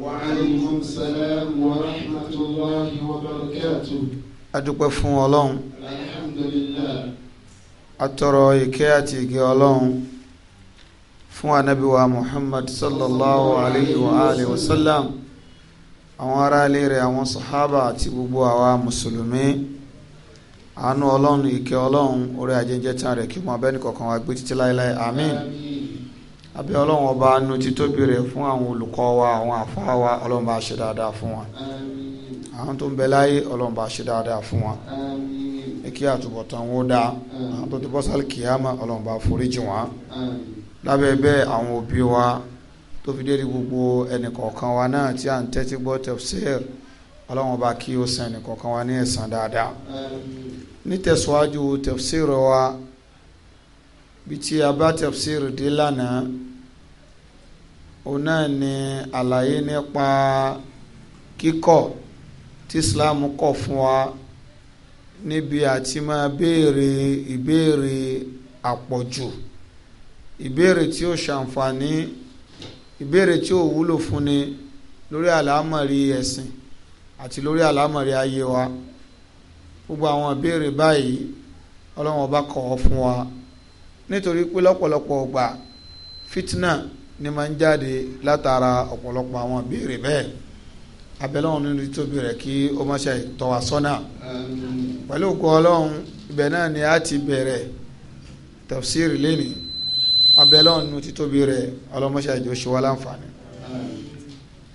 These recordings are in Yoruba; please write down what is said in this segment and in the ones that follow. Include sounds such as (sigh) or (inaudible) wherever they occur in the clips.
وعليكم السلام ورحمة الله وبركاته adúpẹ́ fún ọlọ́run alhamdulillah atọrọ ìkẹ́ àti ìgẹ́ ọlọ́run fún ànábì wa muhammad sallallahu alayhi wa alihi wa sallam àwọn ará ilé rẹ̀ àwọn sahaba àti gbogbo àwa mùsùlùmí àánú ọlọ́run ìkẹ́ ọlọ́run orí ajẹ́jẹ́ tán rẹ̀ kí mo abẹ́ni kọ̀ọ̀kan wa gbé títí láéláé àmín. àmín àbí ọlọ́run ọba nu títóbi rẹ̀ fún àwọn olùkọ́ wa àwọn àfáà wa ọlọ́run bá ṣe dáadáa fún wa àwọn tó ń bẹ láyé ọlọ́run bá ṣe dáadáa fún wa kí àtúbọ̀tán wọn dá àwọn tó ti bọ́ sálì kìámà ọlọ́run bá foríjì wọn lábẹ́ bẹ́ẹ̀ àwọn òbí wa tó fi déédéé gbogbo ẹnìkọ̀ọ̀kan wa náà tí à ń tẹ́tí gbọ́ tafsir ọlọ́run ọba kí ó san ẹnìkọ̀ọ̀kan wa ní ẹ̀san dáadáa nítẹ̀síwájú tafsir wa bí tí a bá tafsir dé lánàá ni àlàyé nípa kíkọ̀ tí Islam kọ̀ fún wa níbi àti máa béèrè ìbéèrè àpọ̀jù ìbéèrè tí ó ṣàǹfààní ìbéèrè tí ó wúlò fúnni lórí àlámọ̀rí ẹ̀sìn àti lórí àlámọ̀rí ayé wa gbogbo àwọn ìbéèrè báyìí ọlọ́run ọba kọ̀ ọ́ fún wa nítorí pé lọ́pọ̀lọpọ̀ ọgbà fitna ni máa ń jáde látara ọ̀pọ̀lọpọ̀ àwọn ìbéèrè bẹ́ẹ̀ abẹ́lẹ́ ọ̀hún nínú tóbi rẹ̀ kí ó má ṣe tọ́ wa sọ́nà pẹ̀lú òkú ọlọ́run ibẹ̀ náà ni a ti bẹ̀rẹ̀ tafsiri lẹ́ni abẹ́lẹ́ ọ̀hún nínú títóbi rẹ̀ ọlọ́mọṣẹ́ àjò ṣe wá láǹfààní.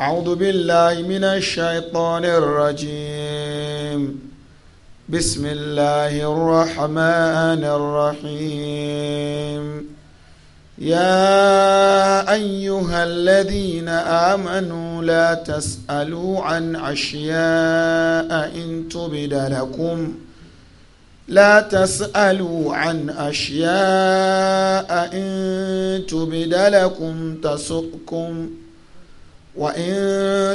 a'udhu billahi minash shaitanir rajim. بسم الله الرحمن الرحيم يا ايها الذين امنوا لا تسالوا عن اشياء ان تبد لكم لا تسالوا عن اشياء ان تبد لكم تسؤكم وإن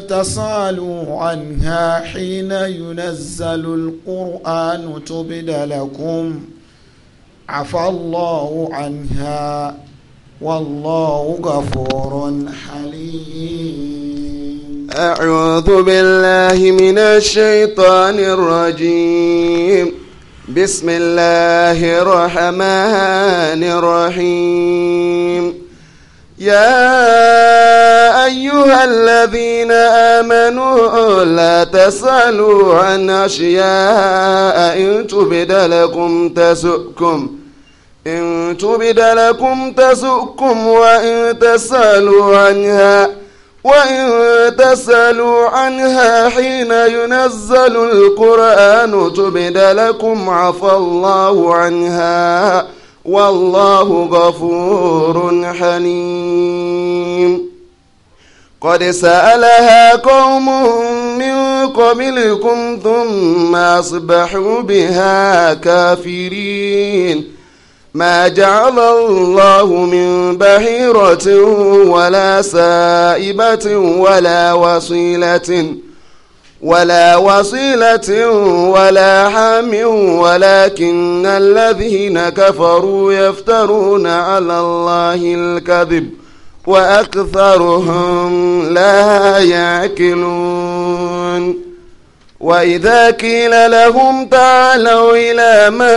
تصالوا عنها حين ينزل القرآن تبد لكم عفى الله عنها والله غفور حليم أعوذ بالله من الشيطان الرجيم بسم الله الرحمن الرحيم يا أيها الذين آمنوا لا تسألوا عن أشياء إن تبد لكم تسؤكم إن تبد لكم تسؤكم وإن تسألوا عنها وإن تسألوا عنها حين ينزل القرآن تبد لكم عفى الله عنها والله غفور حليم قد سألها قوم من قبلكم ثم أصبحوا بها كافرين ما جعل الله من بحيرة ولا سائبة ولا وصيلة ولا وصيلة ولا حام ولكن الذين كفروا يفترون على الله الكذب وأكثرهم لا يعقلون وإذا قيل لهم تعالوا إلى ما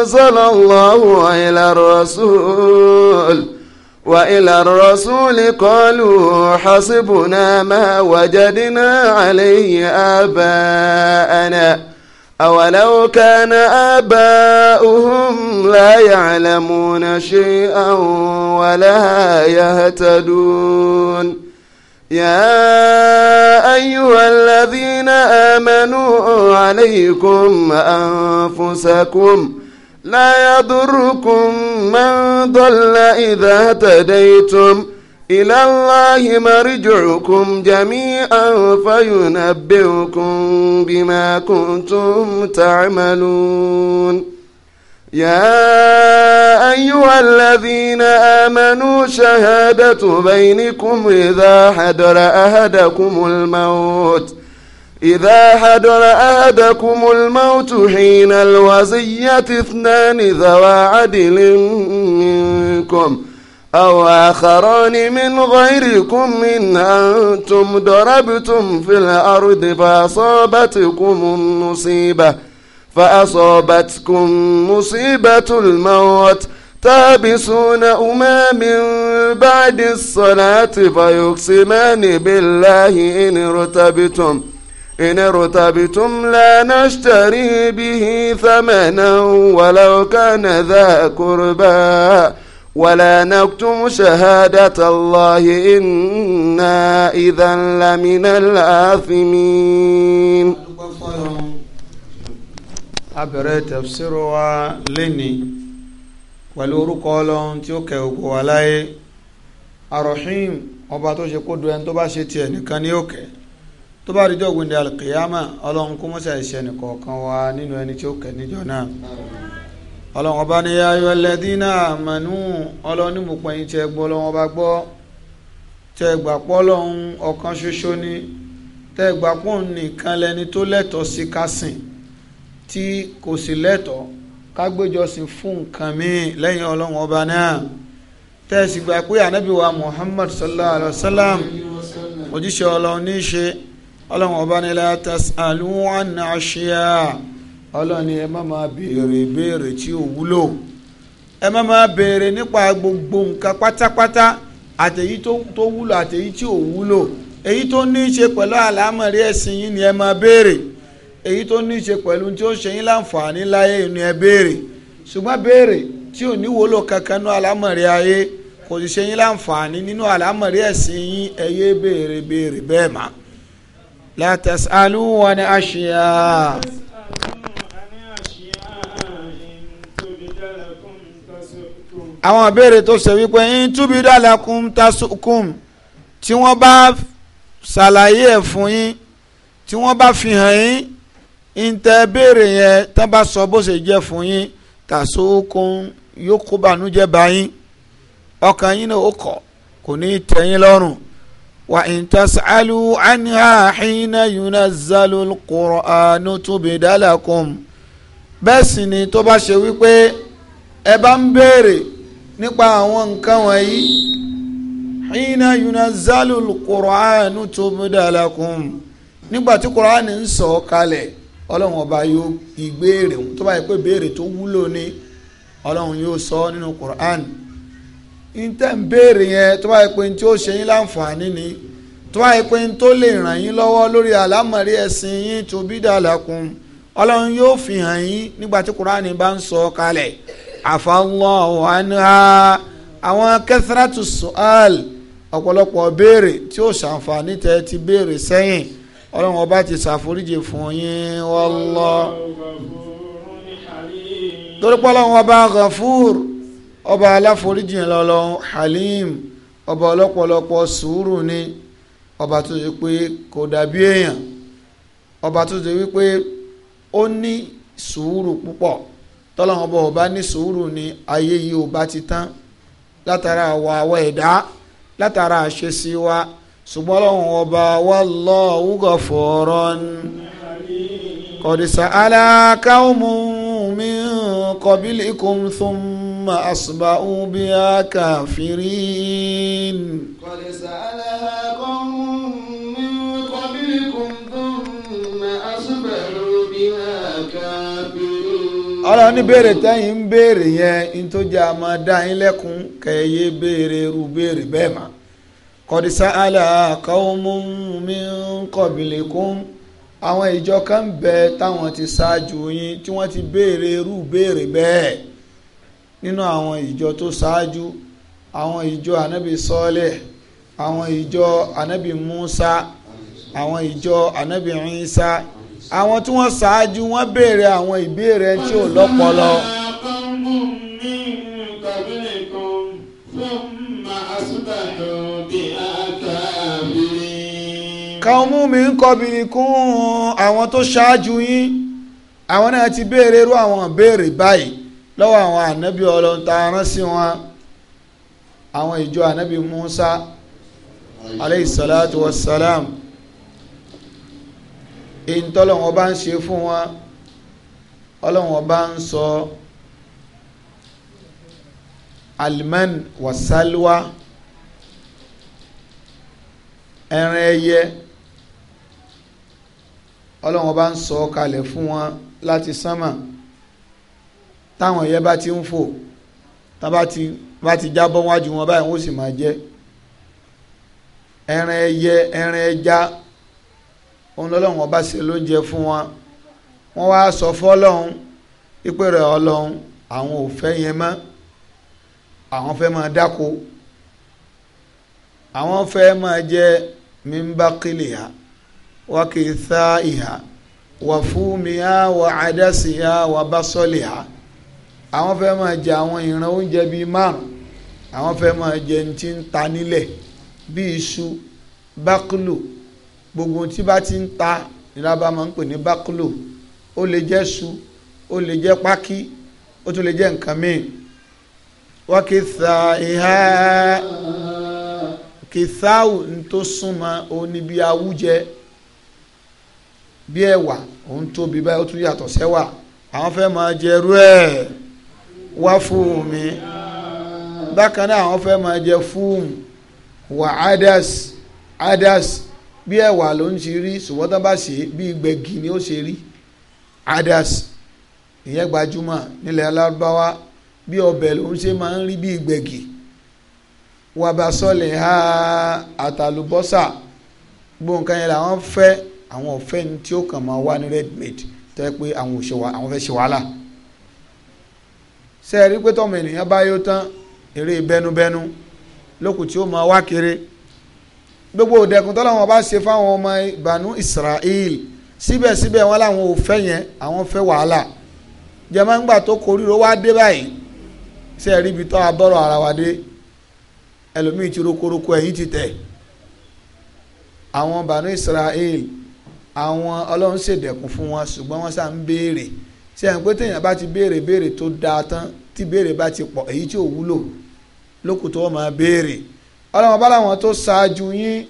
أنزل الله وإلى الرسول وإلى الرسول قالوا حسبنا ما وجدنا عليه آباءنا أولو كان آباؤهم لا يعلمون شيئا ولا يهتدون يا أيها الذين آمنوا عليكم أنفسكم لا يضركم من ضل إذا اهتديتم إلى الله مرجعكم جميعا فينبئكم بما كنتم تعملون يا أيها الذين آمنوا شهادة بينكم إذا حضر أحدكم الموت ۖ إذا حضر أحدكم الموت حين الوصية اثنان ذوى عدل منكم أو آخران من غيركم إن أنتم ضربتم في الأرض فأصابتكم المصيبة فأصابتكم مصيبة الموت تابسون أما من بعد الصلاة فيقسمان بالله إن ارتبتم إن ارتبتم لا نشتري به ثمنا ولو كان ذا قربا ولا نكتم شهادة الله إنا إذا لمن الآثمين abẹ̀rẹ̀ tafsir wa lẹ́ni pẹ̀lú orúkọ ọlọ́run tí ó kẹ́ ògbó wa láyé arọ̀hìn ọba tó ṣe kó du ẹni tó bá ṣe tiẹ̀ nìkan ní òkè okay tó bá rí jọ́ gbòǹde alkiyama ọlọ́run kó mọ́sá ìṣẹ́ nìkọ̀ọ̀kan wa nínú ẹni tí ó kẹ́ níjọ́ náà ọlọ́run ọba ní ayọ̀ ẹlẹ́dínà àmánú ọlọ́run ní mo pẹ̀yìn tẹ́ gbọ́ ọlọ́run ọba gbọ́ tẹ́ gbà pọ́ ni tẹ́ gbà pọ́ nìkan lẹni tó lẹ́tọ̀ọ́ sí kásìn tí kò sì lẹ́tọ̀ọ́ kágbéjọsìn fún nǹkan míì lẹ́yìn ọlọ́run ọba náà tẹ́ sì gbà wa Muhammad sallallahu alayhi wa sallam òjíṣẹ́ ọlọ́run ní í ọlọ́run ọba ní la tas'alu an ashiya ọlọ́run ní ẹ má máa béèrè béèrè tí ò wúlò ẹ má máa béèrè nípa gbogbo nǹkan pátápátá àtẹ̀yí tó wúlò àtẹ̀yí tí ò wúlò èyí tó ní í ṣe pẹ̀lú àlámọ̀rí ẹ̀sìn yín ni ẹ máa béèrè èyí tó ní í ṣe pẹ̀lú tí ó ṣe yín láǹfààní láyé ni ẹ béèrè ṣùgbọ́n béèrè tí ò ní wúlò kankan ní àlámọ̀rí ayé kò sì ṣe yín láǹfààní nínú àlámọ̀rí ẹ̀sìn yín ẹ yé béèrè béèrè bẹ́ẹ̀ máa. لا تسألوا عن أشياء àwọn ìbéèrè tó ṣe wípé ń túbí dàlákùn tásùkùn tí wọ́n bá ṣàlàyé ẹ̀ fún yín tí wọ́n bá fi hàn yín ń tẹ́ béèrè yẹn tán bá sọ bó ṣe jẹ́ fún yín tásùkùn yóò kó bànújẹ́ ọkàn yín náà ó kọ̀ kò ní í yín lọ́rùn وإن تسألوا عنها حين ينزل القرآن تبد لكم bẹ́ẹ̀ sì ni tó bá ṣe wípé ẹ bá ń béèrè nípa àwọn nǹkan wọ̀nyí hina yunazalu ọba yóò ìbéèrè tó bá yẹ pé béèrè tó wúlò ní ọlọ́run yóò sọ nínú qur'an. ntẹ́ ń béèrè yẹn tó bá yẹ pé tí ó ṣe yín láǹfààní ni tó bá yẹ pé tó lè ràn yín lọ́wọ́ lórí àlámọ̀rí ẹ̀sìn yín tó bí dàlàkùn ọlọ́run yóò fi hàn yín nígbà tí kuraani bá ń sọ kalẹ̀ àfàlọ́hù anha àwọn kẹsàrátù ọ̀pọ̀lọpọ̀ béèrè tí ó ṣàǹfààní ti béèrè sẹ́yìn ọlọ́run ọba ti ṣàforíjì fún yín wallah torí ọlọ́run ọba ghafur ọba aláforíjì lọ́lọ́run halim ọba ọlọ́pọ̀lọpọ̀ sùúrù ni ọba tó ṣe pé kò dàbí èèyàn ọba tó ṣe wípé ó ní sùúrù púpọ̀ tọ́lọ́run ọba ọba ní sùúrù ni ayé yìí ò ti tán látara àwa àwa ẹ̀dá látara àṣesí wa ṣùgbọ́n ọlọ́run ọba wallahu ghafurun qad sa'ala qawmun min qablikum thum. ثم أصبحوا بها كافرين قد سألها قوم من قبلكم ثم أصبحوا بها كافرين ọ̀rọ̀ ní béèrè tẹ́yìn ń béèrè yẹn in tó jẹ́ àmọ́ dá yín lẹ́kùn kẹ́yẹ béèrè irú béèrè àwọn ìjọ kan bẹ táwọn ti ṣáájú yín tí ti béèrè irú béèrè nínú àwọn ìjọ tó ṣáájú àwọn ìjọ ànábì sọ́ọ́lẹ̀ àwọn ìjọ ànábì Musa àwọn ìjọ ànábì Isa àwọn tí wọ́n ṣáájú wọ́n béèrè àwọn ìbéèrè tí ò lọ́pọlọ. káwọn mú mi ń kọbi kún àwọn tó ṣáájú yín àwọn náà ti béèrè irú àwọn béèrè báyìí lọ́wọ́ àwọn ànábì ọlọ́run tá a rán sí wọn àwọn ìjọ ànábì Musa aleyhi salatu wa salam èyí tọ́lọ́wọ́n bá ń ṣe fún wọn ọlọ́wọ́n bá ń sọ alman wa ẹran ẹyẹ ọlọ́wọ́n bá ń sọ kalẹ̀ fún wọn láti sánmà táwọn yẹn bá ti ń fò tábà ti bá ti jábọ́ wájú wọn báyìí wọ́n sì máa jẹ ẹran ẹyẹ ẹran ẹja òun lọ́lọ́run ọba ṣe lóúnjẹ fún wọn wọ́n wá sọ fọ́lọ́run ìpè rẹ̀ ọlọ́run àwọn ò fẹ́ yẹn mọ́ àwọn fẹ́ máa dáko àwọn fẹ́ máa jẹ mímbákìlìyà wà kìí sá ìhà wà fúnmìyà wà àdásìyà wà básọ́lìyà àwọn fẹ́ máa jẹ àwọn ìran oúnjẹ bíi márùn àwọn fẹ́ máa jẹ ní ti ń ta nílẹ̀ bíi iṣu bákúlò gbogbo tí bá ti ń ta ìraba máa ń pè ní bákúlò ó lè jẹ́ iṣu ó lè jẹ́ pákí ó tún lè jẹ́ nǹkan míì wọ́n kì í sa ìhà kìsáwù tó súnmọ́ òní bí awújẹ bí ẹ̀wà òun tóbi báyìí ó tún yàtọ̀ sẹ́wà àwọn fẹ́ máa jẹ rú ẹ̀ wá mi, bákan náà àwọn fẹ́ máa jẹ fúùmù wà ádas ádas bí ẹ̀wà ló ń ṣe rí ṣùgbọ́n tó bá ṣe bí gbẹ̀gì ni ó ṣe rí ádas ìyẹn gbajúmọ̀ nílẹ̀ alárúbáwá bí ọbẹ̀ ló ń ṣe máa ń rí bí gbẹ̀gì wàbàsọ̀lẹ̀ ha àtàlùbọ́sà gbogbo yẹn làwọn fẹ́ àwọn ọ̀fẹ́ ni tí ó kàn máa wá ní red made tẹ́ pé àwọn ò ṣe wà àwọn fẹ́ ṣe wàhálà. ṣe é rí pé tọ́mọ ènìyàn bá yó tán eré bẹnubẹnu lókùn tí ó máa wá kéré gbogbo òdẹkùn tọ́lọ́wọ́n bá ṣe fáwọn ọmọ ìbànú Israel síbẹ̀síbẹ̀ wọn làwọn ò fẹ́ yẹn àwọn fẹ́ wàhálà jẹ́mọ́ ńgbà tó koríro wá dé báyìí ṣe rí ibi tó abọ́rọ̀ ara wa dé ẹlòmíì ti rokoroko ẹ̀yìn ti tẹ̀ àwọn ìbànú Israel àwọn ọlọ́run ṣèdẹ̀kùn fún wọn ṣùgbọ́n wọ́n sá ṣe à ń pé téèyàn bá ti béèrè béèrè tó dáa tán tí béèrè bá ti pọ̀ èyí tí ò wúlò lókùn tó máa béèrè ọlọ́wọ́n bá làwọn tó ṣáájú yín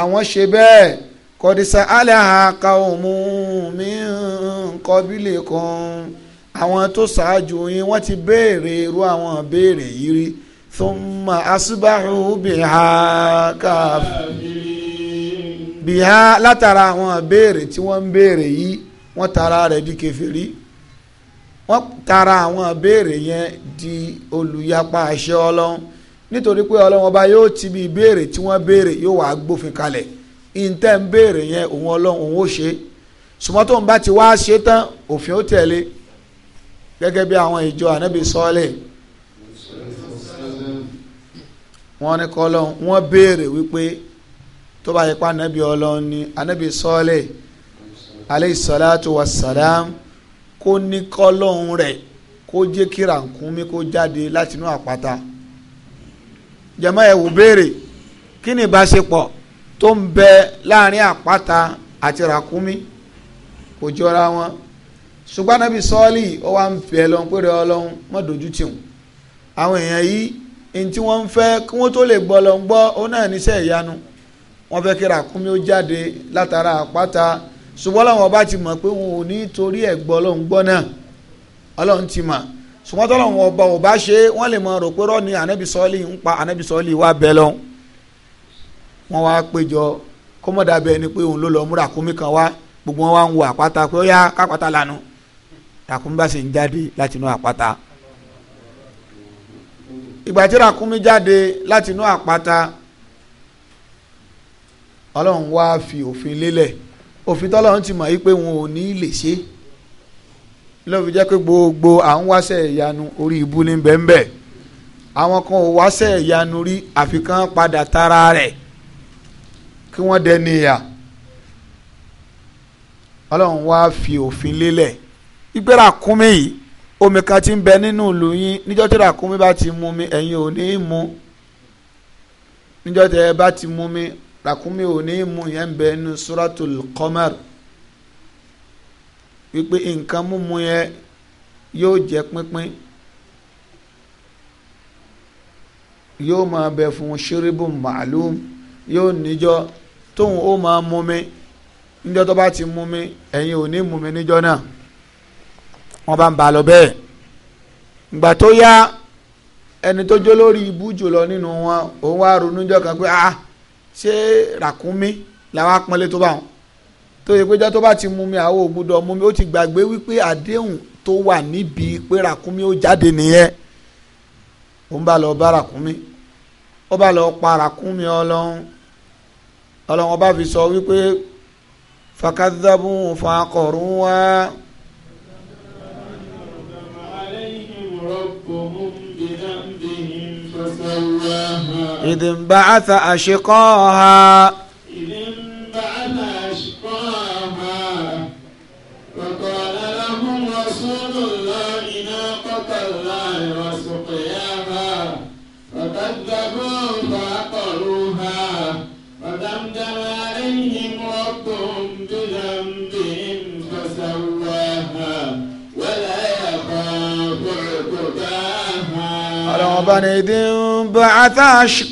àwọn ṣe bẹ́ẹ̀ kọ́dísà aláha kaumu min qablikum àwọn tó ṣáájú yín wọ́n ti béèrè irú àwọn béèrè yìí rí thumma asbahu biha káf biha látara àwọn béèrè tí wọ́n ń béèrè yìí wọ́n tara rẹ̀ di wọ́n tara àwọn ìbéèrè yẹn di olùyapa àṣẹ ọlọ́run nítorí pé ọlọ́run ọba yóò ti bí ìbéèrè tí wọ́n béèrè yóò wá gbófin kalẹ̀ ìǹtẹ́ ń béèrè yẹn òun ọlọ́run òun ó ṣe ṣùgbọ́n tóun bá ti wá ṣe tán òfin ó tẹ̀lé gẹ́gẹ́ bí àwọn ìjọ ànábì sọ́ọ̀lẹ̀ wọ́n ní kọ́ ọlọ́run wọ́n béèrè wípé tó bá yẹ pé ànábì ọlọ́run ni ànábì sọ́ọ̀lẹ̀ aleyhisalatu wasalam kó ní kọ́lọ́hún rẹ̀ kó jẹ́ kí ràkúnmí kó jáde látinú àpáta jẹ̀mọ́ ẹ̀ wò béèrè kí ni ìbáṣepọ̀ tó ń bẹ láàrin àpáta àti ràkúnmí kò jọra wọn ṣùgbọ́n anábì sọ́ọ́lì ó wá ń fi ẹ lọ́n pé rẹ ọlọ́run mọ́ dojú tì wọ́n àwọn èèyàn yìí ẹni tí wọ́n ń fẹ́ kí wọ́n tó lè gbọ́ lọ́n gbọ́ ó náà níṣẹ́ ìyanu wọ́n fẹ́ kí ràkúnmí ó jáde látara àpáta ṣùgbọ́n làwọn ọba ti mọ̀ pé wọn ò ní torí ẹ̀ gbọ́ ọlọ́run gbọ́ náà ọlọ́run ti mọ̀ ṣùgbọ́n tọ́lọ́run ọba ò bá ṣe wọ́n lè mọ rò pé rọ́ọ̀ni ànábì sọ́ọ́lì ń pa ànábì sọ́ọ́lì wá bẹ́ẹ̀ lọ́hùn wọ́n wá péjọ kọ́mọ́dà bẹ́ẹ̀ ni pé òun ló lọ múra kúmi kan wá gbogbo wọn wá ń wo àpáta pé ó yá kápátá lanu ràkúnmí bá sì ń jáde láti inú àpáta ìgbà tí ràkúnmí jáde láti inú àpáta ọlọ́run wá fi òfin lélẹ̀ òfin tọ́lọ́run ti mọ̀ yí pé wọn ò ní lè ṣe lọ́fi jẹ́ pé gbogbo à ń wáṣẹ́ ìyanu orí ibu ní bẹ́ńbẹ́ àwọn kan ò wáṣẹ́ ìyanu rí àfikán padà tara rẹ̀ kí wọ́n dẹni ìyà ọlọ́run wá fi òfin lélẹ̀ ìgbéra kúnmí yìí omi kan ti ń bẹ nínú ìlú yín níjọ́ tí ràkúnmí bá ti mú mi ẹ̀yin ò ní í níjọ́ tí ẹ bá ti mú mi Rakumi oni ní mú yẹn bẹ nínú suratul qamar wípé nǹkan múmu yẹn yóò jẹ pínpín yóò máa bẹ fún ṣíríbù màálùm yóò níjọ tóun ó máa mú mi níjọ tó bá ti mú mi ẹ̀yin ò ní mú níjọ náà wọ́n bá ń ba lọ bẹ́ẹ̀ ìgbà tó yá ẹni tó jó lórí ibú jùlọ nínú wọn òun wá ronú jọ kan pé ah ṣé ràkúnmí làwọn apọ́nlé tó bá wọn tó yẹ pé jọ́ tó bá ti mú mi àwọn ògbúdọ̀ mú mi ó ti gbàgbé wípé àdéhùn tó wà níbi pé ràkúnmí ó jáde nìyẹn òun bá lọ bá ràkúnmí ó bá lọ pa ràkúnmí ọlọ́run ọlọ́run ọba fi sọ wípé fakadabu fakọrun wa. ربهم إذ انبعث أشقاها ذهبا إذ انبعث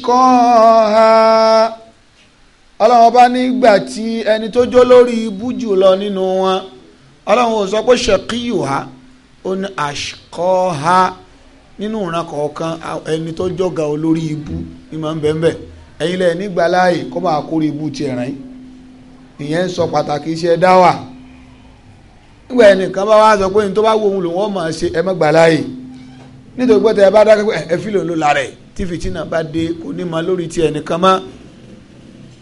ha ọlọ́run ọba nígbà tí ẹni tó jó lórí ibú jù lọ nínú wọn ọlọ́run ò sọ pé ṣèkíyù ha ó ní àṣkọ́ ha nínú ìran kọ̀ọ̀kan ẹni tó jọ̀gà olórí ibú ni máa ń bẹ́ẹ̀ bẹ́ẹ̀ ẹ̀yin lẹ́yìn nígbà láàyè kó máa kórè ibú ìyẹn ń sọ pàtàkì iṣẹ́ dáwà nígbà ẹnìkan bá wá sọ pé ní tó bá òun lòun nítorí pé tẹ ẹ bá dákẹ́ pé ẹ fi lò ló la rẹ̀ tí fìtínà bá dé kò ní ma lórí ti ẹnìkan mọ́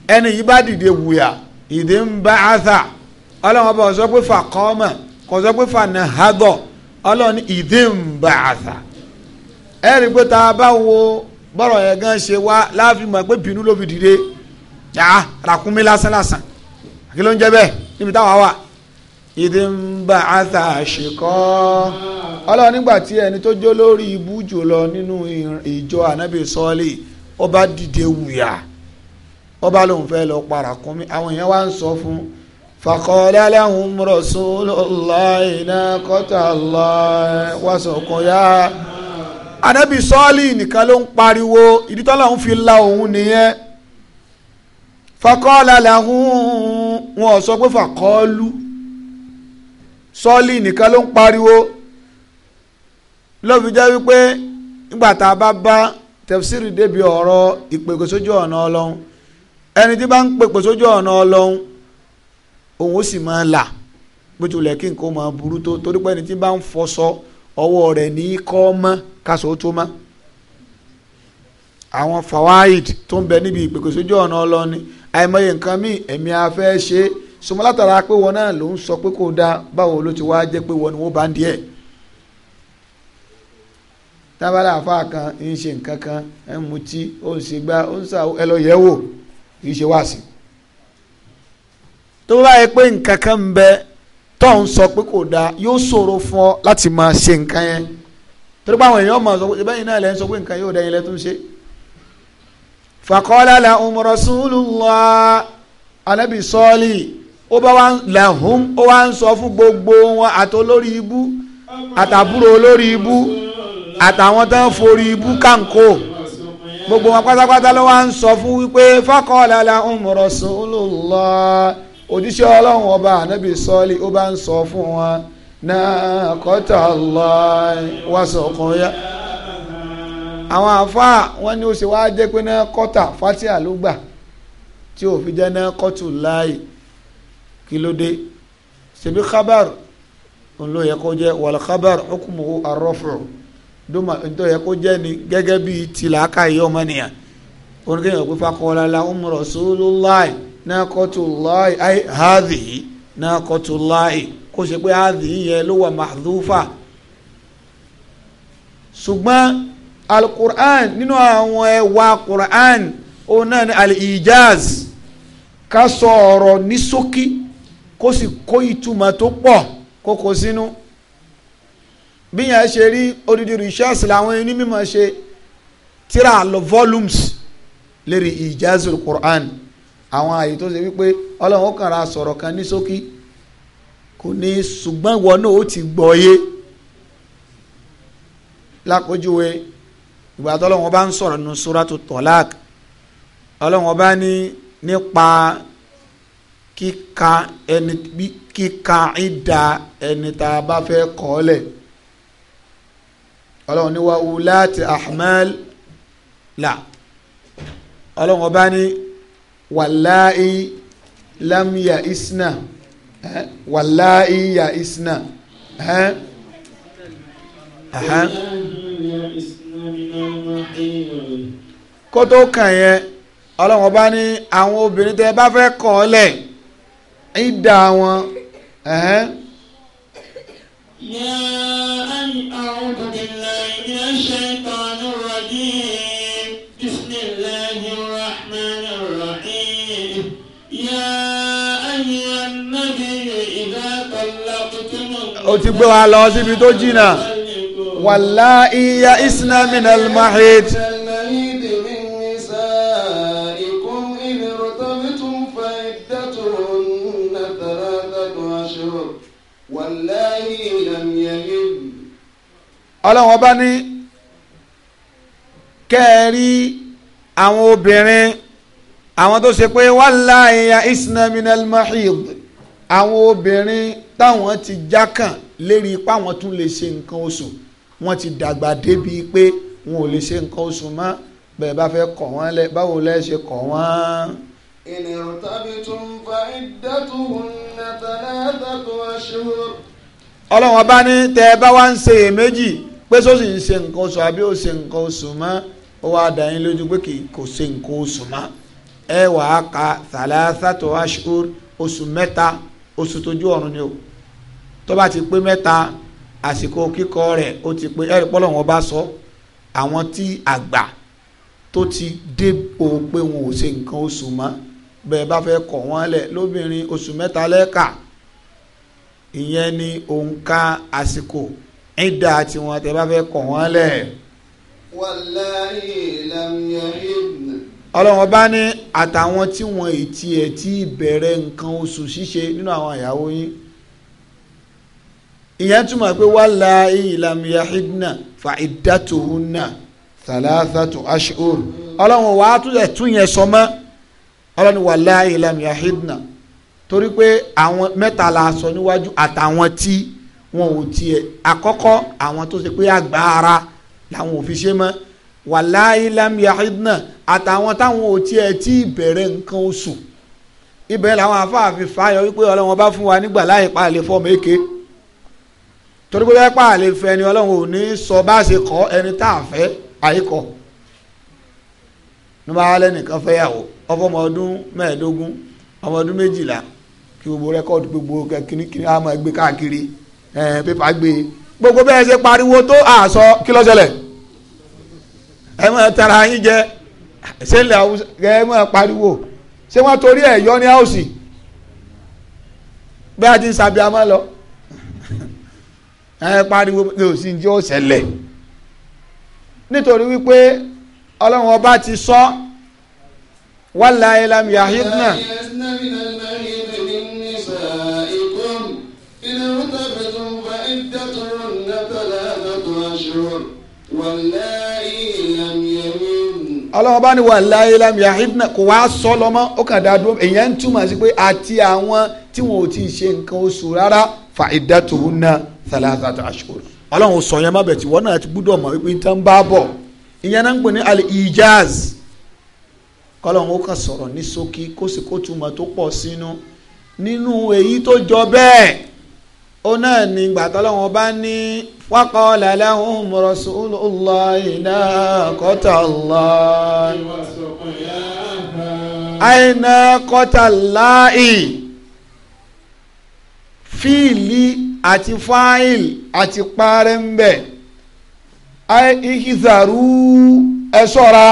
ẹni yìí bá dìde wùyà ìdí ń bá àṣà ọlọ́run ọba ọ̀sọ́ pé fà kọ́mọ̀ kò sọ pé fà nà hádọ̀ ọlọ́run ìdí ń bá àṣà ẹ pé tá a bá wo bọ́rọ̀ yẹn gan ṣe wá láàfin mọ̀ pé bínú ló fi dìde yàrá ràkúnmí lásán lásán ń bẹ́ẹ̀ níbi táwa wà ìdí ń bá àtà àṣekọ́ ọlọ́run nígbà tí ẹni tó jó lórí ibú jùlọ nínú ìjọ ànábì sọ́ọ́lì ó bá dìde wùyà ó bá lóun fẹ́ lọ para kúnmi àwọn èèyàn wá ń sọ fún wa suqya ànábì nìkan ló ń pariwo ìdí tọ́lọ́run fi la òun nìyẹn faqala lahum wọn sọ pé sọ́ọ̀lì nìkan ló ń pariwo lọ́ọ̀fi jẹ́ wípé nígbà tá a bá bá tẹ̀fsírì débi ọ̀rọ̀ ìpèkè sójú ọ̀nà ọlọ́run ẹni tí bá ń pèpè sójú ọ̀nà ọlọ́run òun ó sì máa là bó tilẹ̀ kí nǹkan máa burú tó torí pé ẹni tí bá ń fọṣọ ọwọ́ rẹ̀ ní kọ́ mọ́ kásò tó mọ́ àwọn fawaid tó ń bẹ níbi ìpèkè ọ̀nà ọlọ́run ni àìmọye nǹkan míì ẹ̀mí afẹ́ ṣe é sùmọ́ látara pé wọn náà ló ń sọ pé kò dá báwo ló ti wá jẹ́ pé wọn ni bá ń tábàlà kan ń ṣe nǹkan kan ẹ ń mutí ó ń ṣe gbá ó ń sà ẹ lọ yẹ wò kì í ṣe sọ fún ọ láti máa ṣe nǹkan yẹn torí pé èèyàn máa sọ pé bẹ́yìn náà lẹ́ sọ pé nǹkan ṣe. ó bá wa lahum ó wá ń sọ fún gbogbo wọn àtolórí ibú àtàbúrò olórí ibú àtàwọn tó ń forí ibú kánkó gbogbo wọn pátápátá ló wá ń sọ fún wípé faqala lahum rasulullah òjíṣẹ́ ọlọ́run ọba ànábì sọ́ọ́lì ó bá ń sọ fún wọn naqata Allah wa suqya àwọn àfáà wọn ni ó ṣe wá jẹ́ pé náà kọ́tà fatia ló gbà tí ò fi jẹ́ náà kọ́tù láì kí ló dé ṣebí khabar òun ló yẹ kó jẹ wàlá khabar hukmuhu arrafu duma ntọ yẹ kó jẹ ni gẹ́gẹ́ bí tìlákà yìí ọmọnìyàn òun kì í yẹ kó fa kọ́ lala umu rasulillah naqatullahi ay hadhihi naqatullahi kó ṣe pé hadhihi yẹ ló wà mahdhufa ṣùgbọ́n alukur'an nínú àwọn ẹwà kur'an òun náà ni al kó sì kó ìtumọ̀ tó pọ̀ kó kó sínú bí yẹn ṣe rí odidi research làwọn onímọ̀ ṣe tíra lọ volumes lérí ìjazul Qur'an àwọn àyè tó ṣe wípé ọlọ́run ó kàn ra sọ̀rọ̀ kan ní ṣókí kò ní ṣùgbọ́n ìwọ náà ó ti gbọ́ yé lápòjúwe ìgbà tó ọlọ́run bá ń sọ̀rọ̀ nù suratu Talaq ọlọ́run bá ní nípa kíka ẹni kíka ìdá ẹni tá a bá fẹ́ kọ́ lẹ̀ ọlọ́run ní wa ulati ahmal la ọlọ́run ọba ní wàláì lámìyà isna wàláì yà isna kótó kàn yẹn ọlọ́run ọba ní àwọn obìnrin tẹ́ bá fẹ́ kọ́ lẹ̀ ìdá wọn. o ti gbé wa lọ síbi tó jìnnà wàlá ìyá isna minal mahid. ọlọ́run ọba ní kẹ́ẹ̀rí àwọn obìnrin àwọn tó ṣe pé wàláyà isnaminal mahid àwọn obìnrin táwọn ti jákàn lérí ipá wọn tún lè ṣe nǹkan oṣù wọn ti dàgbà débi pé wọn ò lè ṣe nǹkan oṣù mọ́ bẹ́ẹ̀ bá fẹ́ kọ̀ wọ́n lẹ báwo lẹ ṣe kọ̀ wọ́n. ènìyàn tàbí tún fa ìdẹ́tùhùn nàtàlẹ́ àtàkùn aṣọ. ọlọ́run ọba ní tẹ́ ẹ bá wá ń ṣe èméjì pé sọ sì ń ṣe nǹkan oṣù àbí ó ṣe nǹkan oṣù mọ́ ó wá dá yín lójú pé kò ṣe nǹkan oṣù mọ́ ẹ wàá ka thalathatu ashur oṣù mẹ́ta oṣù tójú ọ̀run ni o tó bá ti pé mẹ́ta àsìkò kíkọ rẹ̀ ó ti pé ẹ̀rí pọ́lọ́ wọn bá sọ àwọn tí àgbà tó ti dépò pé wọn ò ṣe nǹkan oṣù mọ́ bẹ́ẹ̀ bá fẹ́ kọ̀ wọ́n lẹ̀ lóbìnrin oṣù mẹ́ta lẹ́ka ìyẹn ni òǹkà àsìkò ìdá tiwọn tẹ́ bá fẹ́ kọ̀ wọ́n lẹ̀. wàláyé làmìyà ìdùnnà. ọlọ́wọ́n bá ní àtàwọn tí wọ́n ètí ẹ̀ tí bẹ̀rẹ̀ nǹkan oṣù ṣíṣe nínú àwọn ìyàwó yín ìyẹn túmọ̀ pé wàláyé làmìyà ìdùnnà fa ìdátòhùnà thalathatu ashur ọlọ́wọ́n wàá tún ẹ̀ tún ọlọ́ni wàláyé làmìyà ìdùnnà torí pé àwọn mẹ́ta la sọ níwájú àtàwọn tí wọn ò tiẹ̀ àkọ́kọ́ àwọn tó ṣe pé àgbà ara làwọn ò fi ṣe mọ́ wàláyé lámìáhídínà àtàwọn táwọn ò tiẹ̀ tí ìbẹ̀rẹ̀ nǹkan oṣù ibẹ̀ làwọn afáàfin fàáyọ wípé ọlọ́wọ́n bá fún wa nígbà láì pa àlè fọ́ọ̀mù èké torí pé bẹ́ẹ̀ pa àlè fẹ́ ni ọlọ́run ò ní sọ bá ṣe kọ́ ẹni tá a fẹ́ àyíkọ́ ní bá lẹ́nìkan fẹ́yàwó ọfọmọ ọdún mẹ́ẹ̀ẹ́dógún ọmọ ọdún méjìlá kí gbogbo rẹ́kọ́ọ̀dù gbogbo kìnnìkìnnì á máa káàkiri ẹ pépà gbé gbogbo bẹ́ẹ̀ ṣe pariwo tó àṣọ kí ló ṣẹlẹ̀ ẹ máa tara yín jẹ ṣé ilẹ̀ haúsá ẹ máa pariwo ṣé wọ́n torí ẹ̀ yọ ní haúsì bẹ́ẹ̀ àti sàbíàmọ́ lọ ẹ pariwo ní òsì jẹ́ òṣẹlẹ̀ nítorí wípé ọlọ́run ọba ti sọ wàlláhi lam ọlọ́wọ́n bá ní wà láyé lámì àhíbùnà kò wá sọ lọ́mọ́ ó kàn dá dúró èyàn ń túmọ̀ sí pé àti àwọn tí wọn ò tí ṣe nǹkan oṣù rárá fa ìdátòhúnà thalathat ashhur ọlọ́run sọ yẹn má bẹ̀ tí wọ́n náà ti gbúdọ̀ mọ̀ wípé nǹkan bá bọ̀ ìyẹn náà ń pè ní al-ijaz kọ́lọ́run ó kàn sọ̀rọ̀ ní ṣókí kó sì kó túmọ̀ tó pọ̀ sínú nínú èyí tó jọ bẹ́ẹ̀ ó náà ní gbàtọ́ lọ́wọ́n bá ní waqala lahum rasulullahi naqatallahi àìnà kọ́tàláì fíìlì àti fáìlì àti parẹ́ ń bẹ̀ ìhìzàrú ẹ ṣọ́ra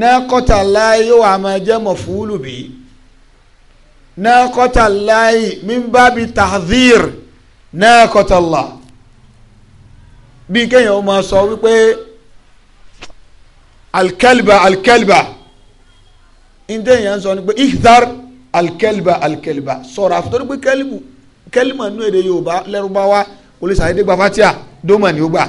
náà kọ́tàláì yóò àmọ́ jẹ́ mọ̀fúlù bíi naqata llahi min babi tahdhir naqata llah bí kéèyàn ó máa sọ wípé alkalba alkalba ndéèyàn sọ ni pé ihdar alkalba alkalba sọ̀rọ̀ àfitọ́ pé kẹ́lìmù kẹ́lìmù nínú èdè yorùbá lẹ́rúbáwá olùsàyédé gba fatia dómà ni ó gbà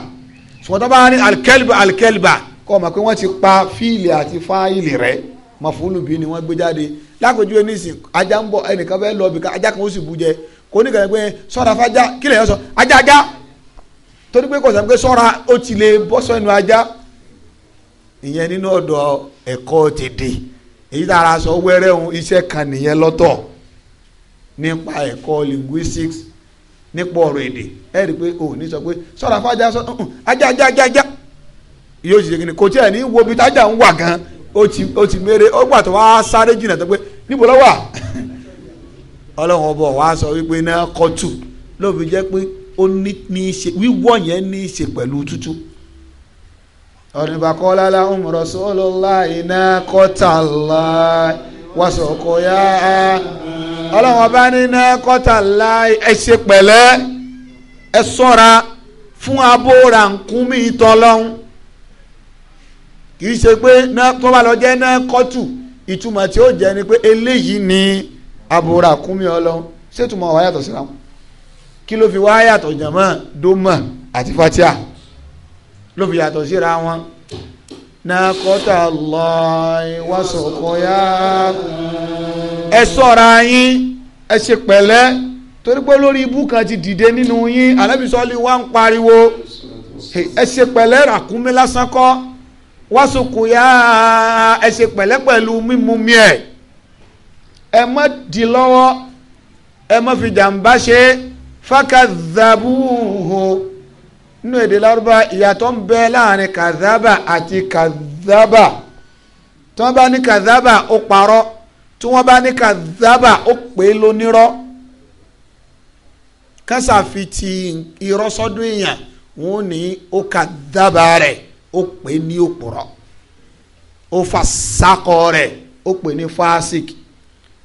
ṣùgbọ́n tó bá ní alkalba alkalba kọ́ ọ ma pé wọ́n ti pa fíìlì àti fáìlì rẹ̀ màfúlù ni wọ́n gbé jáde lákòjúwe nísìn ajá ń bọ̀ ẹnìkan fẹ́ lọ bìkan ajá kan ó sì jẹ kò ní kàn pé sọ́ra fájá kí yọ sọ ajá ajá torí pé kò sọ pé sọ́ra ó ti lè bọ́ sẹ́nu ajá ìyẹn nínú ọ̀dọ̀ ẹ̀kọ́ èyí sọ wẹ́rẹ́ iṣẹ́ kan nìyẹn lọ́tọ̀ nípa ẹ̀kọ́ linguistics nípa ọ̀rọ̀ èdè rí i pé òun ní sọ pé sọ́ra fájá ajá ajá ajá ajá o ti mere ti sáré jìnnà tó pé níbo ló wà (laughs) ọlọ́run ọbọ̀ wá sọ wípé náà kọ́tù ló fi jẹ́ pé ó ní ní í ṣe wíwọ́ yẹn ní í ṣe pẹ̀lú tútù. ọ̀nìbàkọ́ lálá ọmọọ̀rọ̀ sọ́ọ́lọ́ láì yá á ọlọ́run ọba láì ẹ ṣe pẹ̀lẹ́ ẹ sọ́ra kì í ṣe pé tó bá lọ jẹ́ náà kọ́tù ìtumọ̀ tí ó jẹ́ ni pé eléyìí ni àbúrò àkúnmí ọlọ́run ṣètùmọ̀ wá yàtọ̀ síra wọn kí ló fi wá yàtọ̀ jàmọ́ àti fatia ló fi yàtọ̀ síra wọn náà kọ́tà lọ ìwàsọ̀kọ̀ yá ẹ sọ̀ra yín ẹ ṣe pẹ̀lẹ́ torí pé lórí ibú kan ti dìde nínú yín ànábìsọ́lì wa ń pariwo ẹ ṣe pẹ̀lẹ́ ràkúnmí lásán kọ́ wasukuya ẹ ṣe pẹ̀lẹ́ pẹ̀lú mímu mi ẹ̀ ẹ má di lọ́wọ́ ẹ má fi jàǹbá ṣe fákàzàbùhù nínú èdè lárúbá ìyàtọ̀ ń bẹ láàrin kàzábà àti kàzábà tí wọ́n bá ní kàzábà ó parọ́ tí wọ́n bá ní kàzábà ó pè é lónírọ́ kásàfitì irọ́ sọ́dún èèyàn wọ́n ní ó kàzábà rẹ̀. ó pè ní òpùrọ́ ó fa sakọ rẹ̀ ó pè ní fásik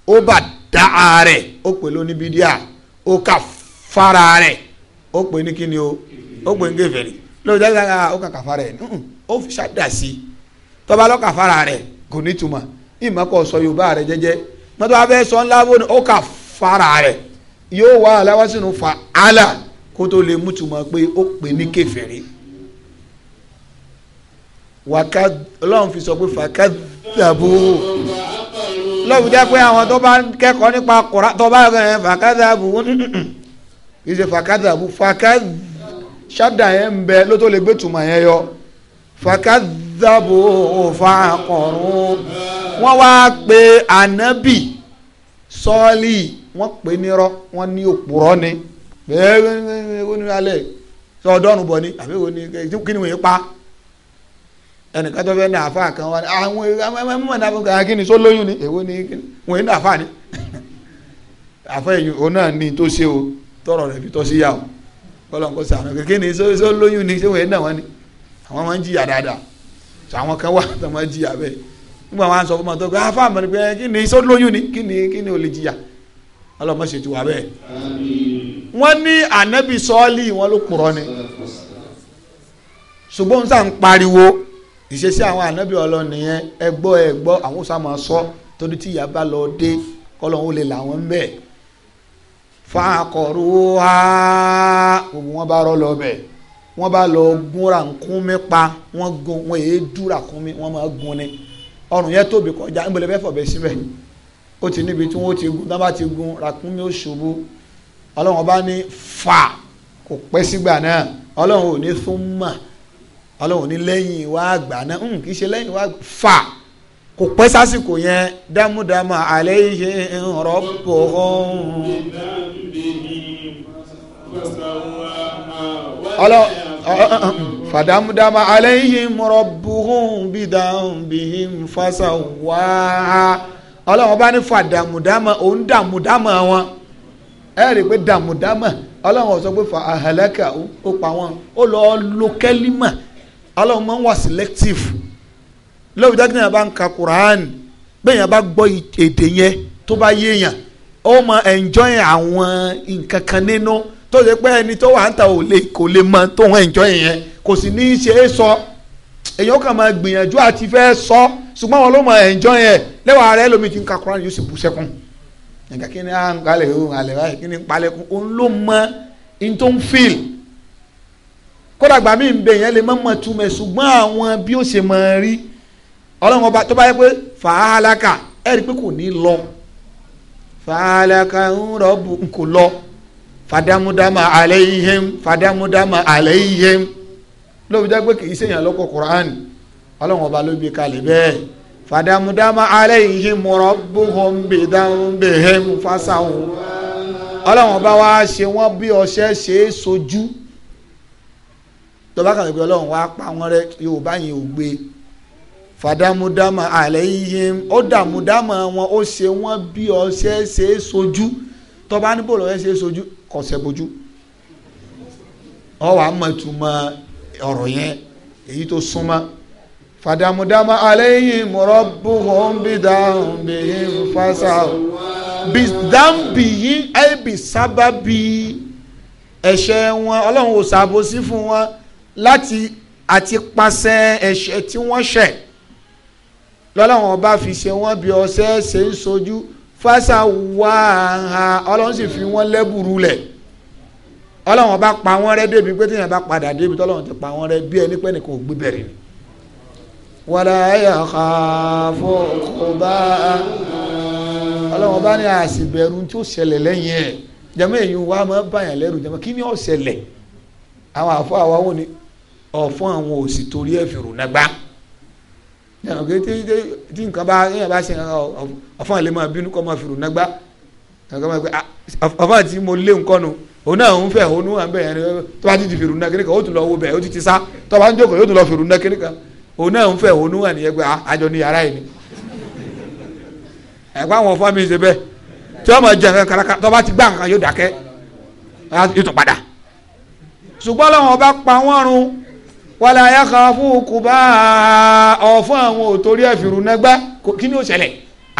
ó bà dáa rẹ̀ ó pè lóní bídíà ó kà fara rẹ̀ ó pè ní kíni o ó pè ní kèfèrí lóòótọ́ ìgbà kan ó kà kàfara rẹ̀ ó fi ṣàdá sí i fara rẹ̀ kò ní túmọ̀ ìmọ̀ sọ yorùbá rẹ̀ jẹ́jẹ́ mọ́tò sọ ńlá ni ó kà fara rẹ̀ yóò wá aláwọ̀ fa ala kó tó lè mú túmọ̀ pé ó pè wàká ọlọ́run fi sọ pé fàkà dàbò lọ́wọ́ jẹ́ pé àwọn tó bá ń kẹ́kọ̀ọ́ nípa kura tó bá ẹ̀ fàkà dàbò kì í ṣe fàkà dàbò fàkà ṣáda yẹn ń bẹ ló tó lè gbé tùmọ̀ yẹn yọ fàkà dàbò fàkọ̀rún wọ́n wá pe ànábì sọ́ọ́lì wọ́n pè nírọ́ wọ́n ní òpùrọ́ ni bẹ́ẹ̀ wọ́n ní alẹ́ sọ ọdọ́rùn bọ̀ ni àbí wọ́n ní kí ni wọ́n yẹn pa ẹnìkan tó fẹ́ ní àfa kan wá àwọn ẹmọ náà fún kan kíni só ni èwo ni kíni wọn ní àfa ni (laughs) àfa ẹ̀yìn òun náà ní tó ṣe o tọrọ rẹ̀ fi tọ́ sí yá o kọlọ́n sàánú kékeré ni só ni ṣé wọn wọn ni àwọn máa ń jìyà dáadáa sọ àwọn kan wà tó máa ń jìyà bẹ́ẹ̀ nígbà wọn sọ fún mi tó gbé àfa àmọ́ ni pé kíni só ni kíni kíni ò lè jìyà ọlọ́mọ ṣètò wà bẹ́ẹ̀ wọ́n ní ànábì sọ́ọ́lì wọn ló kúrọ́ ni ṣùgbọ́n sá ń pariwo ìṣesí àwọn ànábì ọlọ́run nìyẹn ẹ gbọ́ ẹ gbọ́ àwọn òsàmọ sọ torí tí ìyá bá lọ dé kọlọhún ó lè làwọn ń bẹ fàkọrù ha gbogbo wọn bá rọ lọ bẹ wọn bá lọ gúnra nkúnmi pa wọn gun wọn èé dúra kúnmi wọn máa gun ni ọrùn yẹn tóbi kọjá ń bẹlẹ fẹ́ fọ̀bẹ síbẹ̀ ó ti níbi tí wọn ti gun tí ti gun ràkúnmi ó ṣubú ọlọ́run ní fà kò pẹ́ sígbà náà ọlọ́run ò ní fún mọ́ ọlọ́run ní lẹ́yìn wá àgbà náà hmm, kì í ṣe lẹ́yìn wá àgbà fà kò pẹ́ sásìkò yẹn dámúdámà àlẹ́ yìí ṣe ń rọ́pò ọ̀hún. fàdámúdámà àlẹ́ yìí ń rọ́pò ọ̀hún bí dáhùnbíhìn fásá wá. ọlọ́run bá ní fàdámúdámà òun dàmúdámà wọn ẹ rí i pé dàmúdámà ọlọ́run sọ pé fa àhàlẹ́kà ó pa wọn ó lọ́ọ́ lo ọlọ́run máa ń wà selective lọ́wọ́ ìdájọ́ náà bá ń ka Quran bẹ́ẹ̀ yẹn bá gbọ́ èdè yẹn tó bá yéèyàn ó máa enjoy àwọn nǹkan kan nínú tó ṣe pé ẹni tó wà ń ta kò lè mọ tó ń enjoy yẹn kò sì ní í ṣe é sọ èèyàn kàn máa gbìyànjú àti fẹ́ sọ ṣùgbọ́n àwọn ló máa enjoy yẹn lẹ́wọ̀n ara ẹ lómi ti ń ka Quran yóò sì bú sẹ́kùn nǹkan kí ni à ń kalẹ̀ yóò ń báyìí kí ni palẹ̀kùn òun ló mọ kódà gbà mí bẹ yẹn lè mọ̀mọ́ túmẹ̀ ṣùgbọ́n àwọn bí ó ṣe mọ̀ rí ọlọ́run ọba tó bá yẹ pé fàálàkà ẹ̀ rí pé kò ní lọ fàálàkà ń rọ́ọ̀bù kò lọ fàdámúdámà àlẹ́yìhẹ́m fàdámúdámà àlẹ́yìhẹ́m lóbi jẹ́ pé kìí ṣèyàn lọ́kọ̀ Qur'an ọlọ́run ọba ló gbé kalẹ̀ bẹ́ẹ̀ fàdámúdámà àlẹ́yìhẹ́m rabbuhum bìdánbẹ̀hẹ́m fásáhùn ọlọ́run ọba wa ṣe wọ́n bí ọṣẹ ṣe é sojú. So tọba kan ìpè ọlọ́run wá pa wọ́n rẹ́ yorùbá yẹn ò gbé fàdámúdámà àlẹ́yìn ó dàmúdámà wọn ó ṣe wọ́n bí ọṣẹ ṣe é sojú tọba níbo lọ́wọ́ ṣe é sojú kọ̀ṣẹ́ bojú ọwọ́ àmọ̀túmọ̀ ọ̀rọ̀ yẹn èyí tó súnmọ́ fàdámúdámà àlẹ́yìn mọ̀rọ́bù ọ̀nbìdàmbìyìn fásá bìdàmbìyìn ẹ̀bì sábàbí ẹ̀ṣẹ̀ wọn ọlọ́run ò ṣàbòsí fún wọn láti àti pasẹ̀ ẹ̀ṣẹ̀ tí wọ́n ṣẹ̀ lọ́lọ́wọ́n bá fi ṣe wọ́n bí ọṣẹ́ ṣe ń sojú fásá wá ọlọ́run sì fi wọ́n lẹ́bùrú lẹ̀ ọlọ́run bá pa wọ́n rẹ́ débi pé téèyàn bá padà débi tọ́lọ́run ti pa wọ́n rẹ́ bí ẹni pé nìkan ò gbé bẹ̀rẹ̀ ni. wàlá yàrá fọkànbá ọlọ́run bá ní àṣìbẹ̀rù tí ó ṣẹlẹ̀ lẹ́yìn ẹ̀ jẹ́mọ́ èyí wá máa bàyàn lẹ́rù jẹ́mọ́ kí ni ó ṣẹlẹ̀ àwọn àfọ àwọn wò ni ọ̀fọ́n àwọn òsì torí ẹ̀ fìrù nàgbà tí nǹkan bá yẹn bá ṣe ọ̀fọ́n àlẹ́ máa bínú kọ́ máa fìrù nàgbà ọ̀fọ́n àti mo lé nǹkan nu òun náà ń fẹ́ òun náà ń bẹ̀ yẹn tó bá ti di fìrù nàkiri kan ó ti lọ wo bẹ̀ ó ti ti sá tó bá ń jókòó yóò ti lọ fìrù nàkiri kan òun náà ń fẹ́ òun náà nìyẹn pé àjọ ni yàrá yìí ni ẹ̀gbọ́n àwọn ọ̀fọ́n mi ṣe bẹ́ẹ̀ tí wọ́n máa jẹ nǹkan kárakára tó bá ti gbá nǹkan yóò dákẹ́ yóò tún padà ṣùgbọ́n làwọn ọba pa wọ́n run wàlá ayáka fún kùbá ọ̀fún àwọn òtórí ẹ̀fìrù nẹgbá kí ni ó ṣẹlẹ̀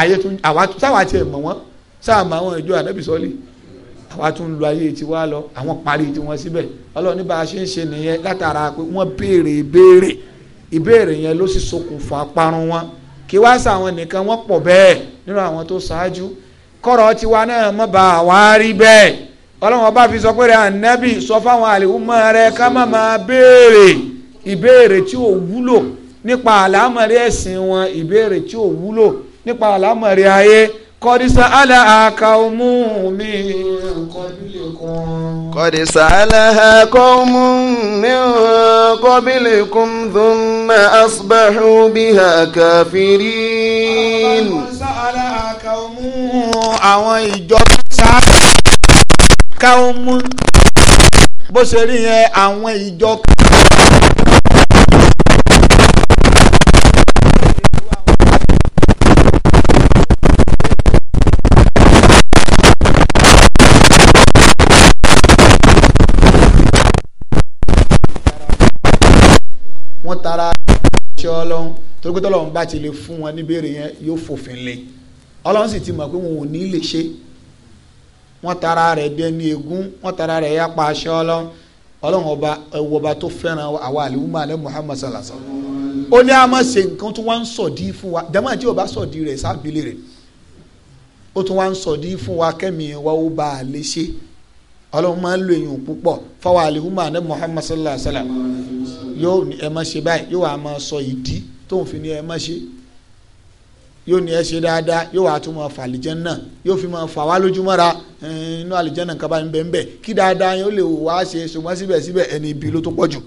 ayé tún àwa sáwà tiẹ̀ mọ̀ wọ́n sáà mọ àwọn ìjọ ànábì sọ́lì àwa tún lu ayé tiwa lọ àwọn parí tiwọn síbẹ̀ ọlọ́run bá a ṣe ń ṣe nìyẹn látara pé wọ́n béèrè ìbéèrè ìbéèrè yẹn ló sì ṣokùnfà parun wọn kí wá sáwọn nìkan wọ́n pọ̀ bẹ́ẹ̀ nínú àwọn tó ṣáájú kọ́rọ̀ tiwa náà mọ̀ bá àwa rí bẹ́ẹ̀ ọlọ́run ọba fi sọ pé rẹ̀ ànábì sọ fáwọn àlè ìbéèrè tí ò wúlò nípa àlámọ̀rí ẹ̀sìn wọn ìbéèrè tí ò wúlò nípa àlámọ̀rí ayé kọ́dísà àlà àkà ọmú mi kọ́bílẹ̀ kan. kọ́dísà àlà àkà ọmú mi kọ́bílẹ̀ kan thumma asbahu biha kafirin. kọ́dísà àlà ọmú àwọn ìjọ sáà ká ọmú bó ṣe rí yẹn àwọn ìjọ wọ́n tara ṣe ọlọ́run torí pé tọ́lọ́run bá ti lè fún wọn níbèrè yẹn yóò fòfin lé ọlọ́run sì ti mọ̀ pé wọn ò ní lè ṣe wọ́n tara rẹ̀ dẹni ègún wọ́n tara rẹ̀ yapa ṣe ọlọ́run ọlọ́run ọba ẹwọ ọba tó fẹ́ràn àwa àlùmọ́ alẹ́ Muhammad salasa ó ní a máa ṣe nǹkan tó wá ń sọ̀dí fún wa dẹ́mọ̀ tí o bá sọ̀dí rẹ̀ sábìlì rẹ̀ ó tún wá ń sọ̀dí fún wa kẹ́mi wa ó bá a lè ṣe ọlọ́run máa ń lo èèyàn púpọ̀ fáwọn àlùmọ́ alẹ́ Muhammad salasa yóò ní ẹ má ṣe báyìí yóò wá máa sọ ìdí tóun fi ní ẹ má ṣe yóò ní ẹ ṣe dáadáa yóò wá tún máa fa àlìjẹ́nà yóò fi máa fà wá lójúmọ́ra inú àlìjẹ́nà kaba ń bẹ kí dáadáa yóò lè wá ṣe ṣùgbọ́n síbẹ̀síbẹ̀ ẹni ibi ló tó pọ̀ jù.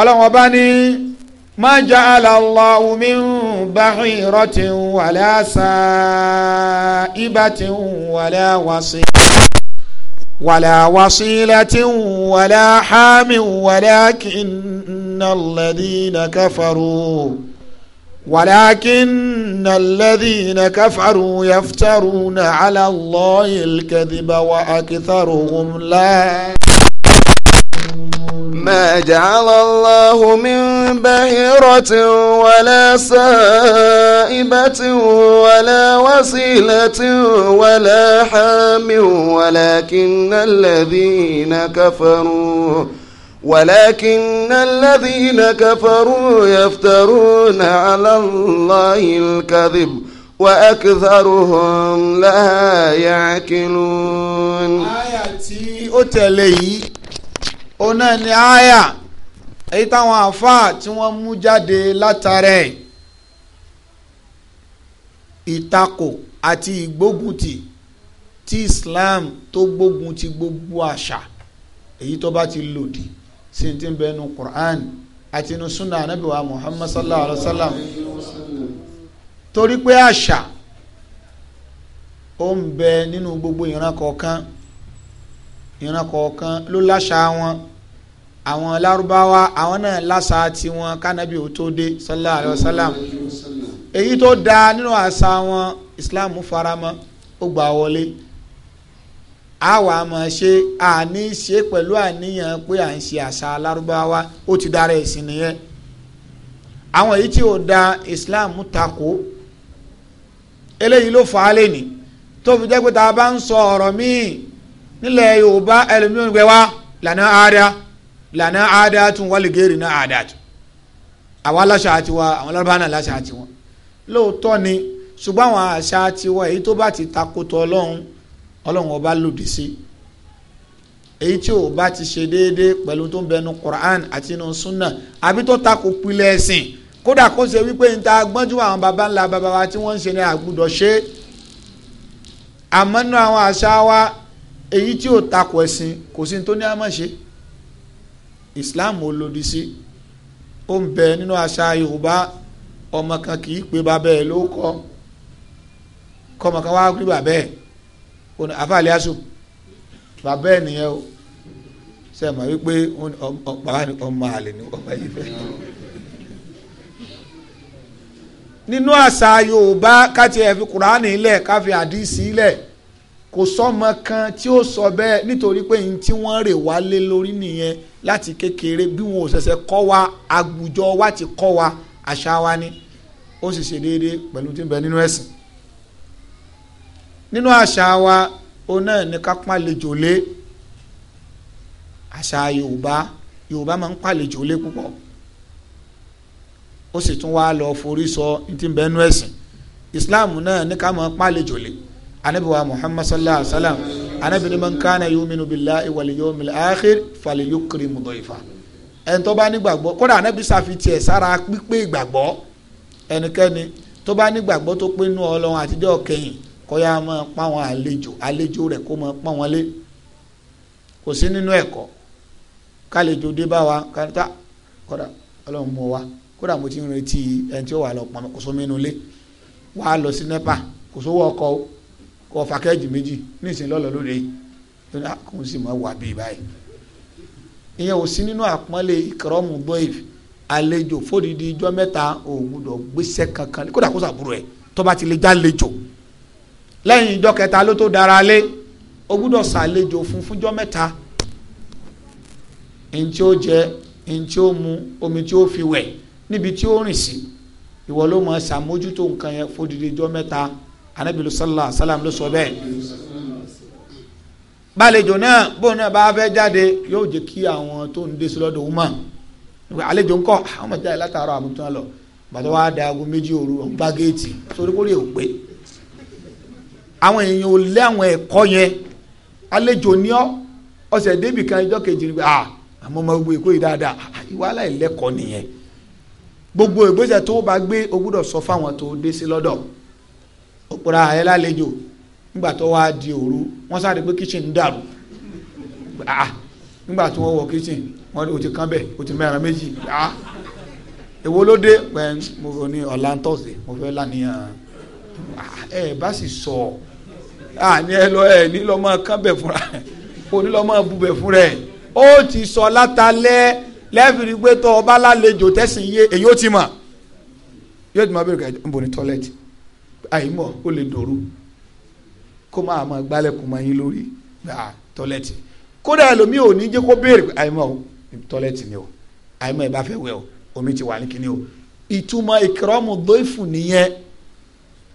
ọlọ́run ọba ní má ja'ala Allahu min bahiratin wala sa'ibatin wala wasi. ولا وصيلة ولا حام ولكن الذين كفروا ولكن الذين كفروا يفترون على الله الكذب وأكثرهم لا ما جعل الله من بهرة ولا سائبة ولا وسيلة ولا حام ولكن الذين كفروا ولكن الذين كفروا يفترون على الله الكذب وأكثرهم لها يعقلون آية أتلي òun náà ni àyà èyí táwọn àáfàá tí wọ́n mú jáde látara ẹ̀ ìtakò àti ìgbógunti ti Islam tó gbógun ti gbogbo àṣà èyí tó bá ti lòdì sí ti ń bẹnu Quran àti inú sunnah anabi Muhammad sallallahu alaihi wa sallam torí pé àṣà ó ń bẹ nínú gbogbo ìran kọ̀ọ̀kan ìran kọ̀ọ̀kan ló láṣà wọn àwọn lárúbáwá àwọn náà lásà tiwọn kánábì ò tó dé sallallahu alayhi wa sallam èyí tó dáa nínú àṣà wọn islam faramọ́ ó gbà wọlé àwa máa ṣe àní ṣe pẹ̀lú àníyàn pé à ń ṣe àṣà lárúbáwá ó ti dára ẹ̀sìn nìyẹn àwọn èyí tí ò dáa islam takò eléyìí ló fà á lé tó fi jẹ́ pé tá bá ń sọ ọ̀rọ̀ míì nílẹ̀ yorùbá ẹlòmíràn gbẹ wá lànà àárẹ̀ lànà àádáàtún wàlìgẹ́rì náà àádáàtún àwa aláṣà àti wa àwọn alábàánà aláṣà àti wọn lóòótọ́ ni ṣùgbọ́n àwọn àṣà àti wa èyí tó bá ti takòtò ọlọ́run ọlọ́run ọba lòdì sí èyí tí ò bá ti ṣe déédéé pẹ̀lú tó ń bẹnu Quran àti inú sunna àbí tó takò pilẹ̀ ẹ̀sìn kódà kó ṣe wípé n ta gbọ́njú àwọn baba ńlá baba wa tí wọ́n ń ṣe ní àgbùdọ̀ ṣe àmọ́ àwọn àṣà wa èyí tí ò takò ẹ̀sìn kò sí ní tó ní àmọ́ ṣe islam ò lòdì sí ó ń bẹ nínú àṣà yorùbá ọmọ kan kì í pe bàbá ẹ ló kọ kọmọ kan wá rí bàbá ẹ àfàlẹ́ àṣù bàbá ẹ nìyẹn o ṣe mọ̀ wípé ni ọmọ àlè ni ọmọ yìí fẹ́. nínú àṣà yorùbá ká tiẹ̀ fi kùránì lẹ̀ ká fi àdìsí lẹ̀ kò sọmọ kan tí ó sọ bẹ́ẹ̀ nítorí pé ní tí wọ́n rè wá lé lórí nìyẹn láti kékeré bí wọn ò ṣẹ̀ṣẹ̀ kọ́ wa àwùjọ wa ti kọ́ wa àṣà wa ni ó sì ṣe déédéé pẹ̀lú tí ń bẹ nínú ẹ̀sìn nínú àṣà wa òun náà ní ká pàlejò lé àṣà Yorùbá Yorùbá máa ń pàlejò lé púpọ̀ ó sì tún wá lọ forí sọ ní tí ń bẹ nínú ẹ̀sìn Islam náà ní ká máa pàlejò lé anabi wa muhammad sallallahu alaihi wa sallam anabi ni man kana yuminu billahi wal yawmil akhir falyukrim dayfa ẹni tó bá nígbàgbọ́ kódà anabi ṣàfitì ẹ̀ sára pípé ìgbàgbọ́ ẹnikẹ́ni tó bá nígbàgbọ́ tó pé inú ọlọ́run àtijọ́ kẹyìn kọ́yà máa pa wọn àlejò àlejò rẹ̀ kó máa pa wọn lé kò sí nínú ẹ̀kọ́ kálejò dé bá wa kárítà kódà ọlọ́run mú wa kódà mo ti ń retí ẹni tí ó wà lọ pamọ́ kò sómi inú ilé wàá lọ sí nepa kò sówó ọkọ̀ o kọ́ fàkẹ́jì méjì ní ìsìn lọ́lọ́ lóde yìí ah, kò sì máa wà bíi báyìí ìyẹn ò sí nínú àpọ́nlé ìkọ́rọ́mù bọ́ìf àlejò fódìdí ijọ́ mẹ́ta ò gbúdọ̀ gbéṣẹ́ kankan kódà kó sàbúrò ẹ̀ tó bá ti lè já lejò lẹ́yìn ijọ́ kẹta ló tó dára lé o gbúdọ̀ sàlejò fún fúnjọ́ mẹ́ta ẹni ó jẹ ẹni ó mu omi tí ó fi wẹ̀ níbi tí ó rìn sí ìwọ ló máa ṣàmójútó nǹkan yẹn fódìdí ijọ́ mẹ́ta anabilu sallallahu alayhi wa sallam ló sọ bẹ́ẹ̀ gbàlejò náà bóun náà bá fẹ́ jáde yóò jẹ́ kí àwọn tó ń dé sí lọ́dọ̀ ọ̀hún mọ̀ àlejò ńkọ́ àwọn ah, ọmọ jáde látàárọ̀ àmútán lọ bàtà wàá da aago méjì òru ọ̀hún bá géètì sórí kórè ò pé àwọn èèyàn ò lé àwọn ẹ̀kọ́ yẹn àlejò ní ọ́ ọ̀sẹ̀ débì kan ọjọ́ kejì ni ah àmọ́ ọmọ gbogbo èkó yìí dáadáa ah, ìwà aláìlẹ́kọ̀ọ́ nìyẹn gbogbo ìgbésẹ̀ tó bá gbé o sọ fáwọn tó dé sí lọ́dọ̀ ó pera lálejò nígbà tó wá di òru pé kitchen ń dàrú ah nígbà tí wọ́n wọ kitchen ò ti kán bẹ̀ ò ti mẹ́ran méjì ah èwo ló dé mo ní ọ̀la tọ́sídẹ̀ mo fẹ́ lánìyàn ah, ẹ bá sì sọ ah, ẹ lọ ẹ máa kán fúnra ẹ máa bu fúnra ẹ ó ti sọ látàlẹ́ tọ́ lálejò yé èyí ó ti mọ̀ yóò ti máa bẹ̀rẹ̀ kẹ́ ń ní tọ́lẹ́tì àìmọ̀ ó lè dòru kó máa máa gbálẹ̀kùn máa yín lórí tọ́lẹ́tì kódà ẹlòmíì ò ní jẹ́ kó béèrè o ni o àìmọ̀ ẹ bá fẹ́ wẹ̀ o omi ti wà ní kíní o ìtumọ̀ dóìfù nìyẹn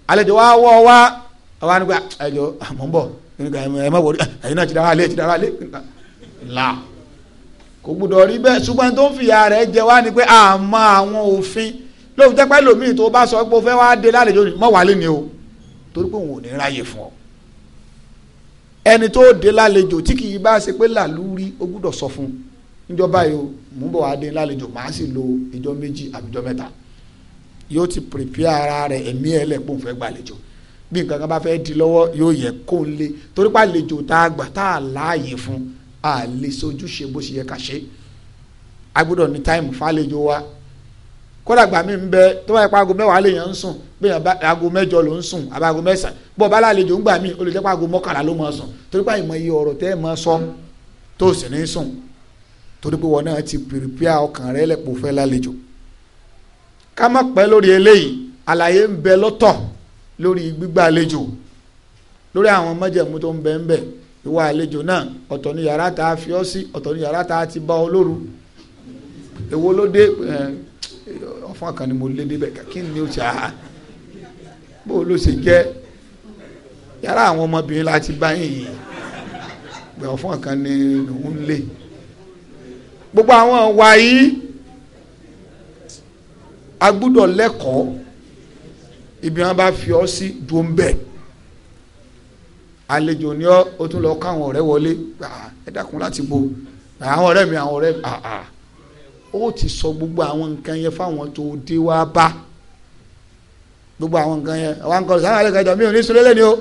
wọ́ nígbà àmọ́ ah, ah, ń bọ̀ nígbà má wọlé ah, ẹ̀yin náà ti dára lé ti dára la kò gbọdọ̀ rí bẹ́ẹ̀ ṣùgbọ́n tó ń fìyà rẹ̀ jẹ wá ni pé àmọ́ àwọn lóòótọ́ tẹ́pẹ́ lòmíì tó bá sọ pé o fẹ́ wá dé lálejò mọ́ wálé ni o torí pé òun ò ní ráyè fún ọ ẹni tó dé lálejò tí kì í bá ṣe pé làlúrí o gbúdọ̀ sọ fún níjọba yìí o mú bọ̀ wá dé lálejò màá sì lo ìjọ méjì àbíjọ mẹ́ta yóò ti ara ẹ̀mí ẹ̀ lẹ́kùn fẹ́ bí nǹkan kan kódà gbà mí ń bẹ tó bá yẹ pé aago mẹ́wàá lèèyàn ń sùn bẹ́ẹ̀ aago mẹ́jọ ló ń sùn àbá aago mẹ́sàn-án bọ́ bá lálejò ń gbà mí ó lè jẹ́ pé aago mọ́kànlá ló máa sùn torí pé àìmọ̀ iye ọ̀rọ̀ tẹ́ ẹ máa sọ tó sì ní sùn torí pé wọn náà ti pìrìpìà ọkàn rẹ lẹ́pọ̀ fẹ́ lálejò ká má pẹ́ lórí eléyìí àlàyé ń bẹ lọ́tọ̀ lórí gbígbà àlejò lórí àwọn májẹ̀mú tó ń bẹ ń bẹ ìwà ọ̀fọ̀n kan ni mo lé débẹ̀ kí ni ó ṣe àhà ah, ah. bó ló ṣe jẹ́ yàrá àwọn ọmọbìnrin láti bá yìnyín pé ọ̀fọ̀n kan ni òun lé gbogbo àwọn ọ̀wà yìí a gbúdọ̀ lẹ́kọ̀ọ́ ibi wọn bá fi ọ sí dùn bẹ́ẹ̀ àlejò ni ọ o tún lọ kọ àwọn ọ̀rẹ́ wọlé ẹ láti bo àwọn ọ̀rẹ́ mi àwọn ọ̀rẹ́ mi àà ah, ó ti sọ gbogbo àwọn nǹkan yẹn fáwọn tó dé wá bá gbogbo àwọn nǹkan yẹn àwọn nǹkan sáwọn àlejò ìjọ mi ò ní sùlélẹ̀ ni o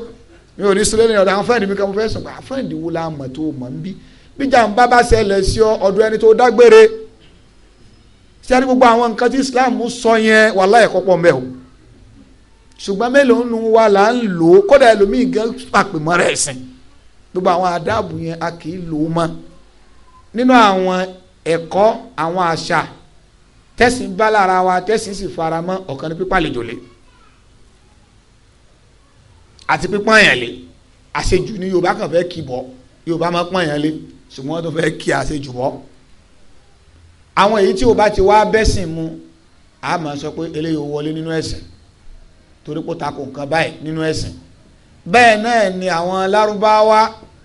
mi ò ní sùlélẹ̀ ni ọ̀dọ̀ àwọn fẹ́ẹ̀dì mi kan mo fẹ́ sùn ah, àfẹ́ẹ̀dì wo la mọ̀ tó mọ̀ ń bí bíjà ń bá bá sí ọ ọ̀dọ̀ ẹni tó dágbére ṣé ní gbogbo àwọn nǹkan tí Islam sọ yẹn wà láyẹ̀ kọ́pọ̀ mẹ́ o ṣùgbọ́n mélòó nu wa là ń lò ó kódà ẹlòmíì gan pàpèmọ́rẹ́ ẹ̀sìn gbogbo àwọn adáàbò yẹn a kì í lò ó mọ́ nínú àwọn ẹ̀kọ́ àwọn àṣà tẹ̀sìn bá lára wa tẹ̀sìn sì fara mọ́ ọ̀kan ní pípa àlejò lé àti pípa àyàn lé àṣejù ni Yorùbá kan fẹ́ kì bọ́ Yorùbá máa pọ̀ àyàn lé ṣùgbọ́n tó fẹ́ kí àṣejù bọ́ àwọn èyí tí o bá ti wá bẹ́sìn mu a máa sọ pé eléyìí ò wọlé nínú ẹ̀sìn torí kò takò nǹkan báyìí nínú ẹ̀sìn bẹ́ẹ̀ náà ni àwọn lárúbáwá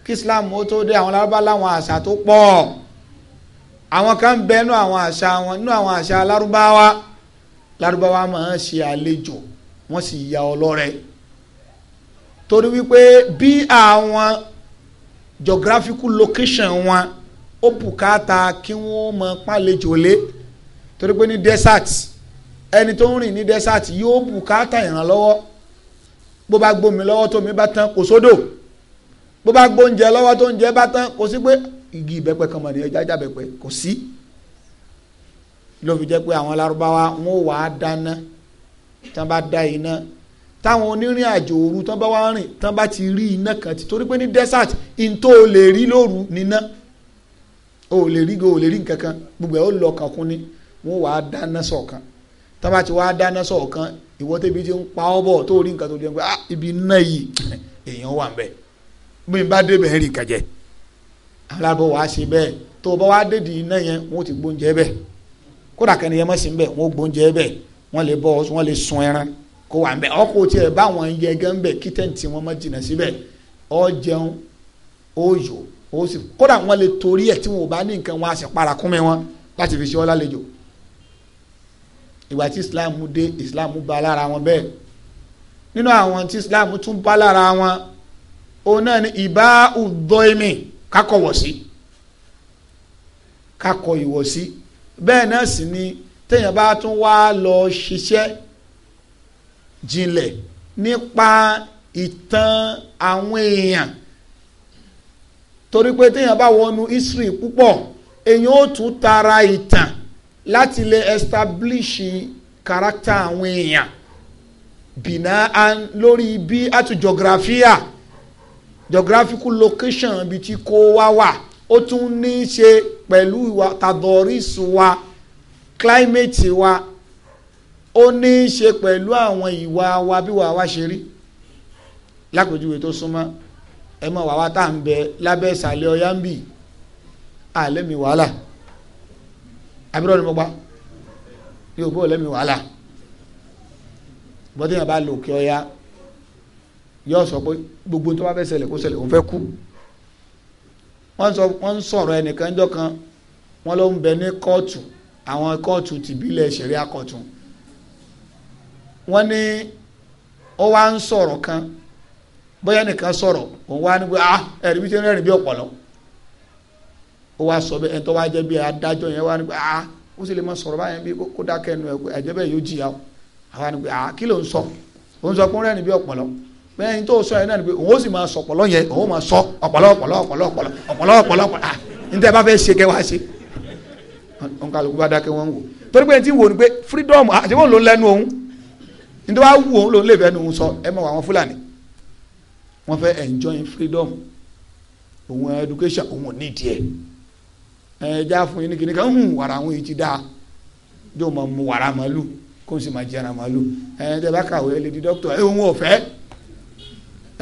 kí Islam ó tó dé àwọn lárúbá láwọn àṣà tó pọ̀ àwọn kan ń bẹ nú àwọn àṣà wọn nú àwọn àṣà lárúbáwá lárúbáwá máa ń ṣe àlejò wọ́n sì ya ọlọ́rẹ torí wípé bí àwọn geographical location wọn ó bùkátà kí wọ́n mọ pálejò lé torí pé ní desert ẹni tó ń rìn ní desert yóò bùkátà ìrànlọ́wọ́ bó bá gbómi lọ́wọ́ tómi bá tán kò sódò bó bá gbóúnjẹ lọ́wọ́ tó ń jẹ bá tán kò sí pé igi ìbẹ́pẹ kan mọ̀ ní ẹja jábẹ́pẹ kò sí ló fi jẹ́ pé àwọn Lárúbáwá wọn ò wá dáná tí wọ́n bá dá iná táwọn onírìn àjò òru tí wọ́n bá wá rìn tí wọ́n bá ti rí iná kan ti torí pé ní desert ntó o lè rí lóru níná o lè rí o lè rí nǹkan kan gbogbo ẹ̀ ó lọ kankun ni wọ́n wá dáná sọ̀kan tí wọ́n bá ti wá dáná sọ̀kan ìwọ tẹ́bi ti ń pa ọ́ bọ̀ tó rí nǹkan tó di ẹ̀ pé ah ibi iná yìí èèyàn wà ń bẹ̀ bí n bá débẹ̀ rí nǹkan jẹ́ alábọ̀ wàá ṣe bẹ́ẹ̀ tó o bá wá dédi iná yẹn wọ́n ti gbóúnjẹ bẹ́ẹ̀ kódà kẹ́ni yẹn mọ̀ sí bẹ́ẹ̀ wọ́n gbóúnjẹ bẹ́ẹ̀ wọ́n lè bọ́ wọ́n lè sun ẹran kó wà bẹ́ẹ̀ ọkọ̀ tiẹ̀ báwọn yẹ gán bẹ́ẹ̀ kí tẹ́ǹtì wọn mọ̀ jìnnà síbẹ̀ ọ jẹun ó yò ó sì kódà wọ́n lè torí ẹ̀ tí wọn ò bá ní nǹkan wọn á sì wọn láti fi ṣe ọ́ lálejò ìgbà tí Islam dé Islam bá lára wọn bẹ́ẹ̀ nínú àwọn tí Islam tún bá lára wọn òun náà ni ìbá ùdọ́ ẹ̀mí kakọ wọ̀ sí kakọ ìwọ̀ sí bẹ́ẹ̀ náà sì ni téèyàn bá tún wá lọ ṣiṣẹ́ jinlẹ̀ nípa ìtàn àwọn èèyàn torí pé téèyàn bá wọnú history púpọ̀ èèyàn ó tún tara ìtàn láti lè establish character àwọn èèyàn bìnnà lórí bí àtújọgrafíà geographical location ibi tí kó wá wà ó tún ní í ṣe pẹ̀lú ìwà wa climate wa ó ní í ṣe pẹ̀lú àwọn ìwà wa bí wàá wá ṣe rí lápèjúwe tó súnmọ́ ẹ mọ̀ wàá wá tá à ń bẹ lábẹ́ ìsàlẹ̀ ọ̀yá ń bì àlẹ́ mi wàhálà àbúrò ni mo gbà yóò bó ọ̀lẹ́ mi wàhálà bọ́dé yẹn bá lò kí ọ̀yá yóò sọ pé gbogbo tó bá fẹ́ ṣẹlẹ̀ kó ṣẹlẹ̀ òun fẹ́ kú wọ́n sọ wọ́n ń sọ̀rọ̀ ẹnìkan jọ kan wọ́n ló ń bẹ ní kóòtù àwọn kóòtù tìbílẹ̀ ṣẹ̀ríà kóòtù wọ́n ní ó wá ń sọ̀rọ̀ kan bóyá nìkan sọ̀rọ̀ òun wá ní pé ah ẹ̀rí bí ṣe ń rẹ́rìn bí ọ̀pọ̀lọ́ ó wá sọ bẹ́ẹ̀ tó wá jẹ́ bí adájọ́ yẹn wá ní pé ah ó sì lè má sọ̀rọ̀ báyẹn bí kó dákẹ́ nu ẹ̀jẹ̀ bẹ́ẹ̀ yóò jìyà o àwa ní pé ah kí ló ń sọ òun sọ pé ń rẹ́rìn bí ọ̀pọ̀lọ́ bẹ́ẹ̀ ni tó sọ yẹn náà ni pé òun ó sì máa sọ ọ̀pọ̀lọ́ yẹn òun ó máa sọ ọ̀pọ̀lọ́ ọ̀pọ̀lọ́ ọ̀pọ̀lọ́ ọ̀pọ̀lọ́ ọ̀pọ̀lọ́ ọ̀pọ̀lọ́ níta bá fẹ́ ṣe kẹ́ wá ṣe ọ̀nkàlùkù bá dákẹ́ wọn wò torí pé ti wò ni pé freedom àti wọn ló ń lẹ́nu òun níta bá wù òun ló ń lè fẹ́ nu òun sọ ẹ mọ̀ àwọn Fúlàní wọ́n fẹ́ enjoy freedom òun education òun ò ní tiẹ̀ ẹ já fún yín ní kíní kan hùn wàrà àwọn èyí ti dáa yóò máa mu wàrà màálù kó n sì máa jẹrà màálù ẹ tẹ bá kàwé lè di dókítà ẹ òun ò fẹ́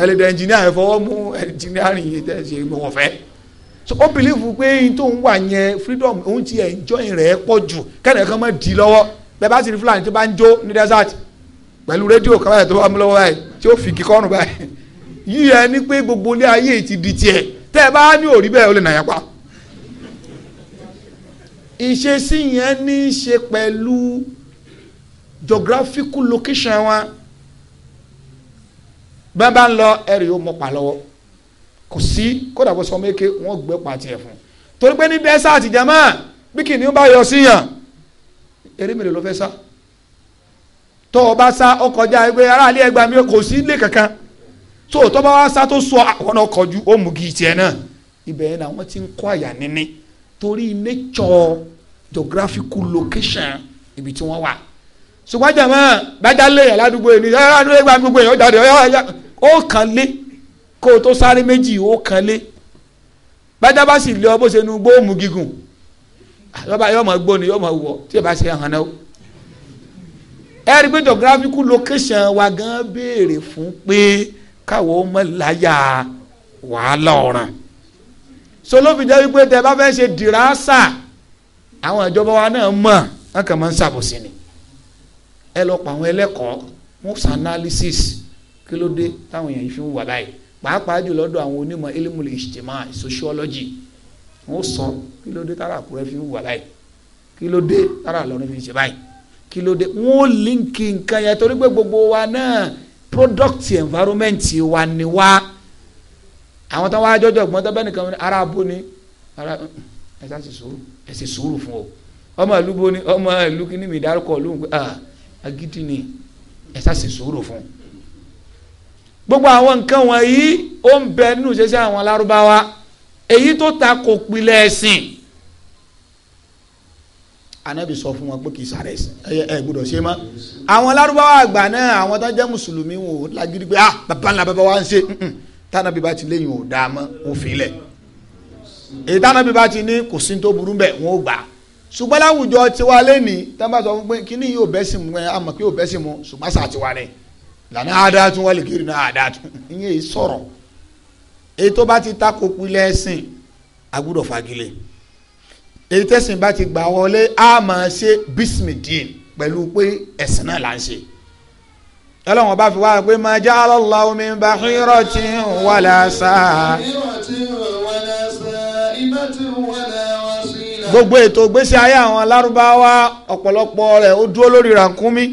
ẹlẹ́dẹ̀ ẹnjìníà ẹ fọwọ́ mú ẹnjìníà rìn yìí tẹ̀ ṣe wọn fẹ́ so ó bìlífù pé n tó ń wà yẹn freedom òun ti enjoy rẹ̀ pọ̀ jù kẹ́nìyàn kan mọ̀ di lọ́wọ́ bẹ́ẹ̀ bá sì rí fúlàní tó bá ń jó ní desert pẹ̀lú rédíò kan báyìí tó bá mú lọ́wọ́ báyìí tí ó fi kíkọ́rùn báyìí (laughs) yìí ẹ ní pé gbogbo ilé ayé ti di tiẹ̀ tẹ́ ẹ bá ní òrí bẹ́ẹ̀ ó lè nàyà pa ìṣesí yẹn ní í ṣe pẹ̀lú geographical location wa bẹ́ẹ̀ bá ń lọ ẹ̀rì yóò mú pa lọ́wọ́ kò sí kódà bó sọ méke wọ́n gbé pa tiẹ̀ fún un torí pé níbi ẹ̀sà àtijọ́ mọ́ bí kìnìún bá yọ sí yàn eré mèrè ló fẹ́ sá tó o bá sá ó kọjá ẹgbẹ́ aráàlú ẹgbàá mi kò sí ilé kankan tó o tó bá wá sá tó sọ àwọn ọkọ̀ ju ó mú kì tiẹ̀ náà ibẹ̀ yẹn làwọn ti ń kọ́ àyà níní torí nature geographical location ibi tí wọ́n wà ṣùgbọ́n jàmọ́ bájá lè yàn ládùúgbò yìí ní ẹ ládùúgbò yìí gbà gbogbo yìí ó jáde ó yà wá yà ó kàn lé kó o tó sáré méjì ó kàn lé bájá bá sì lé ọ bó ṣe nu gbóòmù gígùn lọ́ba yóò máa gbóni yóò máa wọ̀ tí ẹ bá ṣe hàn náà ẹ rí pé geographical location wa gan béèrè fún pé káwọn ọmọ láyà wàhálà ọ̀ràn solófin jẹ́ wípé tẹ bá fẹ́ ṣe dìrásà àwọn ìjọba wa náà mọ̀ wọn kàn máa ń ṣàbòsí ni ẹ lọ pa àwọn ẹlẹ́kọ̀ọ́ wọn kí ló dé táwọn èèyàn yìí fi ń wà báyìí pàápàá jù lọ́dọ̀ àwọn onímọ̀ elimul ijtima sociology wọ́n sọ kí ló dé tára Àkúrẹ́ fi ń wà báyìí kí ló dé tára Ìlọrin fi ń ṣe báyìí kí wọ́n líǹkì nǹkan yẹn torí pé gbogbo wa náà product environment wa ni wá àwọn tó wá jọjọ tó bẹ́ẹ̀ nìkan ara abo ni ara ẹ sá sì sùúrù ẹ sì sùúrù fún o ọmọ ìlú bo ni ọmọ ìlú kí ni mi dárúkọ lóhùn pé ah agídí ni ẹ sá sì sùúrù fún o gbogbo àwọn nǹkan wọ̀nyí ó ń bẹ nínú ìṣẹ̀ṣẹ̀ àwọn lárúbáwá èyí tó ta kò pilẹ̀ ẹ̀sìn anabi sọ fún wọn pé kì í sàrẹ̀ ẹ̀sìn ẹ gbọ́dọ̀ ṣe mọ́ àwọn lárúbáwá àgbà náà àwọn tó jẹ́ mùsùlùmí wọn ò lágídí pé ah bàbá ńlá bàbá wa ń ṣe tànàbí bá ti léyìn ò dáa mọ́ òfin lẹ̀ èyí tànàbí bá ti ní kò sí tó burú bẹ́ẹ̀ wọn ò gbà ṣùgbọ́n láwùjọ tiwa lẹ́nìí tá a bá pé kíní yóò bẹ́ mu ẹ àmọ́ pé yóò bẹ́ mu ṣùgbọ́n sàtiwa rẹ̀ lànà àdáàtún wọlé kiri náà àdáàtún ìyẹn yìí sọ̀rọ̀ èyí tó bá ti tako pilẹ̀ ẹ̀sìn agbọ́dọ̀ fagilé èyí tẹ̀sìn bá ti gbà wọlé a máa ṣe bísímìdín pẹ̀lú pé ẹ̀sìn náà là ń ṣe ọlọ́run bá fi wá pé ma ja'alallahu min bahiratin wala saa gbogbo ètò ìgbésí ayé àwọn lárúbáwá ọ̀pọ̀lọpọ̀ rẹ̀ ó dúró lórí ràkúnmí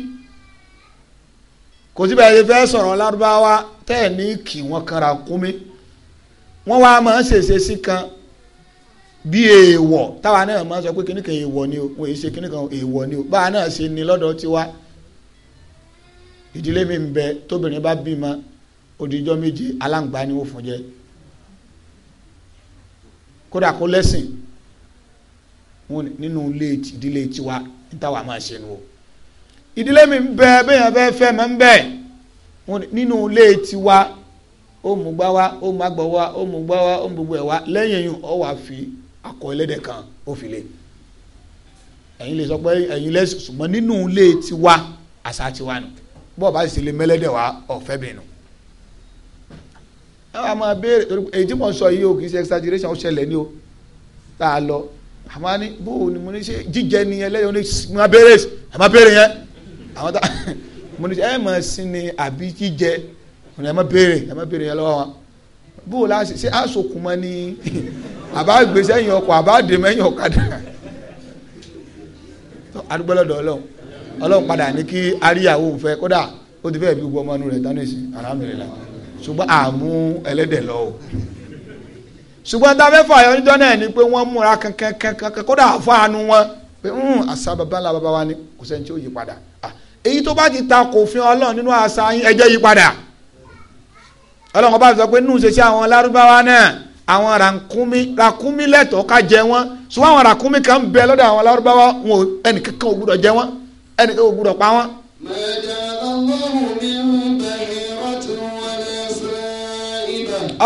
kò síbẹ̀ ẹ fẹ́ sọ̀rọ̀ lárúbáwá tẹ́ ẹ̀ ní kì wọ́n kanra kúmi wọ́n wá máa ń ṣèṣe sí kan bí èèwọ̀ táwa náà máa ń sọ pé kíníkan èèwọ̀ ni o wọ́n èyí ṣe kíníkan èèwọ̀ ni o báwa náà ṣe ni lọ́dọ̀ tiwa ìdílé mi ń bẹ tóbìnrin bá bímọ odijọ́ méje aláǹgbá ni ó fún jẹ kódà kó lẹ́sìn nínú ilé ìdílé tiwa ní táwa máa ṣe nu o ìdílé mi ń bẹ bẹ́ẹ̀ bẹ́ẹ̀ fẹ́ mọ́ ń bẹ̀ nínú ilé tiwa ó mú gbá wá ó má gbọ́ wá ó mú gbá wá ó mú gbogbo ẹ̀ wá lẹ́yìn ẹ̀yìn ọ wà fi akọ ẹlẹ́dẹ̀ kan ó fi lé ẹ̀yin lè sọ pé ẹ̀yin lẹ́sùn ṣùgbọ́n nínú ilé tiwa àṣà tiwa nù bọ́ọ̀ bá sì lè mẹ́lẹ́dẹ̀ wá ọ̀fẹ́ bìnú ẹ wàá máa béèrè èyí tí mo sọ yìí o kì í ṣe exaggeration ó ṣẹlẹ̀ ni o tá a lọ àmọ́ ní bóun ni mo ní ṣe jíjẹ ni ẹlẹ́yìn ó ní máa béèrè àmọ́ béèrè yẹn àwọn tá (laughs) mo ní ẹ mọ̀ sí ni àbí jíjẹ ọ̀nà ẹ má béèrè ẹ má béèrè yẹn lọ́wọ́ wọn bó o láṣẹ ṣe àṣokùn mọ́ ni (laughs) àbá gbèsè ẹ̀yìn ọkọ̀ àbá dè mẹ́yìn ọ̀kadà adúgbò (laughs) lọ́dọ̀ ọlọ́run ọlọ́run padà ní kí aríyàwó fẹ́ kódà ó ti fẹ́ẹ́ bí gbogbo ọmọ inú rẹ̀ tán nìsín alhamdulillah ṣùgbọ́n àmú ẹlẹ́dẹ̀ lọ o ṣùgbọ́n tá a fẹ́ fà yọ níjọ́ náà ni pé wọ́n múra kankan kankan kódà fáànù wọn pé hmm, àṣà baba ńlá baba wa ni kò sẹ́ni tí ó yí padà ah èyí tó bá ti ta kò fin ọlọ́run nínú àṣà ẹjẹ́ yí padà ọlọ́run bá sọ pé nù ṣe àwọn lárúbáwá náà àwọn ràkúnmí ràkúnmí je ká jẹ wọ́n ṣùgbọ́n àwọn ràkúnmí kan ń bẹ lọ́dọ̀ àwọn lárúbáwá wọn ẹnìkankan ò gbúdọ̀ jẹ wọ́n ẹnìkan ò gbúdọ̀ pa wọ́n.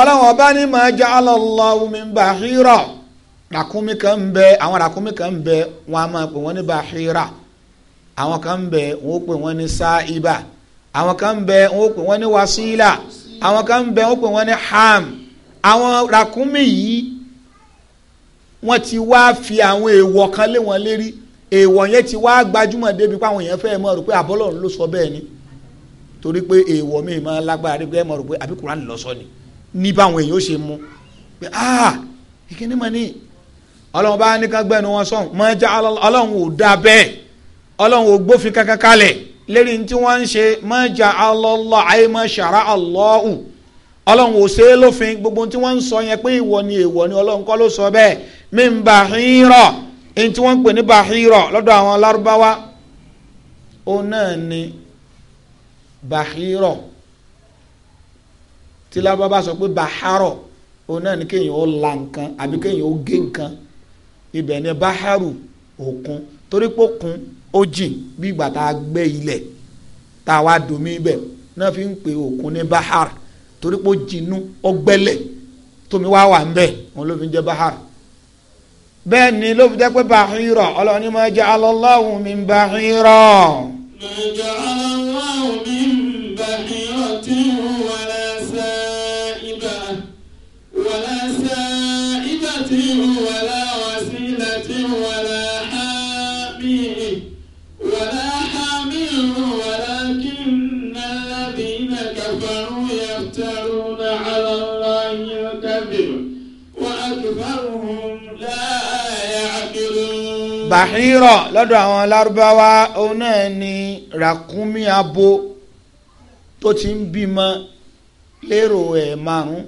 ọlọ́run ọba ní ma ja'ala Allahu min bahira ràkúnmí kan ń bẹ àwọn kan ń bẹ wọn máa pè wọ́n àwọn kan ń bẹ wọn ó pè wọn ní sáíbà àwọn kan ń bẹ wọn ó pè wọn ní wasílà àwọn kan bẹ wọn ó pè wọn ní ham àwọn rakumi yìí wọ́n ti wá fi àwọn èèwọ̀ kan lé wọn lérí èèwọ̀ yẹn ti wá gbajúmọ̀ débi pé àwọn èèyàn fẹ́ mọ̀ rò pé àbọ́lọ́run ló sọ bẹ́ẹ̀ ni torí pé èèwọ̀ mi máa lágbára débi pé ẹ mọ̀ rò pé àbí Kùránì ló sọ ni ní báwọn èèyàn ó ṣe mú pé ah ìkíní mọ̀ ní ọlọ́run bá ní ká gbẹ́nu wọn sọ̀hún mọ̀ ẹ́ já ò dá bẹ́ẹ̀ ọlọ́run ò gbófin kankan kalẹ̀ lérí tí wọ́n ń ṣe mọ́jà alọ́lọ́ àìmọ́ ṣàrá alọ́hù ọlọ́run ò ṣe é lófin gbogbo tí wọ́n ń sọ yẹn pé ìwọ ni èèwọ̀ ni ọlọ́run kọ́ ló sọ bẹ́ẹ̀ mí ń bahira èyí tí wọ́n ń pè ní bahira lọ́dọ̀ àwọn lárúbáwá òun náà ni bahira tí lárúbáwá sọ pé baharo òun náà ni kéèyàn ó la nǹkan àbí kéèyàn ó gé nǹkan ibẹ̀ ni baharu òkun torí pé òkun ó jìn bí ìgbà tá a gbẹ́ ilẹ̀ tá a wá domi ibẹ̀ náà fi ń pe òkun ní bahar torí pé ó jinú ó gbẹ́lẹ̀ tómi wá wà ń bẹ̀ ló fi ń jẹ́ bahar bẹ́ẹ̀ ni ló fi jẹ́ pé bahira ọlọ́ọ̀ni máa jẹ́ alọ́láhùn mi bahira. bàhírọ lọ́dọ̀ àwọn lárúbáwá òun náà ni ràkúnmí abo tó ti ń bímọ lérò ẹ̀ márùn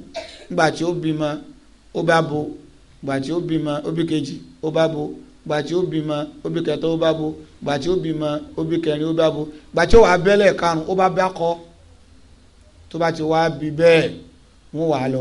gbà tí ó bímọ ó bá bo gbà tí ó bímọ kejì ó bá bo gbà tí ó bímọ kẹta ó bá bo gbà tí ó bímọ kẹrin ó bá bo gbà tí ó wà abẹ́lẹ̀ karùn ó bá bá kọ́ tó bá ti wá bí bẹ́ẹ̀ wọ́n wà lọ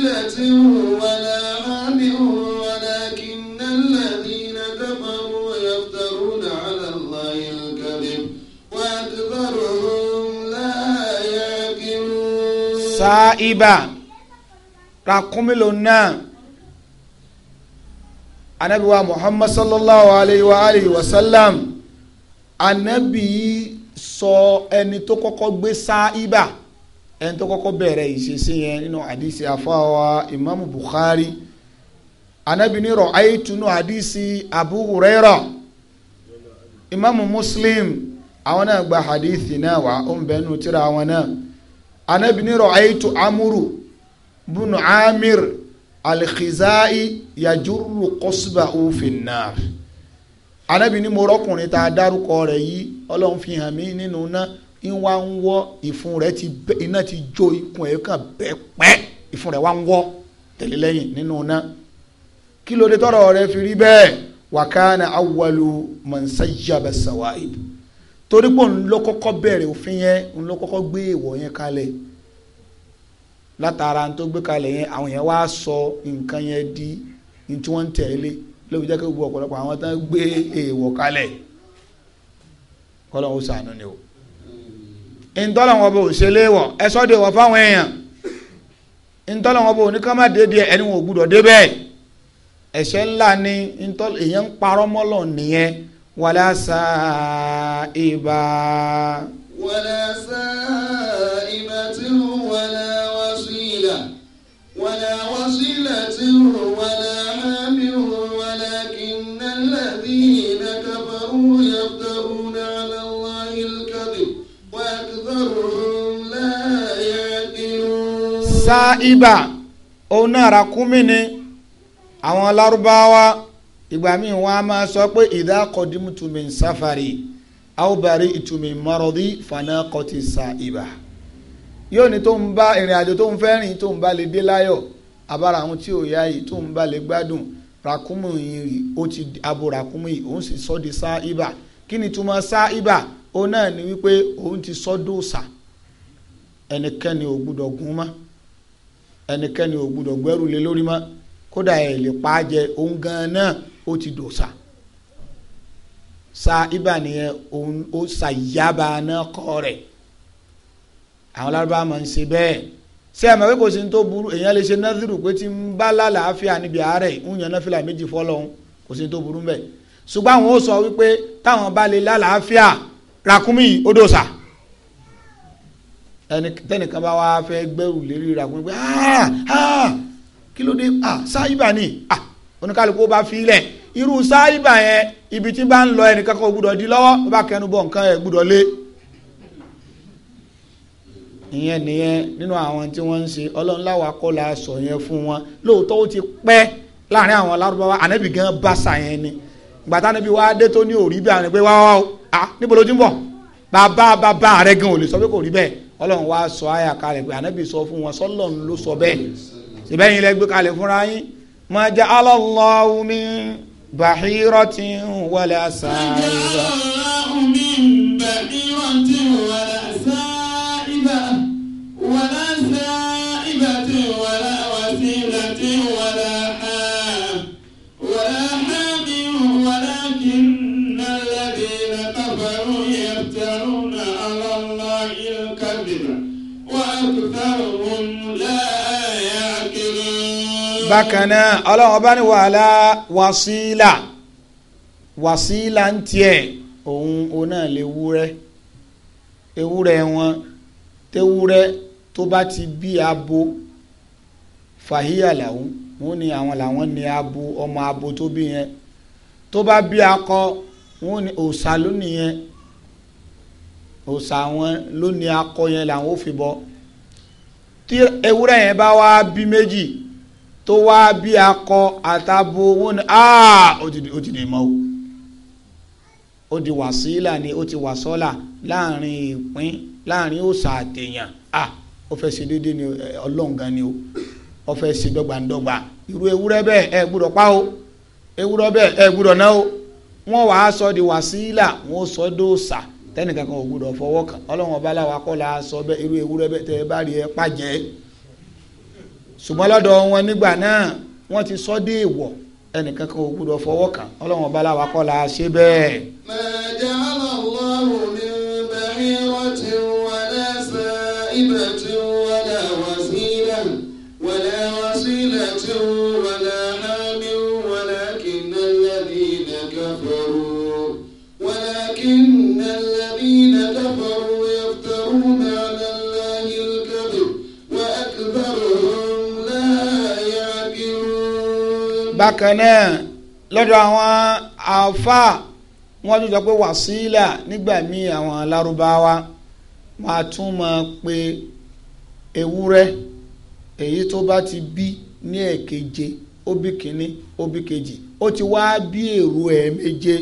مذلة ولا عابر ولكن الذين كفروا يفترون على الله الكذب وأكثرهم لا يعقلون سائبا رقم لنا anabi wa muhammad sallallahu alayhi wa alihi wa sallam anabi sọ ẹni tó kọ́kọ́ gbé sáíbà. So, ẹni tó kọ́kọ́ bẹ̀rẹ̀ ìṣesí yẹn nínú àdìsí afáwa imaamu bukhari anabinirọ ayetunu àdìsí abu huraira imaamu muslim àwọn náà gba àdìsí náà wá ó ń bẹnu tíra àwọn náà anabinirọ ayetu amuru bunu amir alkhizai yajuru kọsuba òfin náà anabini mo rọkùnrin tá a dárúkọ rẹ̀ yìí ọlọ́run fi hàn mí nínú náà ìwà ń wọ́ ìfun rẹ̀ ti bẹ́ iná ti jó ikùn ẹ̀ kàn bẹ́ẹ̀ pẹ́ ìfun rẹ̀ wá ń wọ́ tẹ̀lé lẹ́yìn nínú iná kí ló dé tọrọ rẹ̀ fi rí bẹ́ẹ̀ wàkánà awwalu mọ̀nsájàbẹ̀ sàwáìb torí pé òun ló kọ́kọ́ bẹ̀rẹ̀ òfin yẹn òun ló kọ́kọ́ gbé ìwọ̀ yẹn kalẹ̀ látara tó gbé kalẹ̀ yẹn àwọn yẹn wá sọ nǹkan yẹn di ní tí wọ́n ń tẹ̀lé lóbi jẹ́ kí gbogbo ọ̀pọ̀lọpọ̀ àwọn tán gbé èèwọ̀ kalẹ̀ kọ́lọ́hún sànú ni o ntọ́lọ́wọ́n bò ṣe léwọ̀ ẹ sọ́ de wọ̀ fáwọn èèyàn ntọ́lọ́wọ́n bò ní ká má dé díẹ̀ ẹni wọn ò gbúdọ̀ dé bẹ́ẹ̀ ẹ̀ṣẹ̀ ńlá ni èèyàn ń parọ́ nìyẹn wàlá sáà ibà. Saiba òun náà ràkúnmí ni àwọn lárúbáwá ìgbà míì wọn a máa sọ pé ìdá kọdímùtù min sáfàrì àwòbàrí ìtùmí mọ́rọ̀dí fanákọ́tì sáíbà yóò ní tó ń bá ìrìn àjò tó ń fẹ́ rìn tó ń bá lè dé láyọ̀ abára àwọn tí ò yá yìí tó ń bá lè gbádùn ràkúnmù yìí ó ti abo ràkúnmù yìí òun sì sọ di sáíbà kí ni túmọ̀ sáíbà òun náà ni wípé òun ti sọ́dọ̀ sà ẹnikẹ́ni ò gbúdọ̀ gún mọ́ ẹnikẹ́ni ò gbúdọ̀ gbẹ́rù lé lórí mọ́ kódà ẹ̀ lè pa á jẹ òun gan-an náà ó ti dòṣà sa ibà nìyẹn òun ó ṣàyàbà náà kọ́ rẹ̀ àwọn lárúbá máa ń ṣe bẹ́ẹ̀ ṣé ẹ mọ̀ pé kò sí ní tó burú èèyàn lè ṣe násìrù pé tí ń bá lálàáfíà níbi àárẹ̀ ń yan náfìlà méjì fọlọ́hún kò sí tó burú bẹ́ẹ̀ ṣùgbọ́n àwọn ó sọ wípé táwọn bá lè lálàáfíà ràkúnmí odòṣà tẹnìkan bá wá fẹ́ gbẹ́rù lérí rà fún mi pé kí ló dé sáyíbà ni oníkálukú bá fi lẹ̀ irú sáyíbà yẹn ibi tí bá ń lọ ẹnìkan kan gbúdọ̀ di lọ́wọ́ ó bá kẹnu bọ̀ nǹkan ẹ̀ gbúdọ̀ lé ìyẹn nìyẹn nínú àwọn tí wọ́n ń ṣe ọlọ́run kọ́ la sọ yẹn fún wọn lóòótọ́ ó ti pẹ́ láàrin àwọn alárúbáwá ànábì gan bàṣà yẹn ni gbàtà níbi wàá dé tó ní òrí bí àwọn ẹgbẹ́ wá wá o à níbo ló ti ń bọ̀ bàbá bàbá rẹ gan ò lè sọ pé kò rí bẹ́ẹ̀ ọlọ́run wá sọ àyà kalẹ̀ pé ànábì sọ fún wọn sọlọ́run ló sọ bẹ́ẹ̀ ìbẹ́yìn lẹ gbé kalẹ̀ fúnra yín ma ja'ala Allahu min bahiratin wala sa'ira. ma ja'ala bákan náà ọlọ́run ọba ní wàhálà wàsílà wàsílà ń tiẹ̀ òun òun náà lè wúrẹ́ ewúrẹ́ wọn tewúrẹ́ tó bá ti bí abo fàhíyà làwọn wọn ni àwọn làwọn ni abo ọmọ abo tó bí yẹn tó bá bí akọ wọn ni òòṣà ló nìyẹn òòṣà wọn ló akọ yẹn làwọn ò fi bọ tí ewúrẹ́ yẹn bá wá bí méjì tó wá bí akọ àtàbò wọn ni ah, ó ti dè ìmọ̀ o ó di wàsílà ni ó ti wàsọ́là láàrin ìpín láàrin òòṣà àtẹ̀yàn à ah, ó fẹ́ ṣe déédéé ni ni o fẹ́ ṣe dọ́gbandọ́gba irú ewúrẹ́ bẹ́ẹ̀ ẹ gbúdọ̀ pa o ewúrẹ́ bẹ́ẹ̀ ẹ gbúdọ̀ ná o wọ́n wàá sọ di wọ́n sọ kan ò gbúdọ̀ fọwọ́ kàn ọlọ́run ọba aláwa kọ́ la sọ irú ewúrẹ́ ṣùgbọ́n lọ́dọ̀ wọn nígbà náà wọ́n ti sọ dé èèwọ̀ ẹnìkan kan ò gbúdọ̀ fọwọ́ kàn ọlọ́run ọba aláwa kọ́ la ṣe bẹ́ẹ̀. ma ja'ala Allahu min bahiratin wala sa'ibatin. bákan náà lọ́dọ̀ àwọn àfa wọ́n tún sọ pé wàsílà nígbà míì àwọn lárúbáwá wọ́n á tún máa pe ewúrẹ́ èyí tó bá ti bí ní ẹ̀keje ó bí kínní ó bí kejì ó ti wá bí èrò ẹ̀ méje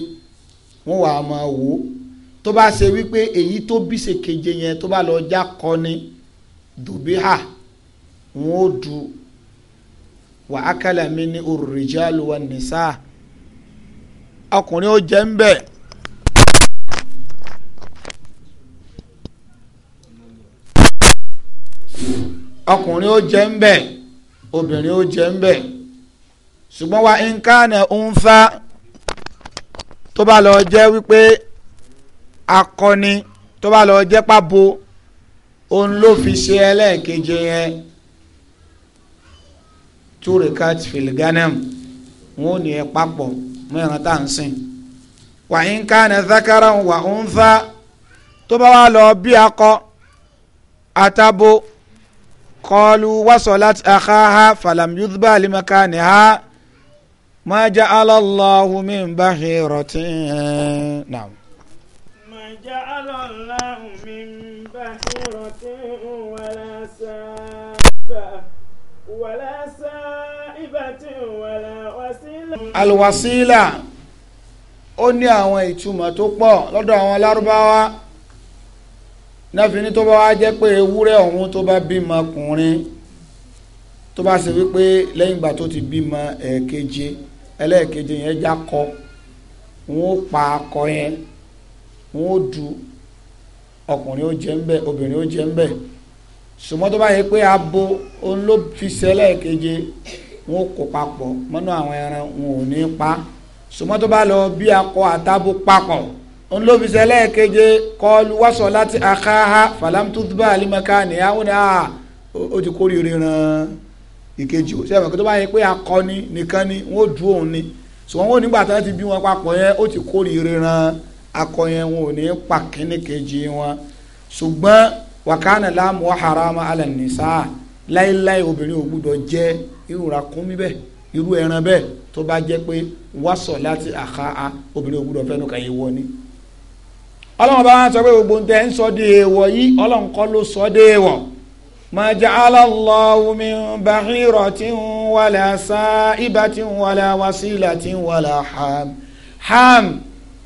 wọ́n wà á máa wò ó tó bá ṣe wípé èyí tó bí ṣe keje yẹn tó bá lọ já ni dòbí hà wọ́n ó du wà á kálá mi ní ar-rijalu wan-nisaa ọkùnrin ó jẹ́ ń bẹ̀. ọkùnrin ó jẹ́ ń bẹ̀ obìnrin ó jẹ́ ń bẹ̀ ṣùgbọ́n wa in kana unfa tó bá lọ jẹ́ wípé akọni tó bá lọ jẹ́ pàbó òun ló fi ṣe ẹlẹ́ẹ̀keje yẹn túrìkàt filiganam wọn ò ní ẹ papọ̀ mẹ́rin tá à ń sìn. wà ń ká ní zakara wà ń fa tó bá wà lọ bí akọ atabo kọlu wasolat akaha falam yudba alimaka ni ha ma ja'ala Allahu min bahiratin naam. ma ja'ala Allahu min bahiratin wala sábà wala sábà alwasila ó ní àwọn ìtumọ̀ tó pọ̀ lọ́dọ̀ àwọn lárúbáwá náfini tó bá wá jẹ́ pé ewúrẹ́ ọ̀hún tó bá bímọ ọkùnrin tó bá ṣe wípé lẹ́yìn ìgbà tó ti bímọ ẹ̀ẹ̀keje ẹlẹ́ẹ̀keje yẹn jákọ wọn ó pa akọ yẹn wọn ó du ọkùnrin ó jẹ ń bẹ obìnrin ó jẹ ń bẹ ṣùgbọ́n tó bá yẹ pé abo òun ló fi ṣe ẹlẹ́ẹ̀keje wọn ò kó papọ̀ mọ́nú àwọn ẹran wọn ò ní pa sùmọ́ tó bá lọ bí akọ àtàbò papọ̀ ń ló fi sẹ́lẹ̀ keje kọlu wàsọ̀ láti akáha falamtutuba alimaka nìyà wọn ni a ah, ó ti kórìíra ran ìkejì o sẹ́wọ̀n kí tó bá yẹ pé akọni nìkan ni wọn ò dúró òun ni sùmọ́ wọn ò nígbà tí wọ́n bí wọn papọ̀ yẹn ó ti kórìíra ran akọ yẹn wọn ò ní pa kíní wọn ṣùgbọ́n wàkánà láàmú harama alẹ́ nìsa láéláé obìnrin ò gbúdọ̀ jẹ́ irú ràkúnmí bẹ́ẹ̀ irú ẹran bẹ́ẹ̀ tó bá jẹ́ pé wàsọ̀ láti àká a obìnrin ògbúdọ̀ fẹ́nu kà yé wọ ni. ọlọ́run bá wọn sọ pé gbogbo ntẹ́ ń sọ de èèwọ̀ yìí ọlọ́run kọ́ ló sọ de èèwọ̀ ma ja'ala Allahu min bahiratin wala sa'ibatin wala wasilatin wala ham ham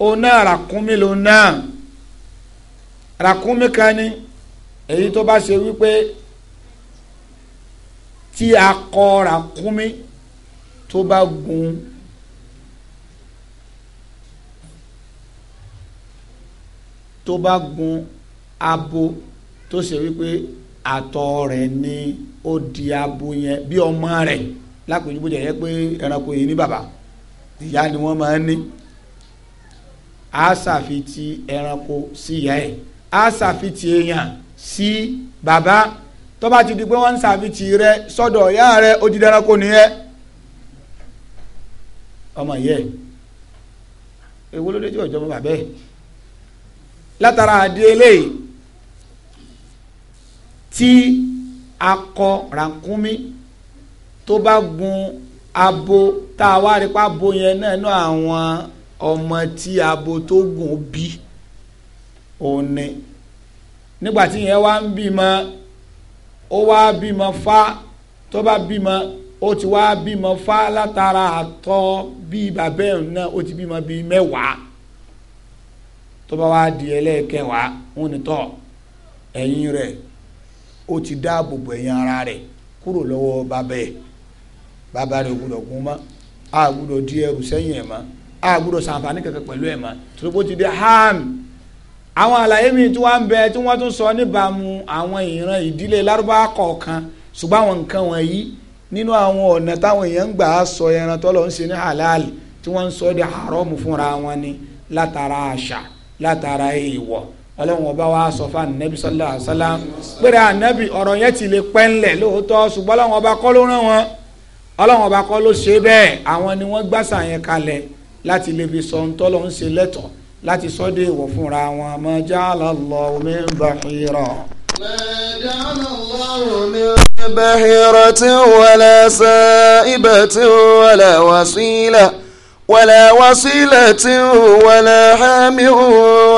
ona ràkúnmí lona ràkúnmí kan èyí tó bá ṣe wípé tí akọ ràkúnmí tó bá gun tó bá gun abo tó ṣe wípé àtọ̀ rẹ̀ ni ó di abo yẹn bí ọmọ rẹ̀ lápèjúbò jẹ pé ẹranko yìí ní bàbá ìyá ni wọ́n máa ń ní àṣàfi ti ẹranko sí ìyá ẹ̀ àṣàfi ti èèyàn sí bàbá. tó bá ti di pé wọ́n ń sàbìtì rẹ sọ́dọ̀ ìyá rẹ ó ti dárákò nìyẹn ọmọ yẹ ewu ló dé tí ọjọ́ bàbá bẹ́ẹ̀ látara àdé eléyìí tí akọ ràkúnmí tó bá gun abo tá a wá rí pa abo yẹn náà nú àwọn ọmọ tí abo tó gùn bí òun ni nígbà tí yẹn wá ń bímọ. ó wá bímọ fá tó bá bímọ ó ti wá bímọ fá látara àtọ̀ bíi bàbá ẹ̀ náà ó ti bímọ bíi mẹ́wàá tó bá wá di ẹlẹ́ẹ̀kẹwàá wọn ni tọ́ ẹ̀yìn rẹ̀ ó ti dáàbò bò ẹ̀yìn ara rẹ̀ kúrò lọ́wọ́ bàbá ẹ̀ bàbá rẹ̀ gbọ́dọ̀ gún mọ́ a gbọ́dọ̀ di ẹrù sẹ́yìn ẹ̀ mọ́ a gbọ́dọ̀ ṣàǹfààní kankan pẹ̀lú ẹ̀ mọ́ tó bó ti di ham àwọn àlàyé mi tí wọ́n ń bẹ tí wọ́n tún sọ níbàámu àwọn ìran ìdílé lárúbáwá kọ̀ọ̀kan ṣùgbọ́n àwọn nǹkan wọ̀nyí nínú àwọn ọ̀nà táwọn èèyàn ń gbà á sọ ẹran tọ́lọ́ ń ṣe ní halal tí wọ́n ń sọ di haramu fúnra wọn ni látara àṣà látara èèwọ̀ ọlọ́run ọba wa sọ fún anabi sallallahu alayhi wa sallam anabi ọ̀rọ̀ yẹn ti lè pẹ́ ńlẹ̀ lóòótọ́ ṣùgbọ́n ọlọ́run ọba kọ́ ló rán láti sọ́dọ̀ èèwọ̀ fúnra wọn ma ja'ala Allahu min bahira. ma ja'ala Allahu min bahiratin wala sa'ibatin wala wasila ولا وصيلة ولا حام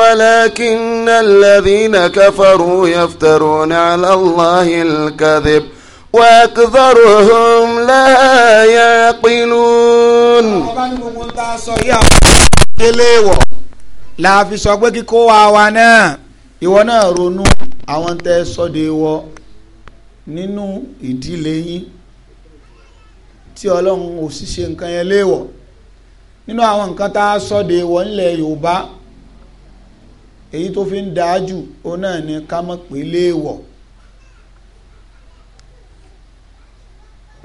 ولكن الذين كفروا يفترون على الله الكذب وأكثرهم لا يعقلون la fi sọ pé kíkó wa wa náà ìwọ náà ronú àwọn tẹ sọdẹ wọ nínú ìdílé yín tí ọlọ́run ò sì ṣe nǹkan yẹn léèwọ̀ nínú àwọn nǹkan tá a sọdẹ wọ ńlẹ̀ yorùbá èyí tó fi ń dáa jù òun náà ni ká mọ̀ pé léèwọ̀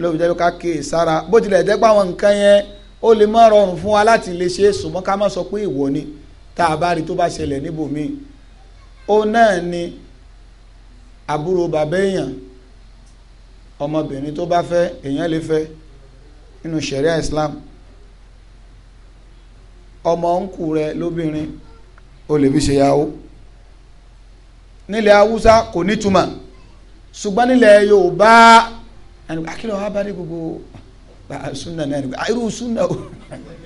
lóbi jẹ́ ká kéè sára bó tilẹ̀ jẹ́ pé àwọn nǹkan yẹn ó lè má rọrùn fún wa láti lè ṣe é sùn ká má sọ pé ìwọ ni tá a bá rí tó bá ṣẹlẹ̀ níbòmíì ó náà ni àbúrò bàbá èèyàn ọmọbìnrin tó bá fẹ́ èèyàn lè fẹ́ nínú ṣẹ̀ríà Islam ọmọ òǹkù rẹ lóbìnrin ó lè fi ṣèyàwó nílẹ̀ haúsá kò nítumọ̀ ṣùgbọ́n nílẹ̀ yorùbá ẹni akílọ̀ ah, wa bá dé gbogbo sunna náà ah, irú sunna o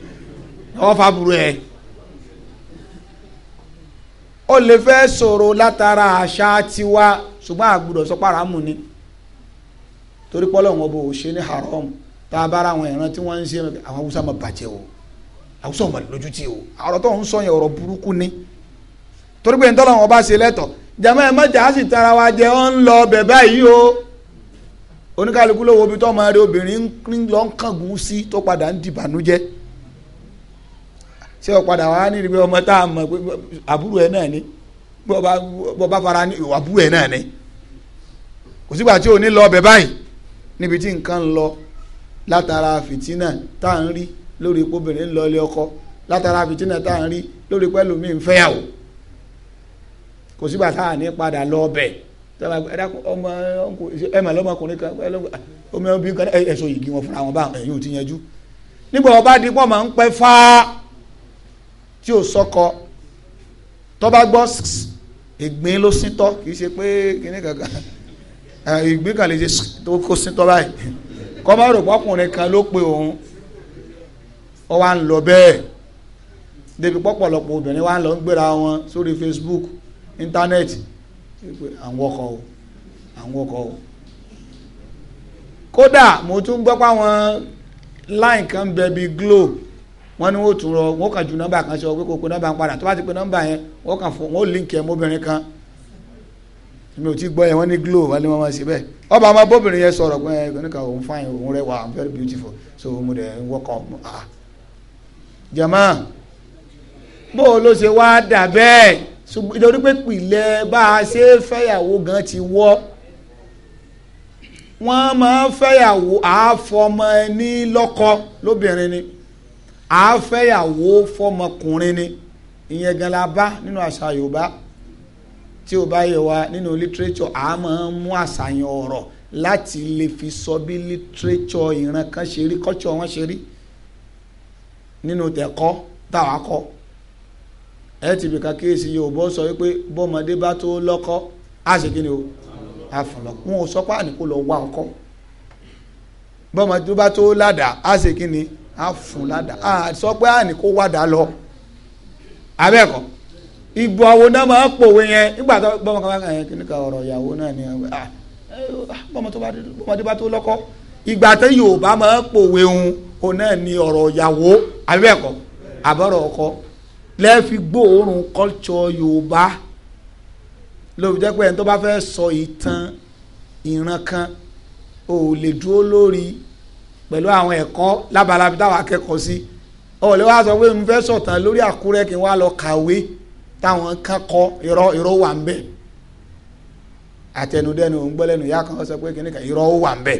(laughs) wọ́n fa burú ẹ̀ ó lè fẹ́ sọ̀rọ̀ látara àṣà tiwa ṣùgbọ́n àgbùdọ̀ sọ paramu ni torí pé Ọlọ́run ọba ò ṣe ní haram tá a bára àwọn ìran tí wọ́n ń ṣe àwọn haúsá máa bàjẹ́ o haúsá máa lójú tì o ọ̀rọ̀ tó ń sọ yẹn ọ̀rọ̀ burúkú ni torí pé nítorí àwọn ọba ṣe lẹ́tọ̀ jàmọ́ ẹ mọ́jà á sì tara wa jẹ ọ́ ń lọ bẹ̀ báyìí o oníkálukú lówó ibi tó máa rí obìnrin lọ́ ń kángun sí tó padà ń dìbànújẹ́ ṣé o padà wá ní ìdígbé ọmọ tá a mọ̀ pé àbúrò ẹ̀ náà ni bọ́ bá fara ní àbúrò ẹ̀ náà ni kò sígbà tí o ní lọ ọbẹ̀ báyìí níbi tí nǹkan ń lọ látara fìtínà tá à ń rí lórí ipò obìnrin ń lọ ilé ọkọ látara fìtínà tá à ń rí lórí pẹ́lú mi ń fẹ́yàwó kò sígbà tá à ní padà lọ ọbẹ̀ tọ́ba ọmọ ẹ mà lọ́mọkùnrin kan ọmọ obìnrin kan ẹ̀ṣọ́ yìí kí fúnra wọn bá ẹ̀yìn ò ti yanjú nígbà wọn bá di pọ́ ń pẹ́ fáá tí ò sọ́kọ tó bá gbọ́ ìgbín ló síntọ́ kì í ṣe pé kíní kankan (laughs) ìgbín kan lè ṣe tó kó síntọ́ báyìí kọ́ má rò pọ́kùnrin kan ló pe òun ó wá ń lọ bẹ́ẹ̀ débi pọ́pọ̀lọpọ̀ obìnrin wá ń lọ ń gbéra wọn sórí Facebook internet àwọn ọkọ̀ o àwọn ọkọ̀ o kódà mo tún gbọ́ pé àwọn line kan bíi Glo wọ́n ni wọ́n tún rọ wọ́n kàn ju nọmba kan sí ọ pé kò pe nọ́mbà ń padà tó bá ti pe yẹn wọ́n kàn mọ́bìnrin kan mi ò ti gbọ́ yẹn ní glo wọ́n ní wọ́n máa ṣe bẹ́ẹ̀ ọba àwọn abóbìnrin yẹn sọ̀rọ̀ pé ẹ kọ́ni rẹwà very beautiful so mo ń ah bá a ṣe fẹ́yàwó gan ti wọ́ wọ́n máa fẹ́yàwó àfọmọ ẹni lọ́kọ lóbìnrin ni. àáfẹ́yàwó fọmọkùnrin ni ìyẹn gan la bá nínú àṣà Yorùbá tí o bá yẹ wa nínú lítírẹ́tọ̀ a máa ń mú àṣàyàn ọ̀rọ̀ láti lè fi sọ bí lítírẹ́tọ̀ ìran kan ṣe rí kọ́tsọ̀ wọn ṣe rí nínú tẹ̀kọ́ táwa kọ́ ẹ ti bìkà kíyèsí Yorùbá sọ wípé bọ́mọdé bá tó lọ́kọ á ṣe kí ni o àfọlọ́kọ́ wọn ò sọ pé àníkó lọ wá ọkọ bọ́mọdé bá tó ládàá á ṣe kí ni o á fún ládàá á sọ pé á ní kó wádàá lọ abẹ́ẹ̀kọ́ ìbò àwọn náà máa pòwe yẹn nígbà tó bọ́mọ kan bá yẹn kí ni ká ọ̀rọ̀ ìyàwó náà ni ah, bọ́mọdé bá tó lọ́kọ́ ìgbà tó Yorùbá máa pòwe òun òun náà ni ọ̀rọ̀ ìyàwó abẹ́ẹ̀kọ́ àbọ̀rọ̀ ọkọ lẹ́ẹ̀fi gbóòórùn culture Yorùbá lóbi jẹ́ pé ẹni tó bá fẹ́ sọ ìtàn ìran ò lè dúró lórí pẹ̀lú àwọn ẹ̀kọ́ lábalábi táwọn akẹ́kọ̀ọ́ sí ó lè wá sọ pé mo fẹ́ sọ̀tàn lórí àkúrẹ́ kí n wá lọ kàwé táwọn kẹ́kọ̀ọ́ irọ́ irọ́ wà ń bẹ̀ àtẹnudẹ́nu òǹgbẹ́lẹ́nu ìyá kan sọ pé kí ni ká irọ́ wà ń bẹ̀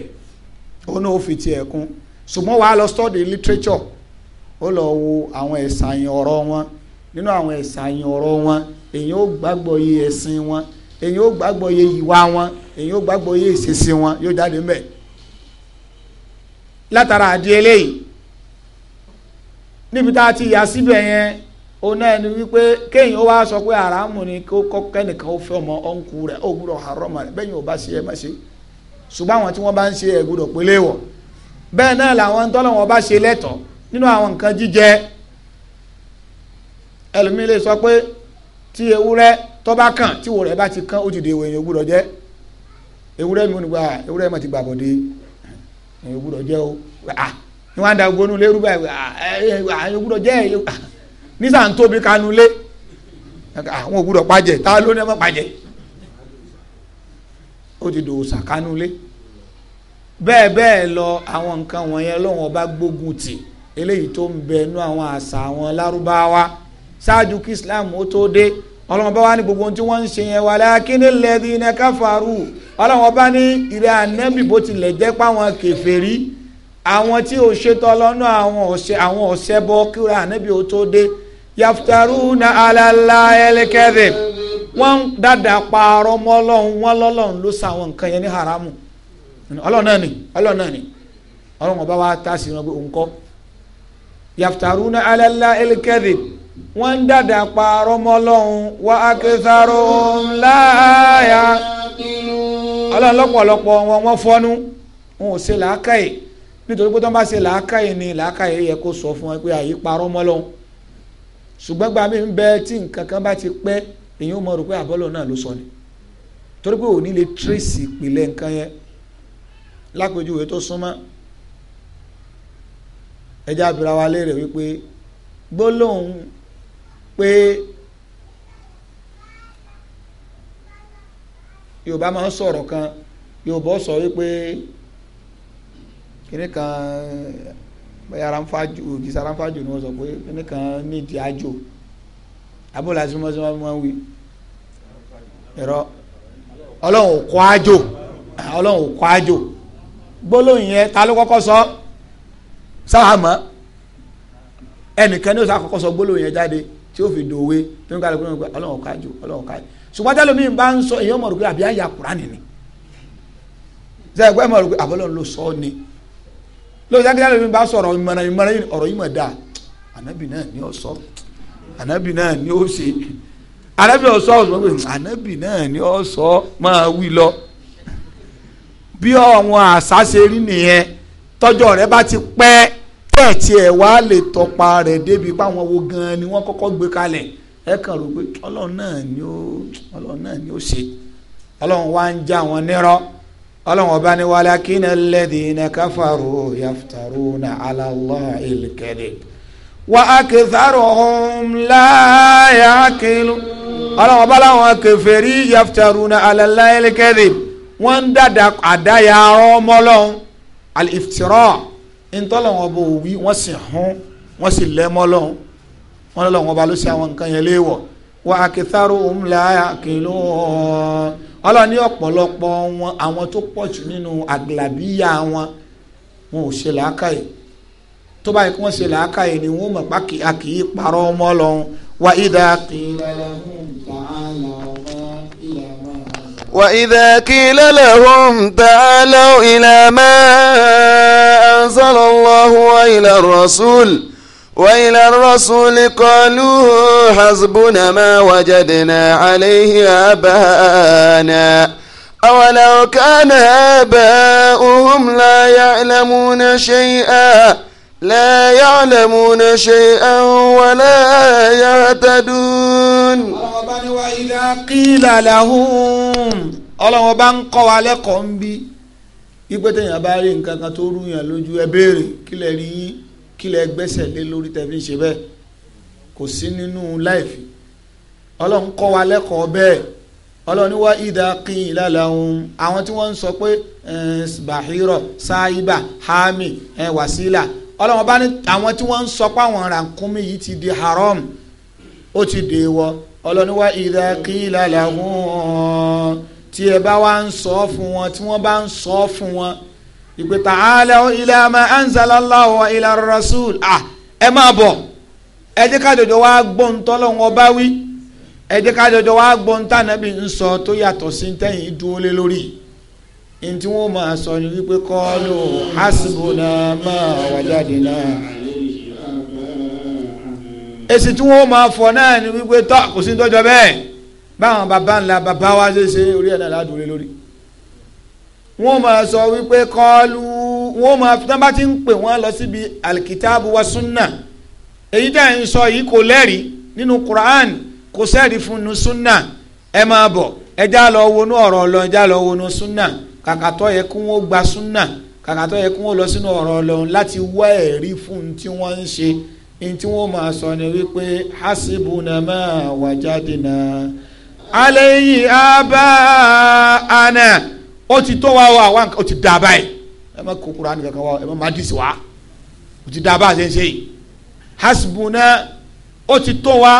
ó náà fi tiẹ̀ kún ṣùgbọ́n wàá lọ study literature ó lọ wo àwọn ẹ̀sàyìn ọ̀rọ̀ wọn nínú àwọn ẹ̀sàyìn ọ̀rọ̀ wọn èyàn ó gbàgbọ́ iye ẹ̀sìn wọn èyàn ó gbàgbọ́ iye ìwà wọn èyàn ó gbàgbọ́ iye ìṣesí wọn yóò jáde mbẹ́ẹ̀ látara àdí eléyìí níbi tá a ti yà síbẹ̀ yẹn òun náà ni wípé kéèyàn ó wá sọ pé àràmù ni kó kẹ́nìkan ó fẹ́ ọmọ ọ̀nkù rẹ̀ ó gbúdọ̀ àrọ́mọ rẹ̀ bẹ́ẹ̀ yóò bá ṣe é má ṣe ṣùgbọ́n àwọn tí wọ́n bá ń ṣe ẹ̀ gbúdọ̀ pélé wọ̀ bẹ́ẹ̀ náà làwọn tọ́lọ́wọ́n bá ṣe lẹ́tọ̀ọ́ nínú àwọn nǹkan jíjẹ ẹlòmíín lè sọ pé tí ewúrẹ́ tó bá kàn tí wò rẹ̀ bá ti kán ó ti dè èèyàn gbúdọ̀ jẹ́ ewúrẹ́ mi ò ní gbà ewúrẹ́ mi ti gbàbọ̀dé ẹ̀yin gbúdọ̀ jẹ́ o à ah, ní wọ́n á da gbónú lérú báyìí ẹ̀yin ah, eh, eh, ah, gbúdọ̀ jẹ́ ẹ̀yin nísà ń tóbi kanu lé àwọn ògbúdọ̀ pàjẹ́ tá ló ní ẹ má pàjẹ́ ó ti dòwò sàkánú lé bẹ́ẹ̀ bẹ́ẹ̀ lọ àwọn nǹkan wọ̀nyẹn lọ́wọ́n ọba gbógun tì eléyìí tó ń bẹ nú àwọn àṣà àwọn lárúbáwá ṣáájú kí Islam ó tó dé ọlọ́run bá wá ní gbogbo ohun tí wọ́n ń ṣe yẹn walakin alladhina kafaru ọlọ́run bá ní ìrẹ́ ànẹ́bì bó tilẹ̀ jẹ́ páwọn kèfèrí àwọn tí ò ṣetọ́ lọ́nà àwọn ọ̀sẹ̀ àwọn ọ̀sẹ̀ bọ́ kíra ànẹ́bì ó tó dé yaftaruna ala Allahi al-kadhib wọ́n dáadáa parọ́ mọ́ ọlọ́run wọ́n ló sa àwọn nǹkan yẹn ní haramu ọlọ́run náà ni ọlọ́run náà ni ọlọ́run ọba wa tá a sì pé òun kọ́ yaftaruna ala Allahi al wọ́n ń dàdà pa rọmọlọ́hún wá akẹ́sàrò láàyà ọlọ́run lọ́pọ̀lọpọ̀ wọn wọ́n fọ́nú wọn ò ṣe làákàyè nítorí pé tó ń bá ṣe làákàyè ni làákàyè yẹ kó sọ fún ẹ pé àyè ṣùgbọ́n gba mi tí nǹkan bá ti pẹ́ èyí ó mọ̀ rò pé àbọ́lọ̀ náà ló sọ ni torí pé òní lè tírèsì ìpìlẹ̀ pé yorùbá máa ń kan yorùbá sọ wípé kíní kan bóyá aráńfájò òjìṣẹ́ aráńfájò ni wọ́n sọ pé kíní kan nídìí àjò abúlé àti mọ́sánmọ́ máa ń wí ẹ̀rọ ọlọ́run kọ́ àjò ọlọ́run kọ́ àjò gbólóhùn yẹn ta ló kọ́kọ́ sọ sáwà ẹnìkan ní jáde tí ó fi dòwe tó ń kálukú náà pé ọlọ́run kájú ọlọ́run kájú ṣùgbọ́n tẹ́lẹ̀ mi bá ń sọ èyí ọmọ rò àbí àyà kúránì ni ṣe ẹgbẹ́ ọmọ rò pé àbọ̀lọ́ ló sọ ni lóòótọ́ kí tẹ́lẹ̀ mi bá sọ̀rọ̀ ìmọ̀ràn ìmọ̀ràn ọ̀rọ̀ yìí mọ̀ dáa ànábì náà ni ó sọ ànábì náà ni ó ṣe ànábì ó sọ ọ̀sán ànábì náà ni ó sọ máa wí lọ bí àwọn àṣà ṣe rí nìyẹn tọ́jọ́ rẹ bá ti pẹ́ ẹ̀ tiẹ̀ wá lè tọpa rẹ̀ débi páwọn wo gan-an ni wọ́n kọ́kọ́ gbé kalẹ̀ ẹ kàn rò pé ọlọ́run náà ni ó ọlọ́run náà ni ó ṣe ọlọ́run wá ń já wọn nírọ́ ọlọ́run ọba ni walakin alladhina kafaru yaftaruna ala Allahi al-kadhib wa aktharuhum la ya'qilu ọlọ́run ọba làwọn kèfèrí yaftaruna ala Allahi al wọ́n ń dàda àdáyà ọmọlọ́run al ntọ́lọ́wọ́n bò wí wọ́n sì hún wọ́n sì lẹ́mọ́ lọ́hún wọ́n lọ́wọ́n bá ló ṣe àwọn nǹkan yẹn léèwọ̀ wà á kìtàrú òun là á kìlọ̀ wọn àwọn tó pọ̀ nínú àgbàlábíyà wọn wọn ò ṣe làákàyè tó báyìí kí wọ́n ṣe làákàyè ni wọ́n mọ̀ pé a kì í parọ́ ọmọ lọ́hún wà á ìdá kìlọ̀ ọ̀hún وإذا قيل لهم تعالوا إلى ما أنزل الله وإلى الرسول وإلى الرسول قالوا حسبنا ما وجدنا عليه آباءنا أولو كان آباؤهم لا يعلمون شيئا لا يعلمون شيئا ولا يهتدون وإذا قيل لهم ọlọ́wọ́n bá ń kọ́ wa lẹ́kọ̀ọ́ ń bí nǹkan kan tó rúyàn lójú ẹ kí lẹ rí kí lẹ gbẹ́sẹ̀ lé lórí tẹ̀fí ṣe bẹ́ẹ̀ kò sí nínú láìfi ọlọ́run kọ́ wa lẹ́kọ̀ọ́ bẹ́ẹ̀ ọlọ́run ní wá ìdá kí lálẹ́ ohun àwọn tí wọ́n ń sọ pé bahiro saiba hami wasila ọlọ́wọ́n bá ní àwọn tí wọ́n ń sọ pé àwọn ràkúnmí yìí ti di haram ó ti dèèwọ̀ ọlọ́niwá ìdá kílà làwọn tí ẹ bá wá ń sọ fún wọn tí wọ́n bá ń sọ fún wọn ìpè tààlà ilà ma anzalallahu wa rasul ah ẹ máa bọ̀ ẹ jẹ́ ká dòdò wá gbóǹtọ́lọ́wọ́n bá wí ẹ jẹ́ ká dòdò wá gbóǹtànàbí ń sọ tó yàtọ̀ sí tẹ̀yìn dúró lé lórí yìí in tí wọ́n máa sọ ni wípé kọ́ọ́lù hasbuna máa wajadina èsì tí wọ́n máa fọ náà ni wípé tọ́ kò sí tọ́jọ́ bẹ́ẹ̀ báwọn bàbá ńlá bàbá wa ṣe ṣe orí ẹ̀ náà ládùúrẹ́ lórí wọ́n máa sọ wípé kọ́ọ́lù wọ́n máa tán bá ti ń pè wọ́n lọ síbi alikitaabu wa sunna èyí tá à ń sọ yìí kò lẹ́rìí nínú Qur'an kò sẹ́rìí fún nu sunna ẹ máa bọ̀ ẹ já lọ wọnú ọ̀rọ̀ Ọlọ́run ẹ já lọ wọnú sunna kàkà tó yẹ kí wọ́n gba súnà kàkà tó yẹ kí wọ́n lọ sínú ọ̀rọ̀ ọlọ́run láti wá ẹ̀rí fún un tí wọ́n ń ṣe ní tí wọ́n máa sọ ni wípé hasibuna ma wajadina alayhi aba ana ó ti tó wa wá wá ó ti dà báyìí ẹ má kó Kùránì kankan wá ẹ má má dìsí wá ó ti dà báyìí ṣe ń ṣe yìí hasibuna ó ti tó wa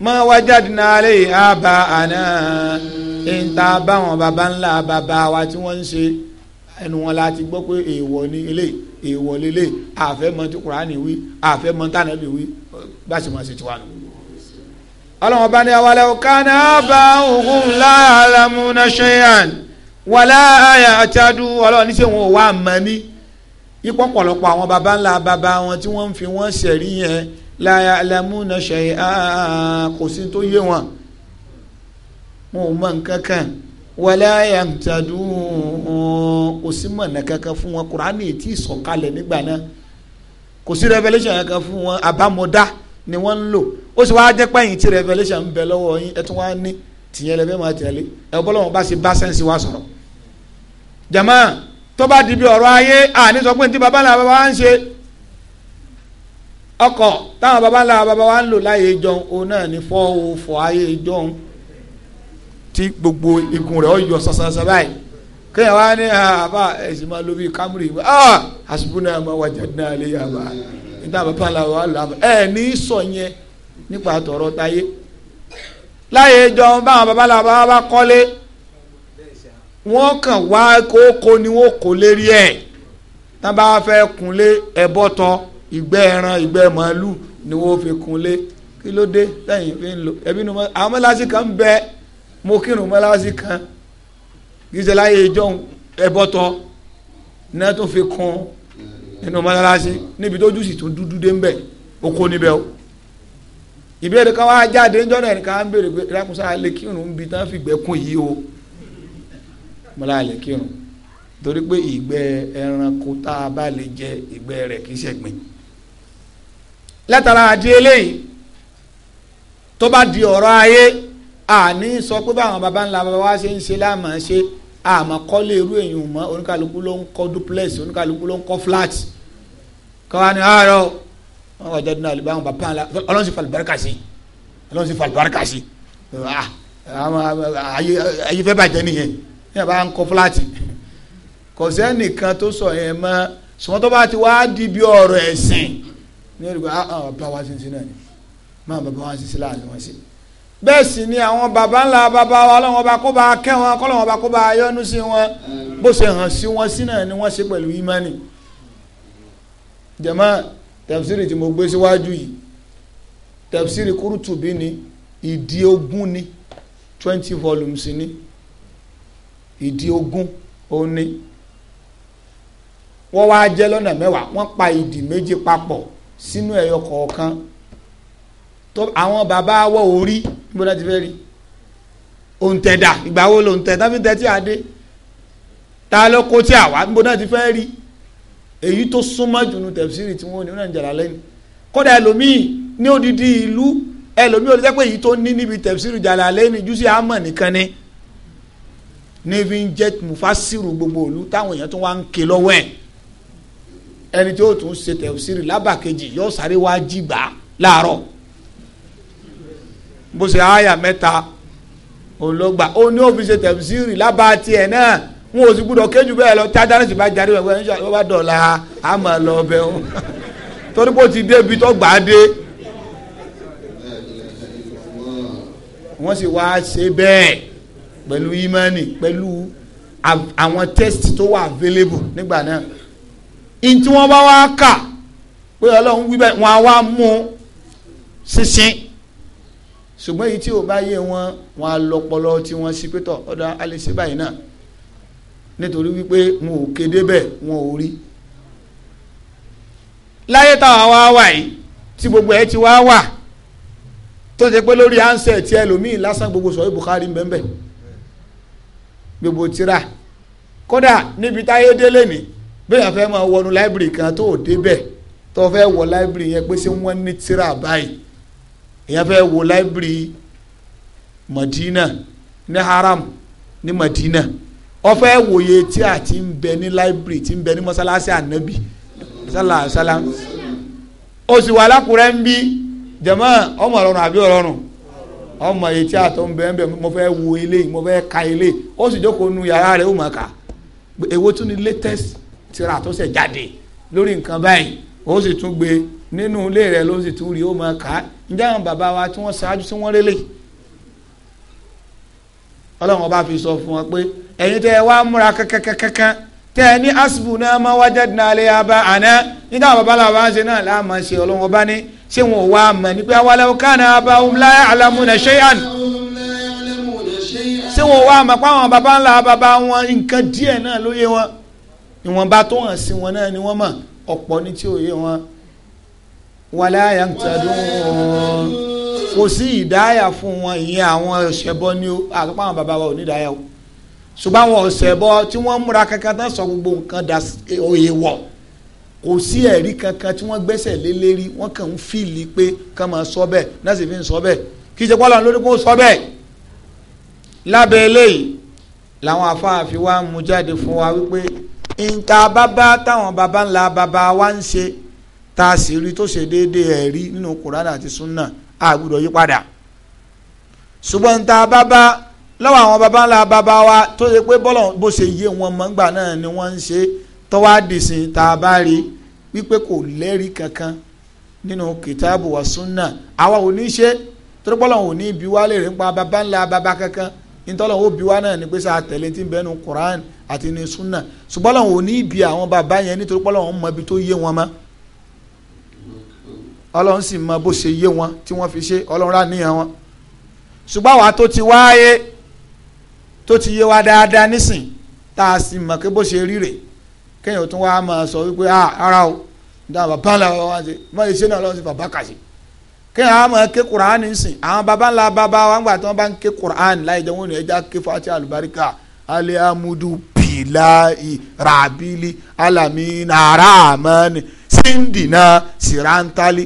ma wajadna alayha aba'ana ìta báwọn baba ńlá baba wa tí wọ́n ń ṣe ẹnu wọn láti gbọ́ pé èèwọ̀ ni ilé èèwọ̀ lélẹ̀ àfẹ́mọ́ tí kùránì wí àfẹ́mọ́ tànàbí wí bá sì máa ṣe tiwa nù. ọlọ́wọ́n bá ní awalẹ̀ òkànnà bá òkun láàlámú nàṣẹ́yàn wàlá àyà àtàdù ọlọ́wọ́n níṣẹ́ wọn ò wá mọ́ ní ipò pọ̀lọpọ̀ àwọn baba ńlá baba wọn tí wọ́n ń fi wọ́n ṣẹ̀rí yẹn la ya'lamuna shay'a kò sí tó yé wọn wọn ò mọ nǹkan kan wala yahtadun kò sí mọ̀nà kankan fún wọn kùránì tí ì sọ̀kalẹ̀ nígbà náà kò sí revelation kankan fún wọn àbámọ̀dá ni wọ́n ń lò ó sì wáá jẹ́ pẹ́yìn tí revelation ń bẹ lọ́wọ́ yín ẹ tún wáá ní tìyẹn lẹ́fẹ́ máa tẹ̀lé ẹ bọ́lá wọn bá ṣe bá sẹ́ǹsì wá sọ̀rọ̀ jama tó bá di ọ̀rọ̀ ayé àní sọ pé ní ti babaláwa wá ń ṣe ọkọ̀ táwọn baba ńlá baba wa ń lò láyé jọun òun náà ní fọ́ o fọ́ ayé jọun tí gbogbo ikùn rẹ̀ ọ yọ báyìí kéèyàn wá ní ah, àbá ẹ̀sìn máa lo bíi kámúrì ìgbà ah àsìkúnà àmọ́ wájà náà lè yà níta baba ńlá wa là ẹ̀ ní sọ yẹn nípa tọ̀rọ̀ táyé láyé jọun báwọn baba ńlá baba wa kọ́lé wọ́n kàn wá kókó ni wọ́n kó lérí ẹ̀ tá bá fẹ́ kunlé ẹ̀bọ́tọ̀ ìgbẹ́ ẹran ìgbẹ́ màálù ni wọ́n fi kunlé kí ló dé lẹ́yìn fi ń lò ẹbí nu àwọn mọ́láṣí kan ń bẹ mo kírun mọ́láṣí kan gíṣẹ́ láyé ìjọ́un ẹ̀bọ́tọ̀ náà tó fi kun nínú mọ́láṣí níbi tó jùsì tó dúdú dé ń bẹ̀ oko níbẹ̀ o ìbéèrè kan wá jáde ńjọ́ náà nìkan á ń béèrè pé ìrákùnsá alẹ́ kírun ń bi tán fi gbẹ́ kun yìí o mọ́lá alẹ́ kírun torí pé ìgbẹ́ ẹranko tá a bá lè jẹ ìgbẹ́ rẹ̀ kì í ṣẹ̀gbìn látara àdí eléyìí tó bá di ọ̀rọ̀ ayé àní sọ pé báwọn baba ńlá baba wa ṣe ń ṣe láàmà ṣe àmọ́ kọ́lé irú èyàn mọ́ oníkàlùkù ló ń kọ́ duplex oníkàlùkù ló ń kọ́ flat káwa ni ah, àárọ̀ wọn wà jẹ́dúnà àlùbá àwọn baba ńlá ọlọ́run sì fa àlùbáríkà sí ọlọ́run sì fa àlùbáríkà sí ah, ayé fẹ́ bàjẹ́ nìyẹn ní àbá ń kọ́ flat kọ̀sẹ́ nìkan tó sọ yẹn mọ́ sùmọ́tò bá ti wá di bí ọ̀rọ̀ ẹ̀sìn ní olùkọ́ àwọn ah, ah, bàbá wa ṣinṣin náà ni máa bàbá wa ṣinṣin láàrin wọn sí. bẹ́ẹ̀ sì ni àwọn bàbá ńlá baba wa ọlọ́wọ́n bá kó bá kẹ́ wọn kọ́lọ́wọ́n bá kó bá yọ́nú sí wọn bó ṣe hàn sí wọn sí náà ni wọ́n ṣe pẹ̀lú ìmánì. jẹ̀mọ́ tẹ̀fsírì tí mo gbé síwájú yìí tẹ̀fsírì kúrútùbí ni ìdí ogún ni twenty volumes ni ìdí ogún ó ní wọ́n wá jẹ́ lọ́nà mẹ́wàá wọ́n pa ìdí méjì papọ̀ sínú ẹ̀yọ kọ̀ọ̀kan tó àwọn bàbá wọ orí níbo náà ti fẹ́ rí òǹtẹ̀dà ìgbà wo lòǹtẹ̀dà fi ń tẹ́tí adé ta ló kó tí àwa níbo náà ti fẹ́ rí èyí tó súnmọ́ jùnú tẹ̀síìrì tí wọ́n ní wọ́n náà ń jàrá ẹlòmíì ní odidi ìlú ẹlòmíì ò lè jẹ́ pé èyí tó ní níbi tẹ̀síìrì jàrá lẹ́nu jù sí àmọ̀ nìkan ni ní fi ń jẹ́ mufasiru gbogbo òlu táwọn èèyàn tó wá ń ké lọ́wọ́ ẹ̀ ẹni tí ó tún ṣe tẹ̀síìrì lábàkejì yóò sáré wá jìgbà láàárọ̀ bó ṣe àyà mẹ́ta olóògbà ó ní òfin ṣe tẹ̀síìrì lábà tiẹ̀ náà n ò sì gbúdọ̀ kéjù bẹ́ẹ̀ lọ tí adáná sì bá jarí wẹ̀ wọ́n bá dọ̀la a máa lọ bẹ́ẹ̀ o (laughs) torí bó ti dé ibi tó gbà á dé wọ́n sì wá ṣe bẹ́ẹ̀ pẹ̀lú ìmánì pẹ̀lú àwọn test tó wà available nígbà náà in tí wọ́n bá wá kà pé ọlọ́run wí bẹ́ẹ̀ wọ́n á wá mú sísìn ṣùgbọ́n èyí tí ò bá yé wọn wọn á lọpọlọ tí wọ́n sí pé tọ̀ ọ̀dà alẹ́ ṣe báyìí náà nítorí wípé wọn ò kéde bẹ́ẹ̀ wọn ò rí láyé táwa wá wà yìí tí gbogbo ẹ ti wá wà tó ṣe pé lórí ansẹ̀ tí ẹlòmíì lásán gbogbo sọ̀rọ̀ Bukhari bẹ́ẹ̀ gbogbo tírà kódà níbi táyé délé nìí bẹ́ẹ̀ fẹ́ máa wọnú láìbìrì kan tó débẹ̀ tó fẹ́ wọ láìbìrì yẹn pé ṣé wọ́n ní tíra báyìí fẹ́ wọ Madina ní haram ní Madina fẹ́ wòye a ti ń bẹ ní ti ń bẹ ní mọ́sálásí ànábì sálàsálàm ó sì wà lákùrẹ́ ọmọ àbí ọmọ yìí tí ń bẹ wo eléyìí mo ka eléyìí o sì nu yàrá rẹ̀ ó ká tún tírà tó ṣẹ̀ jáde lórí nǹkan báyìí ó sì tún gbé nínú ilé rẹ̀ ló sì tún rí ó máa kà á ǹjẹ́ àwọn bàbá wa tí wọ́n ṣáájú sí wọ́n rélé ọlọ́run ọba fi sọ fún wọn pé ẹ̀yin tẹ́ ẹ wá múra kankankankan tẹ́ ẹ ní asibu náà máa wájà dín alẹ́ abá àná nígbà bàbá làwọn bá ń ṣe náà láàmú ṣe ọlọ́run ọba ní ṣé wọn ò wá mọ̀ nípa awalẹ̀ kánà abá umla alamuna ṣẹ́yàn ṣé wọn ò wá mọ̀ pé àwọn bàbá ńlá bàbá wọn nǹkan díẹ̀ náà ló wọn ìwọ̀nba tó hàn sí wọn náà ni wọ́n mọ̀ ọ̀pọ̀ ní tí òye wọn wala yahtadun kò sí ìdáyà fún wọn ìyẹn àwọn ọ̀sẹ̀bọ ni ó àtúpọ̀ àwọn bàbá wa ò ní ìdáyà o ṣùgbọ́n àwọn ọ̀sẹ̀bọ tí wọ́n múra kankan tán sọ gbogbo nǹkan dà òye wọ̀ kò sí ẹ̀rí kankan tí wọ́n gbẹ́sẹ̀ lé lérí wọ́n kàn ń fìlì pé kàn máa sọ bẹ́ẹ̀ náà sì fi ń sọ bẹ́ẹ̀ kì ṣe pọ́lọ́ lórí kó sọ bẹ́ẹ̀ lábẹ́ eléyìí làwọn afáàfin wa mú jáde fún wa wípé nǹkan bàbá táwọn bàbá ńlá bàbá wa ń ṣe tá a sì rí tó ṣe déédéé ẹ̀rí nínú kùránà àti súnà àgbọ́dọ̀ yí padà ṣùgbọ́n nǹkan bàbá lọ́wọ́ àwọn bàbá ńlá bàbá wa tó ṣe pé bọ́lọ̀ bó ṣe yé wọn mọ̀ náà ni wọ́n ń ṣe tọ́wá dìsìn tá bá rí wípé kò lẹ́rìí kankan nínú kìtàbù wa súnà àwa ò ní ṣe torí bọ́lọ̀ ò ní bí wá lè rí pa bàbá ńlá bàbá kankan nítọ́lọ̀ ó bí wá náà ni pé sáà tẹ̀lé tí bẹ́nu Kùránì àti ní súnà ṣùgbọ́n làwọn ò ní ibi àwọn bàbá yẹn nítorí pé làwọn mọ ibi tó yé wọn mọ́ ọlọ́run sì mọ bó ṣe yé wọn tí wọ́n fi ṣe ọlọ́run rà níyàn wọn ṣùgbọ́n àwa tó ti wáyé tó ti yé wa dáadáa nísìn tá a sì mọ̀ pé bó ṣe rí kéèyàn tún wá máa sọ wípé ara o dáhùn bàbá ńlá wa wá ṣe mọ ìṣe náà lọ́wọ́ sí bàbá kà ṣe kéèyàn á máa ké kuraani sìn àwọn bàbá ńlá bàbá wa ń gbà tí wọ́n bá ń ké kuraani láì jẹun ní ẹja ké fati alubarika aliamudu ilahi rabili alamina aramani sindina sirantali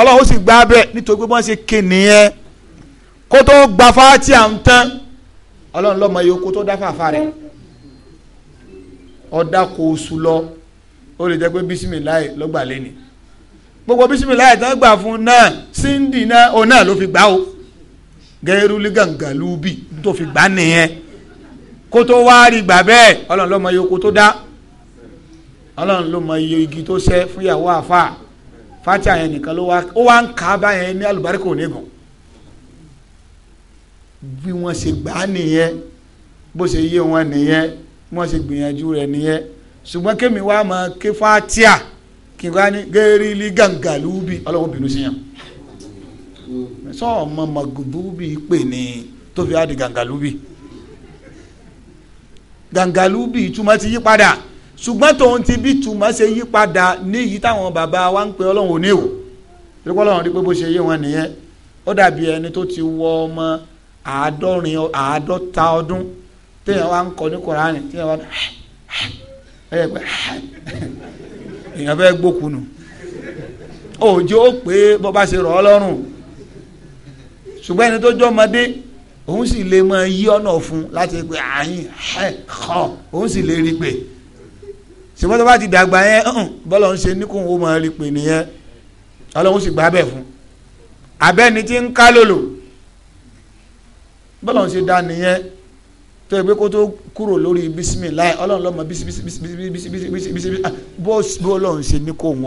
ọlọ́run sì gbá bẹ́ẹ̀ nítorí pé wọ́n ṣe kéne yẹn kó tó gba fáti à ń tán ọlọ́run lọ́mọ yìí kó tó dá fàáfà rẹ̀ ọ̀dà kò sùn lọ ó lè jẹ́ pé bisimilayi lọ́gbà lẹ́ni gbogbo bisimilayi tó gbà fún náà síndì òun náà ló fi gbá o gẹ́rú lí gàǹgà tó fi gbá nìyẹn kó tó wá rí gbà bẹ́ẹ̀ ọlọ́run ló mọ iye oko tó dá ọlọ́run ló mọ iye igi tó sẹ́ fún ìyàwó àfa fati àyẹn nìkan ló wá ó wá ń kà á báyẹn ní alùbáríkà ò ní gùn bí wọ́n ṣe gbà á nìyẹn bó ṣe yé wọn nìyẹn bí wọ́n ṣe gbìyànjú rẹ̀ nìyẹn ṣùgbọ́n kémi wá mọ ké fatia kí wá ní gẹ́rìlì gàǹgàlúbì ọlọ́run bínú sí yàn sọ ọmọ màgùdúbì pè ní tó fi á di So, gàǹgàlúbì ìtumọ̀ ti yí padà ṣùgbọ́n tòun ti bí ìtumọ̀ ṣe yí padà ní èyí táwọn bàbá wa ń pe ọlọ́run òní o torí pé ọlọ́run rí pé bó ṣe yé wọn nìyẹn ó dàbí ẹni tó ti wọ ọmọ àádọ́rin àádọ́ta ọdún téèyàn wá ń kọ ní kùránì téèyàn wá ń ẹ̀yẹ pé èèyàn fẹ́ gbókùnù òjò ó pé bó bá ṣe rọ̀ ọ́ lọ́rùn ṣùgbọ́n ẹni tó jọ́ ọmọdé òun sì lè máa yí ọ̀nà fún láti pé àyìn ẹ̀ xọ́ òun sì lè rí pé ṣùgbọ́n tó bá ti dàgbà yẹn bọ́lá ń ṣe ní kóun ó máa rí pé nìyẹn ọlọ́run sì gbà bẹ́ẹ̀ fún abẹ́ni tí ń ká lòlò bọ́lá ń ṣe dá nìyẹn tó yẹ pé kó tó kúrò lórí bisimilayi ọlọ́run lọ́mọ bisimilayi bó ọlọ́run ṣe ní kóun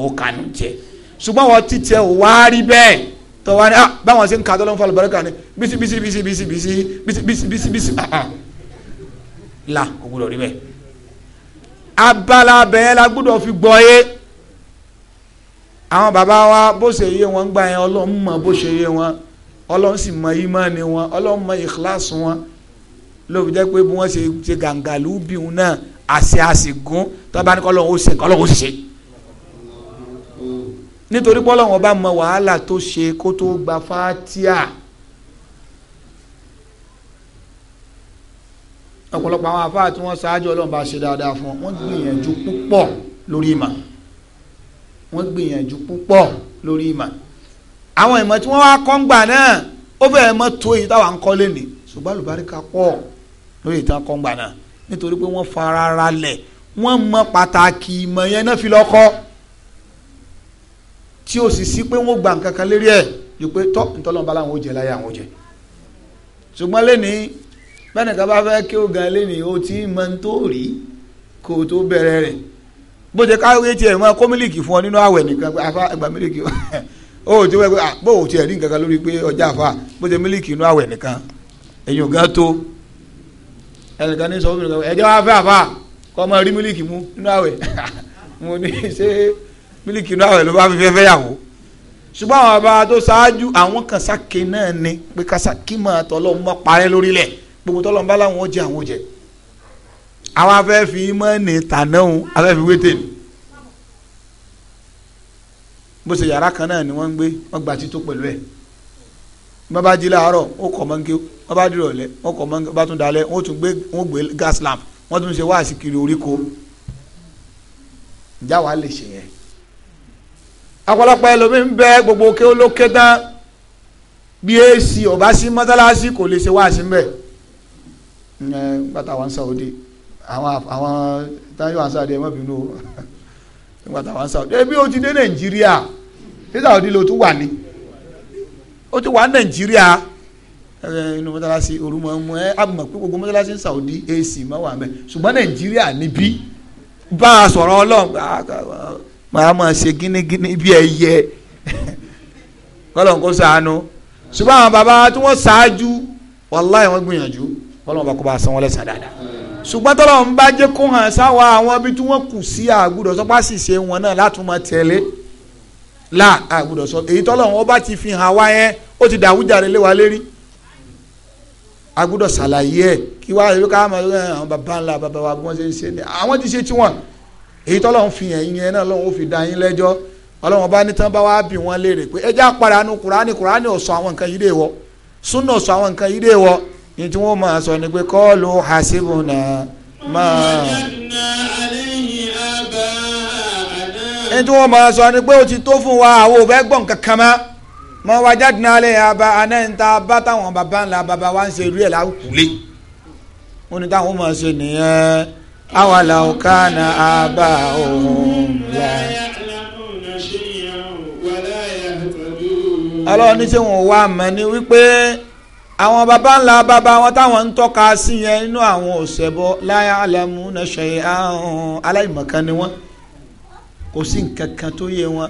tó wá ní ah báwọn ṣe ń ka tọ́lọ́ ń fa àlùbáríkà ni Bisi, bisi, bisi, bisi, bisi, bisi, bisi, bisi, bísí ah ah la kò gbúdọ̀ rí bẹ́ẹ̀ abala bẹ́ẹ̀ la gbúdọ̀ fi gbọ́ yé àwọn bàbá wa bó ṣe yé wọn gbà yẹn ọlọ́run mọ̀ bó ṣe yé wọn ọlọ́run sì mọ̀ ìmánì wọn ọlọ́run mọ̀ ìkíláàsì wọn ló fi jẹ́ pé bí wọ́n ṣe ṣe gàǹgàlù bíun náà àṣẹ àṣègùn tó bá ní kọ́ ọlọ́run ó ṣe kọ́ ọlọ́run ó ṣe nítorí pọ́lọ́wọ́n bá mọ wàhálà tó ṣe kó tó gba fatia ọ̀pọ̀lọpọ̀ àwọn afáà tí wọ́n ṣáájú ọlọ́run bá ṣe dáadáa fún wọn gbìyànjú púpọ̀ lórí ìmọ̀ wọ́n gbìyànjú púpọ̀ lórí ìmọ̀ àwọn ìmọ̀ tí wọ́n wá kọ́ ń gbà náà ó fẹ́ẹ̀ mọ́ tó èyí táwa ń kọ́ lé ṣùgbọ́n àlùbáríkà pọ̀ lórí ìtàn kọ́ ń gbà náà nítorí pé wọ́n fara ralẹ̀ wọ́n mọ pàtàkì ìmọ̀ yẹn náà fi lọ́kọ́ tí o sì sí pé wọ́n gba nǹkan kan lérí ẹ̀ ju pé tọ́ ntọ́lọ́mọba làwọn ò jẹ láyé àwọn ò jẹ ṣùgbọ́n lẹ́ni bẹ́ẹ̀ nìkan bá fẹ́ kí o gan lẹ́ni o ti mọ tó rí kó o tó bẹ̀rẹ̀ rẹ̀ bó ṣe káwé tiẹ̀ mọ́ kó mílíkì fún ọ nínú àwẹ̀ nìkan pé afá ẹgbà mílíkì o ò (laughs) ti wẹ́ pé bó o tiẹ̀ rí nǹkan kan lórí pé ọjà àfa bó ṣe mílíkì inú àwẹ̀ nìkan èyàn gan tó ẹnìkan ní sọ fún mi ẹjọ́ wá fẹ́ àfa kọ́ ọmọ mílíkì inú àwẹ̀ ló bá fi fẹ́fẹ́ yàwó ṣùgbọ́n àwọn bàbá tó ṣáájú àwọn kan sáké náà ni pé kí máa tọ́lọ́ mọ́ parẹ́ lórílẹ̀ gbogbo tọ́lọ́ ń bá láwọn ó jẹ àwọn ó jẹ àwọn afẹ́ fi mọ́ọ̀nì tànáhùn afẹ́ fi wété ni bó ṣe yàrá kan náà ni wọ́n ń gbé wọ́n gba tító pẹ̀lú ẹ̀ bá bá jí láàárọ̀ ó kọ̀ mọ́ńké bá bá dìrọ̀ lẹ̀ ó kọ̀ mọ́ńké bá tún dalẹ̀ wọ́n tún gbé wọ́n gbé gas lamp wọ́n tún ṣe wáàsí kiri oríko ìjà lè ṣe ọ̀pọ̀lọpọ̀ ẹlòmíì ń bẹ gbogbo kí ó ló ké tán bí èsì ọ̀bá sí mọ́tálásí kò lè ṣe wá sí mbẹ́ ẹ gbàtà wọn Saudi àwọn àwọn táyọ̀ wọn Saudi ẹ mọ̀ bínú o (laughs) gbàtà wọn Saudi ebi o ti dé Nàìjíríà ṣé Saudi ló tún wà ní o ti wà ní Nàìjíríà ẹ inú mọ́tálásí òru mọ́ ọmọ ẹ àmọ̀ pé gbogbo mọ́tálásí ń Saudi èsì mọ́ wà mẹ́ ṣùgbọ́n Nàìjíríà níbí bá a sọ̀rọ̀ Ọlọ́run màá ma ṣe gínigíní bí ẹyẹ kọ́lọ̀ kó sànú ṣùgbọ́n àwọn bàbá tí wọ́n ṣáájú wàláyé wọ́n gbìyànjú kọ́lọ̀ bá kó bá san wọ́n lẹ́sà dáadáa ṣùgbọ́n tọ́lọ̀ ń bá jẹ́ kó hàn sáwọ́ àwọn ibi tí wọ́n kù sí àgùdọ̀ sọ́pá sì ṣe wọn náà látúmọ̀ tẹ̀lé là àgùdọ̀ sọ èyí tọ́lọ̀ wọn bá ti fi hàn wá yẹn ó ti dàwújàre lé wa lérí àgùdọ̀ ṣàlàyé ẹ̀ kí wàá rí ká èyí tọ́lọ́run fi hàn yẹn náà fi dá yín lẹ́jọ́ ọlọ́run bá ní tán bá wá bí wọ́n léèrè pé ẹjẹ́ àpàrà nu kùránì kùránì ò àwọn nǹkan yìí dé wọ súnà ò àwọn nǹkan yìí dé wọ ní tí wọ́n máa sọ ni pé kọ́ọ̀lù hasibuna máa. ní tí wọ́n máa sọ ni pé ti tó fún wa àwọn bá táwọn baba ńlá baba ń ṣe rí ẹ̀ أولو كان آباؤهم لا يعلمون شيئا ولا ya ọlọ́run ní wá mọ̀ ni wípé àwọn baba ńlá baba wọn táwọn ń tọ́ka sí yẹn nínú àwọn òṣèbọ la ya'lamuna shay'an aláìmọ̀kan ni wọ́n kò sí nǹkan kan tó yé wọn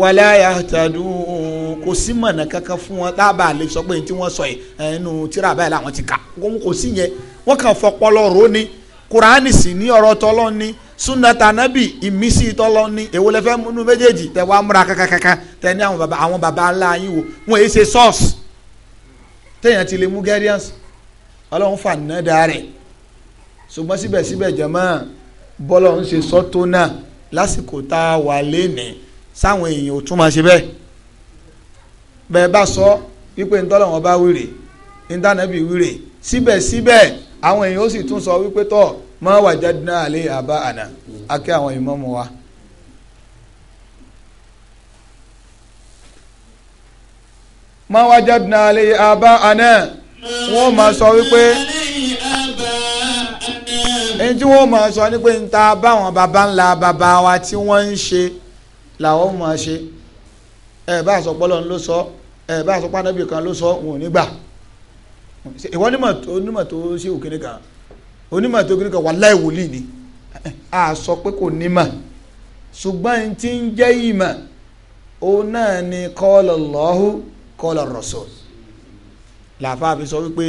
wala yahtadun kò sí mọ̀nà kankan fún wọn lè sọ pé tí wọ́n sọ yìí ẹnu tíra báyìí làwọn ti kà kò sí yẹn wọ́n kàn fọpọlọ rò kuraani sì ní ọ̀rọ̀ tọ́lọ́ ní sunnata anabi ìmísí tọ́lọ́ ní èwo lẹ́fẹ́ múnú méjèèjì tẹ wá múra kankankan tẹ ní àwọn baba àwọn baba ńlá yín wò wọn èyí ṣe sọ́ọ̀sì téèyàn ti lè mú gẹ́ríànsì ọlọ́run fà ná da rẹ̀ ṣùgbọ́n síbẹ̀síbẹ̀ jẹ̀mọ́ bọ́lọ̀ ń ṣe sọ́tò náà lásìkò tá a wà lénìí sáwọn èèyàn ò tún ṣe bẹ́ẹ̀ bẹ́ẹ̀ bá sọ wípé ntọ́lọ́wọ́n bá wíre ntànàbí wíre síbẹ̀síbẹ̀ àwọn èèyàn ó sì tún sọ wípé tọ́ máa wà jáde náà lé àbá àná akẹ́ àwọn ìmáàmù wa. máa wá jáde náà lé àbá àná wọ́n máa sọ wípé ẹni tí wọ́n máa sọ ni pé ń ta báwọn baba ńlá baba wa tí wọ́n ń ṣe làwọn máa ṣe ẹ bá sọ pé ló sọ ẹ bá sọ Ànábì kan ló sọ wọn ò ní gbà ìwọ onímọ̀ tó ṣe òkèrè kan onímọ̀ tó kéré kan wàláhì wòlíì ni a sọ pé kò nímọ̀ ṣùgbọ́n n ti ń jẹ́ ìmọ̀ òun náà ni qala Allahu qala Rasul làáfà fi sọ wípé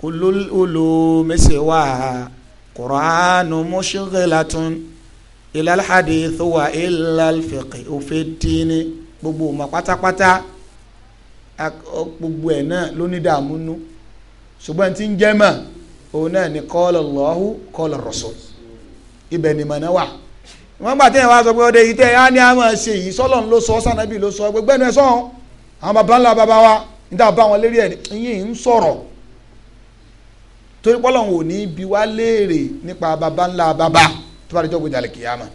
kullul ulumisi wa qur'anu mushghilatun ilal hadithu wa ilal fiqhu fid dini gbogbo ọmọ pátápátá gbogbo ẹ̀ náà ló ní dààmú nú ṣùgbọ́n tí ń jẹ́ mọ̀ òun náà ni qala Allahu qala Rasul ibẹ̀ ni mọ̀nà wà wọ́n gbà téèyàn wá sọ pé ọdẹ yìí tẹ́ á ní a máa ṣe yìí sọ́lọ́n ló sọ sànàbí ló sọ gbẹgbẹ́ nu ẹ sọ́hún àwọn baba ńlá baba wa ní tá a bá wọn lérí ẹ̀ yìí ń sọ̀rọ̀ torí pọ́lọ́hún ò ní bi wá léèrè nípa baba ńlá baba tó bá dé jọ́gbọ́n jàlẹ̀ kìyàmà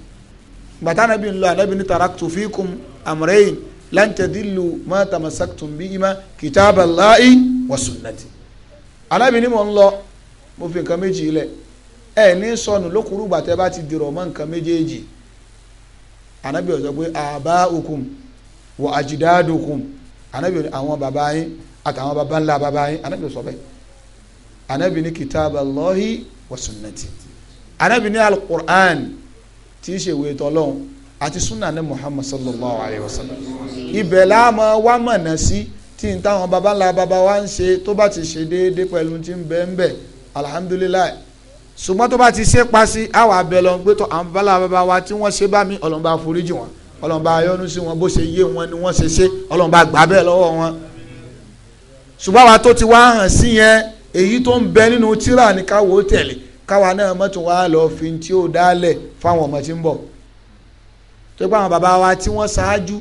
gbàtà ànábì ńlọ ànábì ní taraktu fikum amrayn lan tadillu ma tamassaktum bihima kitaballahi wa sunnati alábì ni mò ń lọ mo fi nǹkan méjì lẹ̀ ẹ ní sọnù lókùrú gbàtẹ́ bá ti dìrọ̀ mọ́ nǹkan méjèèjì anabi ó sọ pé àbá okùn wọ àjìdáàdù okùn anabi àwọn bàbá yín àtàwọn bàbá ńlá bàbá yín anabi sọ bẹ́ẹ̀ anabi ni kitaballahi wa sunnati anabi ni alukur'an tí í ṣe ìwé tọ́lọ́hún àti sunna ní muhammad sallallahu alayhi wa sallam ibẹ̀ láàmú wa mọ̀nà sí. Si, tí n táwọn baba ńlá baba wa ń ṣe tó bá ti ṣe déédéé pẹ̀lú tí ń bẹ́ẹ̀ ń bẹ̀ alihamudulilayi ṣùgbọ́n tó bá ti ṣe pa sí àwọn abẹ lọ pé tó àwọn baba ńlá baba wa tí wọ́n ṣe bá mi ọlọ́mọba foríjì wọn ọlọ́mọba ayọ́nu sí wọn bó ṣe yé wọn ni wọ́n ṣe ṣe ọlọ́mọba gbà bẹ́ẹ̀ lọ́wọ́ wọn ṣùgbọ́n àwa tó ti wá hàn sí yẹn èyí tó ń bẹ nínú tíra ní káwọ́ tẹ̀lé káwa náà mọ́tò wa lọ fi tí ó dálẹ̀ fáwọn ọmọ tí ń bọ̀ tó pé àwọn baba wa tí wọ́n ṣáájú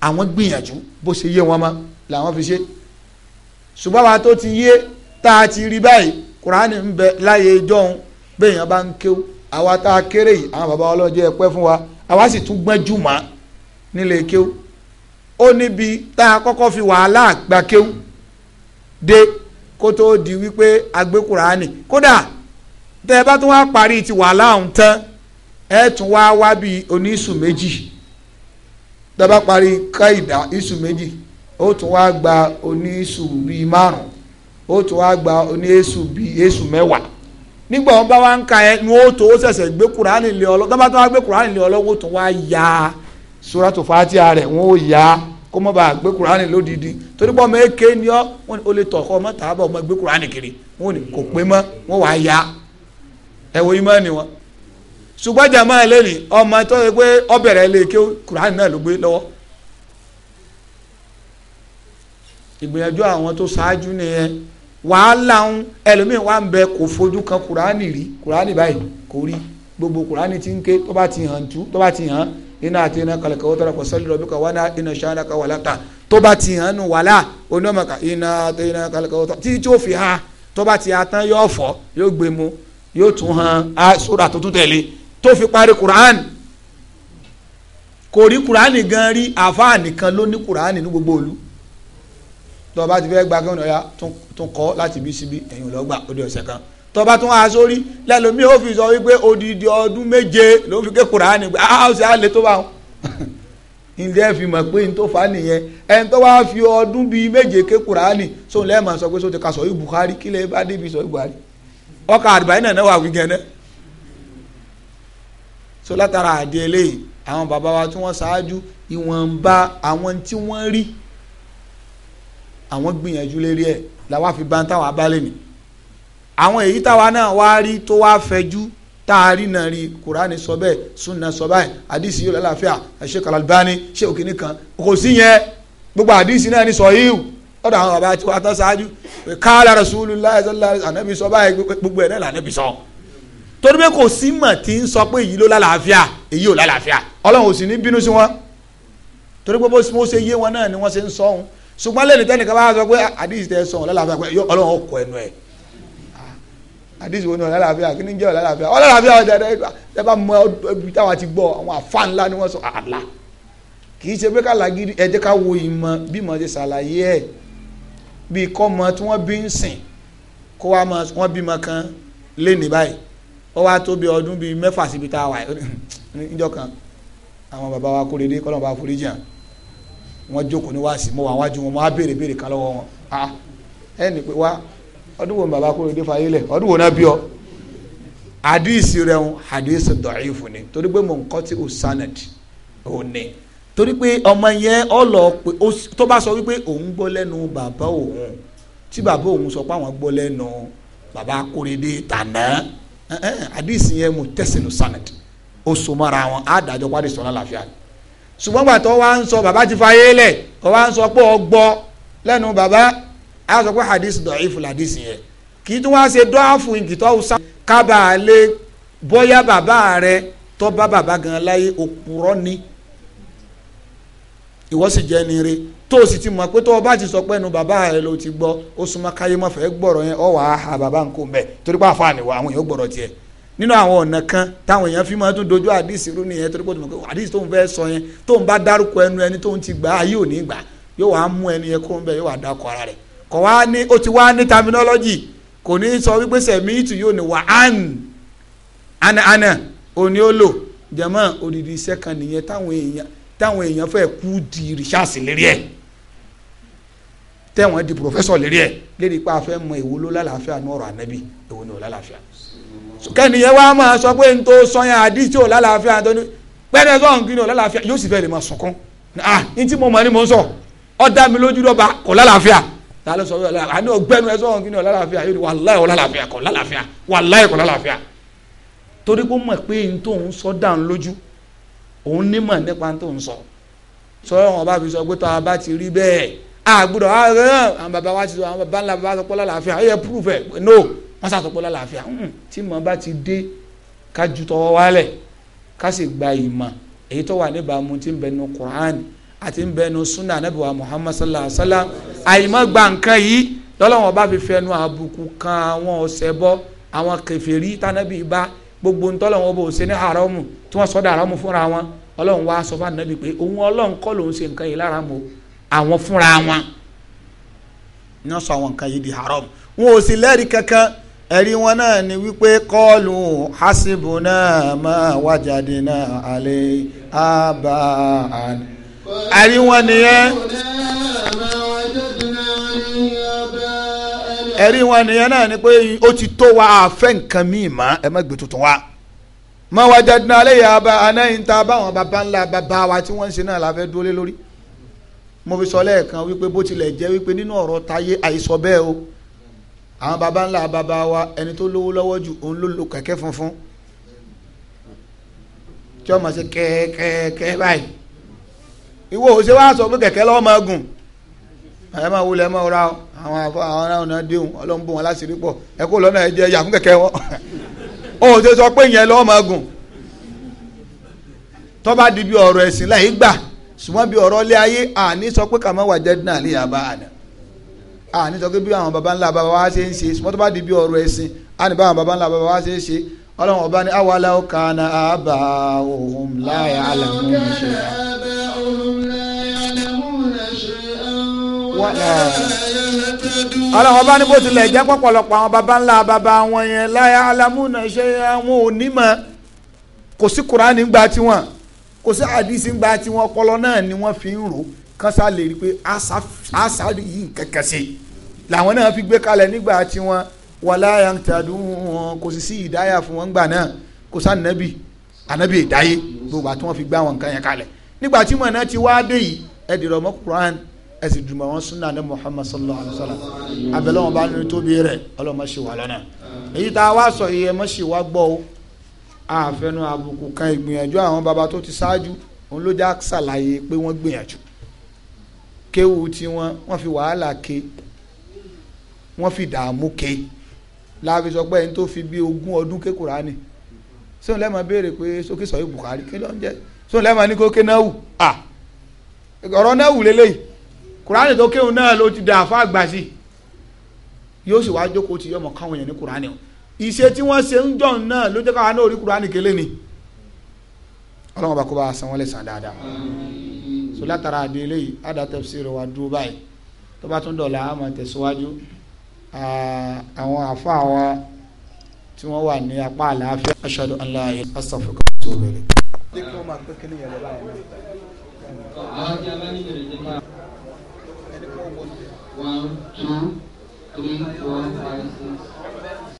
àwọn gbìyànjú bó ṣe yé wọn mọ́ làwọn fi ṣe ṣùgbọ́n wa tó ti yé tá a ti rí báyìí kùránì ń bẹ láyé bẹ́ẹ̀ béèyàn bá ń kéwò àwa tá a kéré yìí àwọn bàbá ọlọ́jọ́ ẹ pẹ́ fún wa àwa sì tún gbẹ́jú mọ́ nílé kéwò ó níbi tá a kọ́kọ́ fi wàhálà gba kéwò dé kó tó di wípé agbé kùránì kódà tẹ ẹ bá tún wá parí ti wàhálà ọ̀hún tán ẹ tún wá wá bíi oníṣù méjì tẹ bá parí ká ìdá iṣu méjì ó tún wá gba oníṣù bíi márùn ó tún wá gba oníṣù bíi èṣù mẹ́wàá nígbà wọn bá wá ń ka ẹ ni ó tó ó ṣẹ̀ṣẹ̀ gbé kuraani lé ọlọ́ dábàá tó wá gbé kuraani lé ọlọ́ ó ya suratu fatih rẹ̀ wọ́n ó ya kó mọ́ bá gbé kuraani lódìdí torí ni ọ́ wọ́n ní o ọmọ gbé ya ẹ wo imọ́ ni wọn. ṣùgbọ́n ọmọ tó yẹ pé ọbẹ̀rẹ̀ lè ìgbìyànjú àwọn tó ṣáájú nìyẹn wàhálà ń ẹlòmíín wà ń bẹ kò fojú kan kùránì rí kùránì báyìí kò rí gbogbo kùránì ti ń ké tó bá ti hàn tú tó bá ti hàn iná àti iná kàlẹ́kẹ́ ó tọ́ra kò sọ́lẹ̀ rọ̀bí kan wà ní iná ṣáná kan wà láta tó bá ti hàn nù wàhálà onímọ̀ọ́ká iná àti iná kàlẹ́kẹ́ ó tọ́ tí tí ó fi hàn tó bá ti hàn tán yóò fọ́ yóò gbé mu yóò tún hàn á sóra tó tẹ̀lé tó fi parí kùránì kò rí kùránì gan rí àfáà nìkan ló ní kùránì ní gbogbo òlu tó bá ti fẹ́ gba kí wọn ya tún kọ́ láti bí síbí ẹ̀yìn lọ́gbà ó di ọ̀sẹ̀ kan tó bá tún wá sórí lẹ́lòmíì ó sọ wípé odidi ọdún méje ló fi ké kuraani gbé ah ọ̀sẹ̀ á lè tó bá wọn (laughs) ǹjẹ́ fi mọ̀ pé n tó fa nìyẹn ẹn tó wá fi ọdún bíi méje ké kuraani sóun lẹ́ẹ̀ sọ pé sóun ti sọ yìí Buhari kí lè bá débi sọ yìí Buhari ọkà àdìbáyé náà wà wí gẹ́nẹ́ so látara àdé eléyìí àwọn bàbá wa tí wọ́n ṣáájú ìwọ̀nba àwọn tí wọ́n rí àwọn gbìyànjú lérí ẹ̀ làwa fi bá ń táwa abálẹ̀ ni àwọn èyí táwa náà wá rí tó wá fẹjú tá a rí náà rí kuraani sọ bẹ́ẹ̀ sunna sọ báyìí hadisi yóò lálàáfíà Sheikh Al-Albani Sheikh òkìní kan kò sí yẹn gbogbo hadisi náà ni sọ yíw ọ̀dọ̀ àwọn bàbá wa tán ṣáájú káàlà Rasulullah sallallahu alaihi ànábì sọ báyìí gbogbo ẹ̀ náà lànàbì sọ torí pé kò sí mọ̀ tí ń sọ pé èyí ló lálàáfíà èyí ò lálàáfíà ọlọ́run ò sì ní bínú sí wọn torí pé bó ṣe yé wọn náà ni wọ́n ṣe ń sọ ohun ṣùgbọ́n lẹ́nu tẹ́nìkan bá sọ pé àdìsí ah, tẹ sọ ọ̀làlàfíà pé ọlọ́run ọkọ̀ ẹnu ẹ̀ àdìsí ah, wo ni ọ̀làlàfíà kí ni jẹ́ ọ̀làlàfíà ọ̀làlàfíà ọ̀dà ẹ bá mọ ibi táwọn ti gbọ́ àwọn àfa ńlá ni wọ́n sọ àlá kì í ṣe pé kàlàgídí ẹ jẹ́ ká wo ìmọ̀ bí mọ̀ ṣe ṣàlàyé ẹ̀ bí kọ́mọ tí wọ́n bí ń sìn kó wá mọ wọ́n bímọ kan lé ní báyìí wọ́n wá tó bí ọdún bíi mẹ́fà síbi tá a wà níjọ́ kan àwọn bàbá wa kórè dé kọ́lọ́mù wọ́n jókòó ní wáàsí mo wà wájú wọn mo á béèrè kan lọ́wọ́ wọn ah ẹnì pé wá ọdún wo ni bàbá kúrò dé fàyè lẹ̀ ọdún wo náà bí ọ àdìsí rẹ̀ ń àdìsí dọ̀ọ́yìfù ni torí pé mò ń kọ́ tí o sanad ò ní torí pé ọmọ yẹn ọ lọ pé tó bá sọ wípé òun gbọ́ lẹ́nu bàbá òun tí bàbá òun sọ pé àwọn gbọ́ lẹ́nu bàbá akóredé tànà àdìsí yẹn mo tẹ̀sílù sanad ó so mọ́ra wọn á dájọ́ pàdé sọ̀rọ̀ àlàáfíà ni ṣùgbọ́n gbà tó wá ń sọ bàbá ti fa yélẹ̀ kó wá ń sọ pé ọ gbọ́ lẹ́nu bàbá a sọ pé hadith dọ̀ífù hadith yẹn kì í tún wá ṣe dọ́àfù ìkìtọ́ ọ̀sá kábà lé bóyá bàbá rẹ tó bá bàbá gan láyé òpùrọ́ ni ìwọ sì jẹ́ ni tó o sì ti mọ̀ pé tó o bá ti sọ pé ẹnu bàbá rẹ ló ti gbọ́ ó súnmọ́ káyé má gbọ́rọ̀ yẹn ọ̀ wàá ha bàbá nǹkan bẹ̀ torí pé àfa àníwá àwọn èèyàn gbọ́rọ̀ tiẹ̀ nínú àwọn ọ̀nà kan táwọn èèyàn fi máa tún dojú àdìsí rú nìyẹn torí pé àdìsí tó ń fẹ́ sọ yẹn tó ń bá dárúkọ ẹnu ẹni tó ń ti gbà á yóò ní gbà yóò wá mú ẹni yẹn kúrò ń bẹ yóò wá dákọ ara rẹ̀ kò wá ní ó ti wá ní terminology kò ní sọ wípé sẹ̀mí ìtù yóò ní wà án ana ana òní ó lò jẹ̀mọ́ odidi iṣẹ́ kan nìyẹn táwọn èèyàn táwọn èèyàn fẹ́ kú di rìṣáàsì lérí ẹ̀ tẹ̀wọ̀n di pòfẹ́sọ̀ lérí ẹ̀ lérí pé a fẹ́ mọ èwo ló lálàáfíà ní ọ̀rọ̀ ànábì èwo ni ò lálàáfíà kẹ́niyẹn wá máa sọ pé n tó sọyàn àdí tí ò lálàáfíà tó ní pẹ́ẹ́rẹ́ sọ̀hún kí ni ò lálàáfíà yóò sì fẹ́ lè máa sunkún ah n tí mo mọ̀ ni mo ń sọ ọ́ dá mi lójú dọ́ba kò lálàáfíà ta ló sọ wí ọ̀la àní ọgbẹ́nu ẹ sọ̀hún kí ni ò lálàáfíà yóò di wàláì ò lálàáfíà kò lálàáfíà wàláì kò lálàáfíà torí kó mọ̀ pé n tó ń sọ dà ń lójú òun nímọ̀ nípa tó ń sọ sọ̀rọ̀ wọn bá fi sọ pé tó a bá ti rí bẹ́ẹ̀ àgbùdọ̀ àwọn bàbá wa ti sọ àwọn bàbá ńlá bàbá sọ pé lálàáfíà ó yẹ púrúfẹ̀ no wọ́n sàtọ́pọ̀ lálàáfíà tí mọ̀ bá ti dé kájú tọwọ́ wálẹ̀ ká sì gba ìmọ̀ èyí tó wà níbàámu tí ń bẹ Qur'an àti ń bẹ sunna anabi Muhammad sallallahu alaihi wa sallam àyìnbó gba nǹkan yìí lọ́lọ́wọ́n bá fi fẹnu àbùkù kan àwọn ọ̀sẹ̀ bọ́ àwọn kèfèrí tánábì bá gbogbo ntọ́lọ́wọ́n bò ṣe ní haramu tí wọ́n sọ́dọ̀ haramu fúnra wọn ọlọ́run wá sọ fún anabi pé òun ọlọ́run kọ́ lòun ṣe nǹkan yìí lára àwọn fúnra wọn ní wọ́n sọ àwọn nǹkan yìí di haramu wọn ò sì lẹ́rìí kankan ẹ̀rí wọn náà ni wípé kọ́ọ̀lù hasibuna ma wajadina alẹ́ àbá àná ẹ̀rí wọn nìyẹn ẹ̀rí wọn nìyẹn náà ni pé ó ti tó wa àfẹ́ nǹkan míì mọ́ ẹ má gbé tuntun wa ma wajadina alẹ́ àbá àná yìí ń ta báwọn baba ńlá baba wa tí wọ́n ń ṣe náà la fẹ́ dúró lé lórí mo fi sọ lẹ́ẹ̀kan wípé bó tilẹ̀ jẹ́ wípé nínú ọ̀rọ̀ táyé àìsọ bẹ́ẹ̀ o àwọn baba ńlá baba wa ẹni tó lówó lọ́wọ́ jù òun ló lo kẹ̀kẹ́ funfun tí wọ́n máa ṣe kẹ́ẹ́kẹ́ẹ́ báyìí ìwọ òṣè wa sọ pé kẹ̀kẹ́ lọ́wọ́ máa gùn àyà máa wulẹ̀ máa ra àwọn àwọn náà náà déhùn ọlọ́run bò wọn láṣìírí pọ̀ ẹ kó lọ́nà ẹ jẹ ẹyà fún kẹ̀kẹ́ wọn òṣè (laughs) sọ pé ìyẹn lọ́wọ́ máa gùn tó bá di bí ọ̀rọ̀ ẹ̀sìn láì gbà ṣùgbọ́n bí ọ̀rọ̀ ilé ayé àní sọ pé kàmá wà jẹ́ dín àlè yàrá àná a ah, ní sọ pé bí àwọn baba ńlá baba wa ṣe ń ṣe sọmọ tó bá di bí ọ̀rọ̀ ẹ̀sìn a ní bá àwọn baba ńlá baba wa ṣe ń ṣe ọlọ́run ọba ní awala kana aba ohun láyà alamu ṣe. ọlọ́run ọba ní bó tilẹ̀ jẹ́ pọ̀pọ̀lọpọ̀ àwọn baba ńlá baba wọn yẹn láyà alamu ṣe àwọn onímọ̀ kò sí kuraani gba tiwọn kò sí àdìsí gba tiwọn ọpọlọ náà ni wọ́n fi ń rò kánṣá lè rí i pé àṣà yìí kẹ̀kẹ́ sí i làwọn náà fi gbé kalẹ̀ nígbà tí wọ́n wàlá yàtàdùn wọn kò sì sí ìdáyà fún wọn gbà náà kò sá nàbì ànàbì ìdáyé gbogbo àti wọn fi gbá wọn nǹkan yẹn kalẹ̀ nígbà tí mọ̀nà ti wá dé yìí ẹ dìrọ̀ mọ́ Quran ẹ sì dùnmọ̀ wọn sunnah ní Muhammad sallallahu alayhi wa sallam abẹ́lẹ́ wọn bá nínú tóbi rẹ̀ ọlọ́mọ ṣì wà lọ́nà èyí tá a wá sọ yìí ẹ mọ̀ ṣì wá gbọ́ o àfẹnu àbùkù kan ìgbìyànjú àwọn baba tó ti ṣáájú òun ló já ṣàlàyé pé wọ́n gbìyànjú kéwu tiwọn wọ́n fi wàhálà ke wọ́n fi dààmú ke láàfin sọ pé ẹni tó fi bí ogún ọdún ké Kùránì sóun lẹ́ẹ̀ma béèrè pé sókè sọ yìí Bukhari kí ló ń jẹ́ sóun lẹ́ẹ̀ma ní kó ké náà wù à ọ̀rọ̀ náà wù lélẹ́yìí Kùránì tó kéwù náà ló ti dà fún àgbà sí yóò sì wá jókòó ti yọmọ káwọn èèyàn ní Kùránì o ìṣe tí wọ́n ṣe ń jọ̀ náà ló jẹ́ káwọn náà rí Kùránì kélé ni ọlọ́run bá kó bá a san wọ́n lè san dáadáa. Àmín so látara àdé eléyìí àdá tafsir wa dúró báyìí tó bá tún dọ̀la a máa tẹ̀síwájú àwọn àfa wa tí wọ́n wà ní apá àlàáfíà ashhadu an la ilaha illa astaghfiruka One, two, three, four, five, six.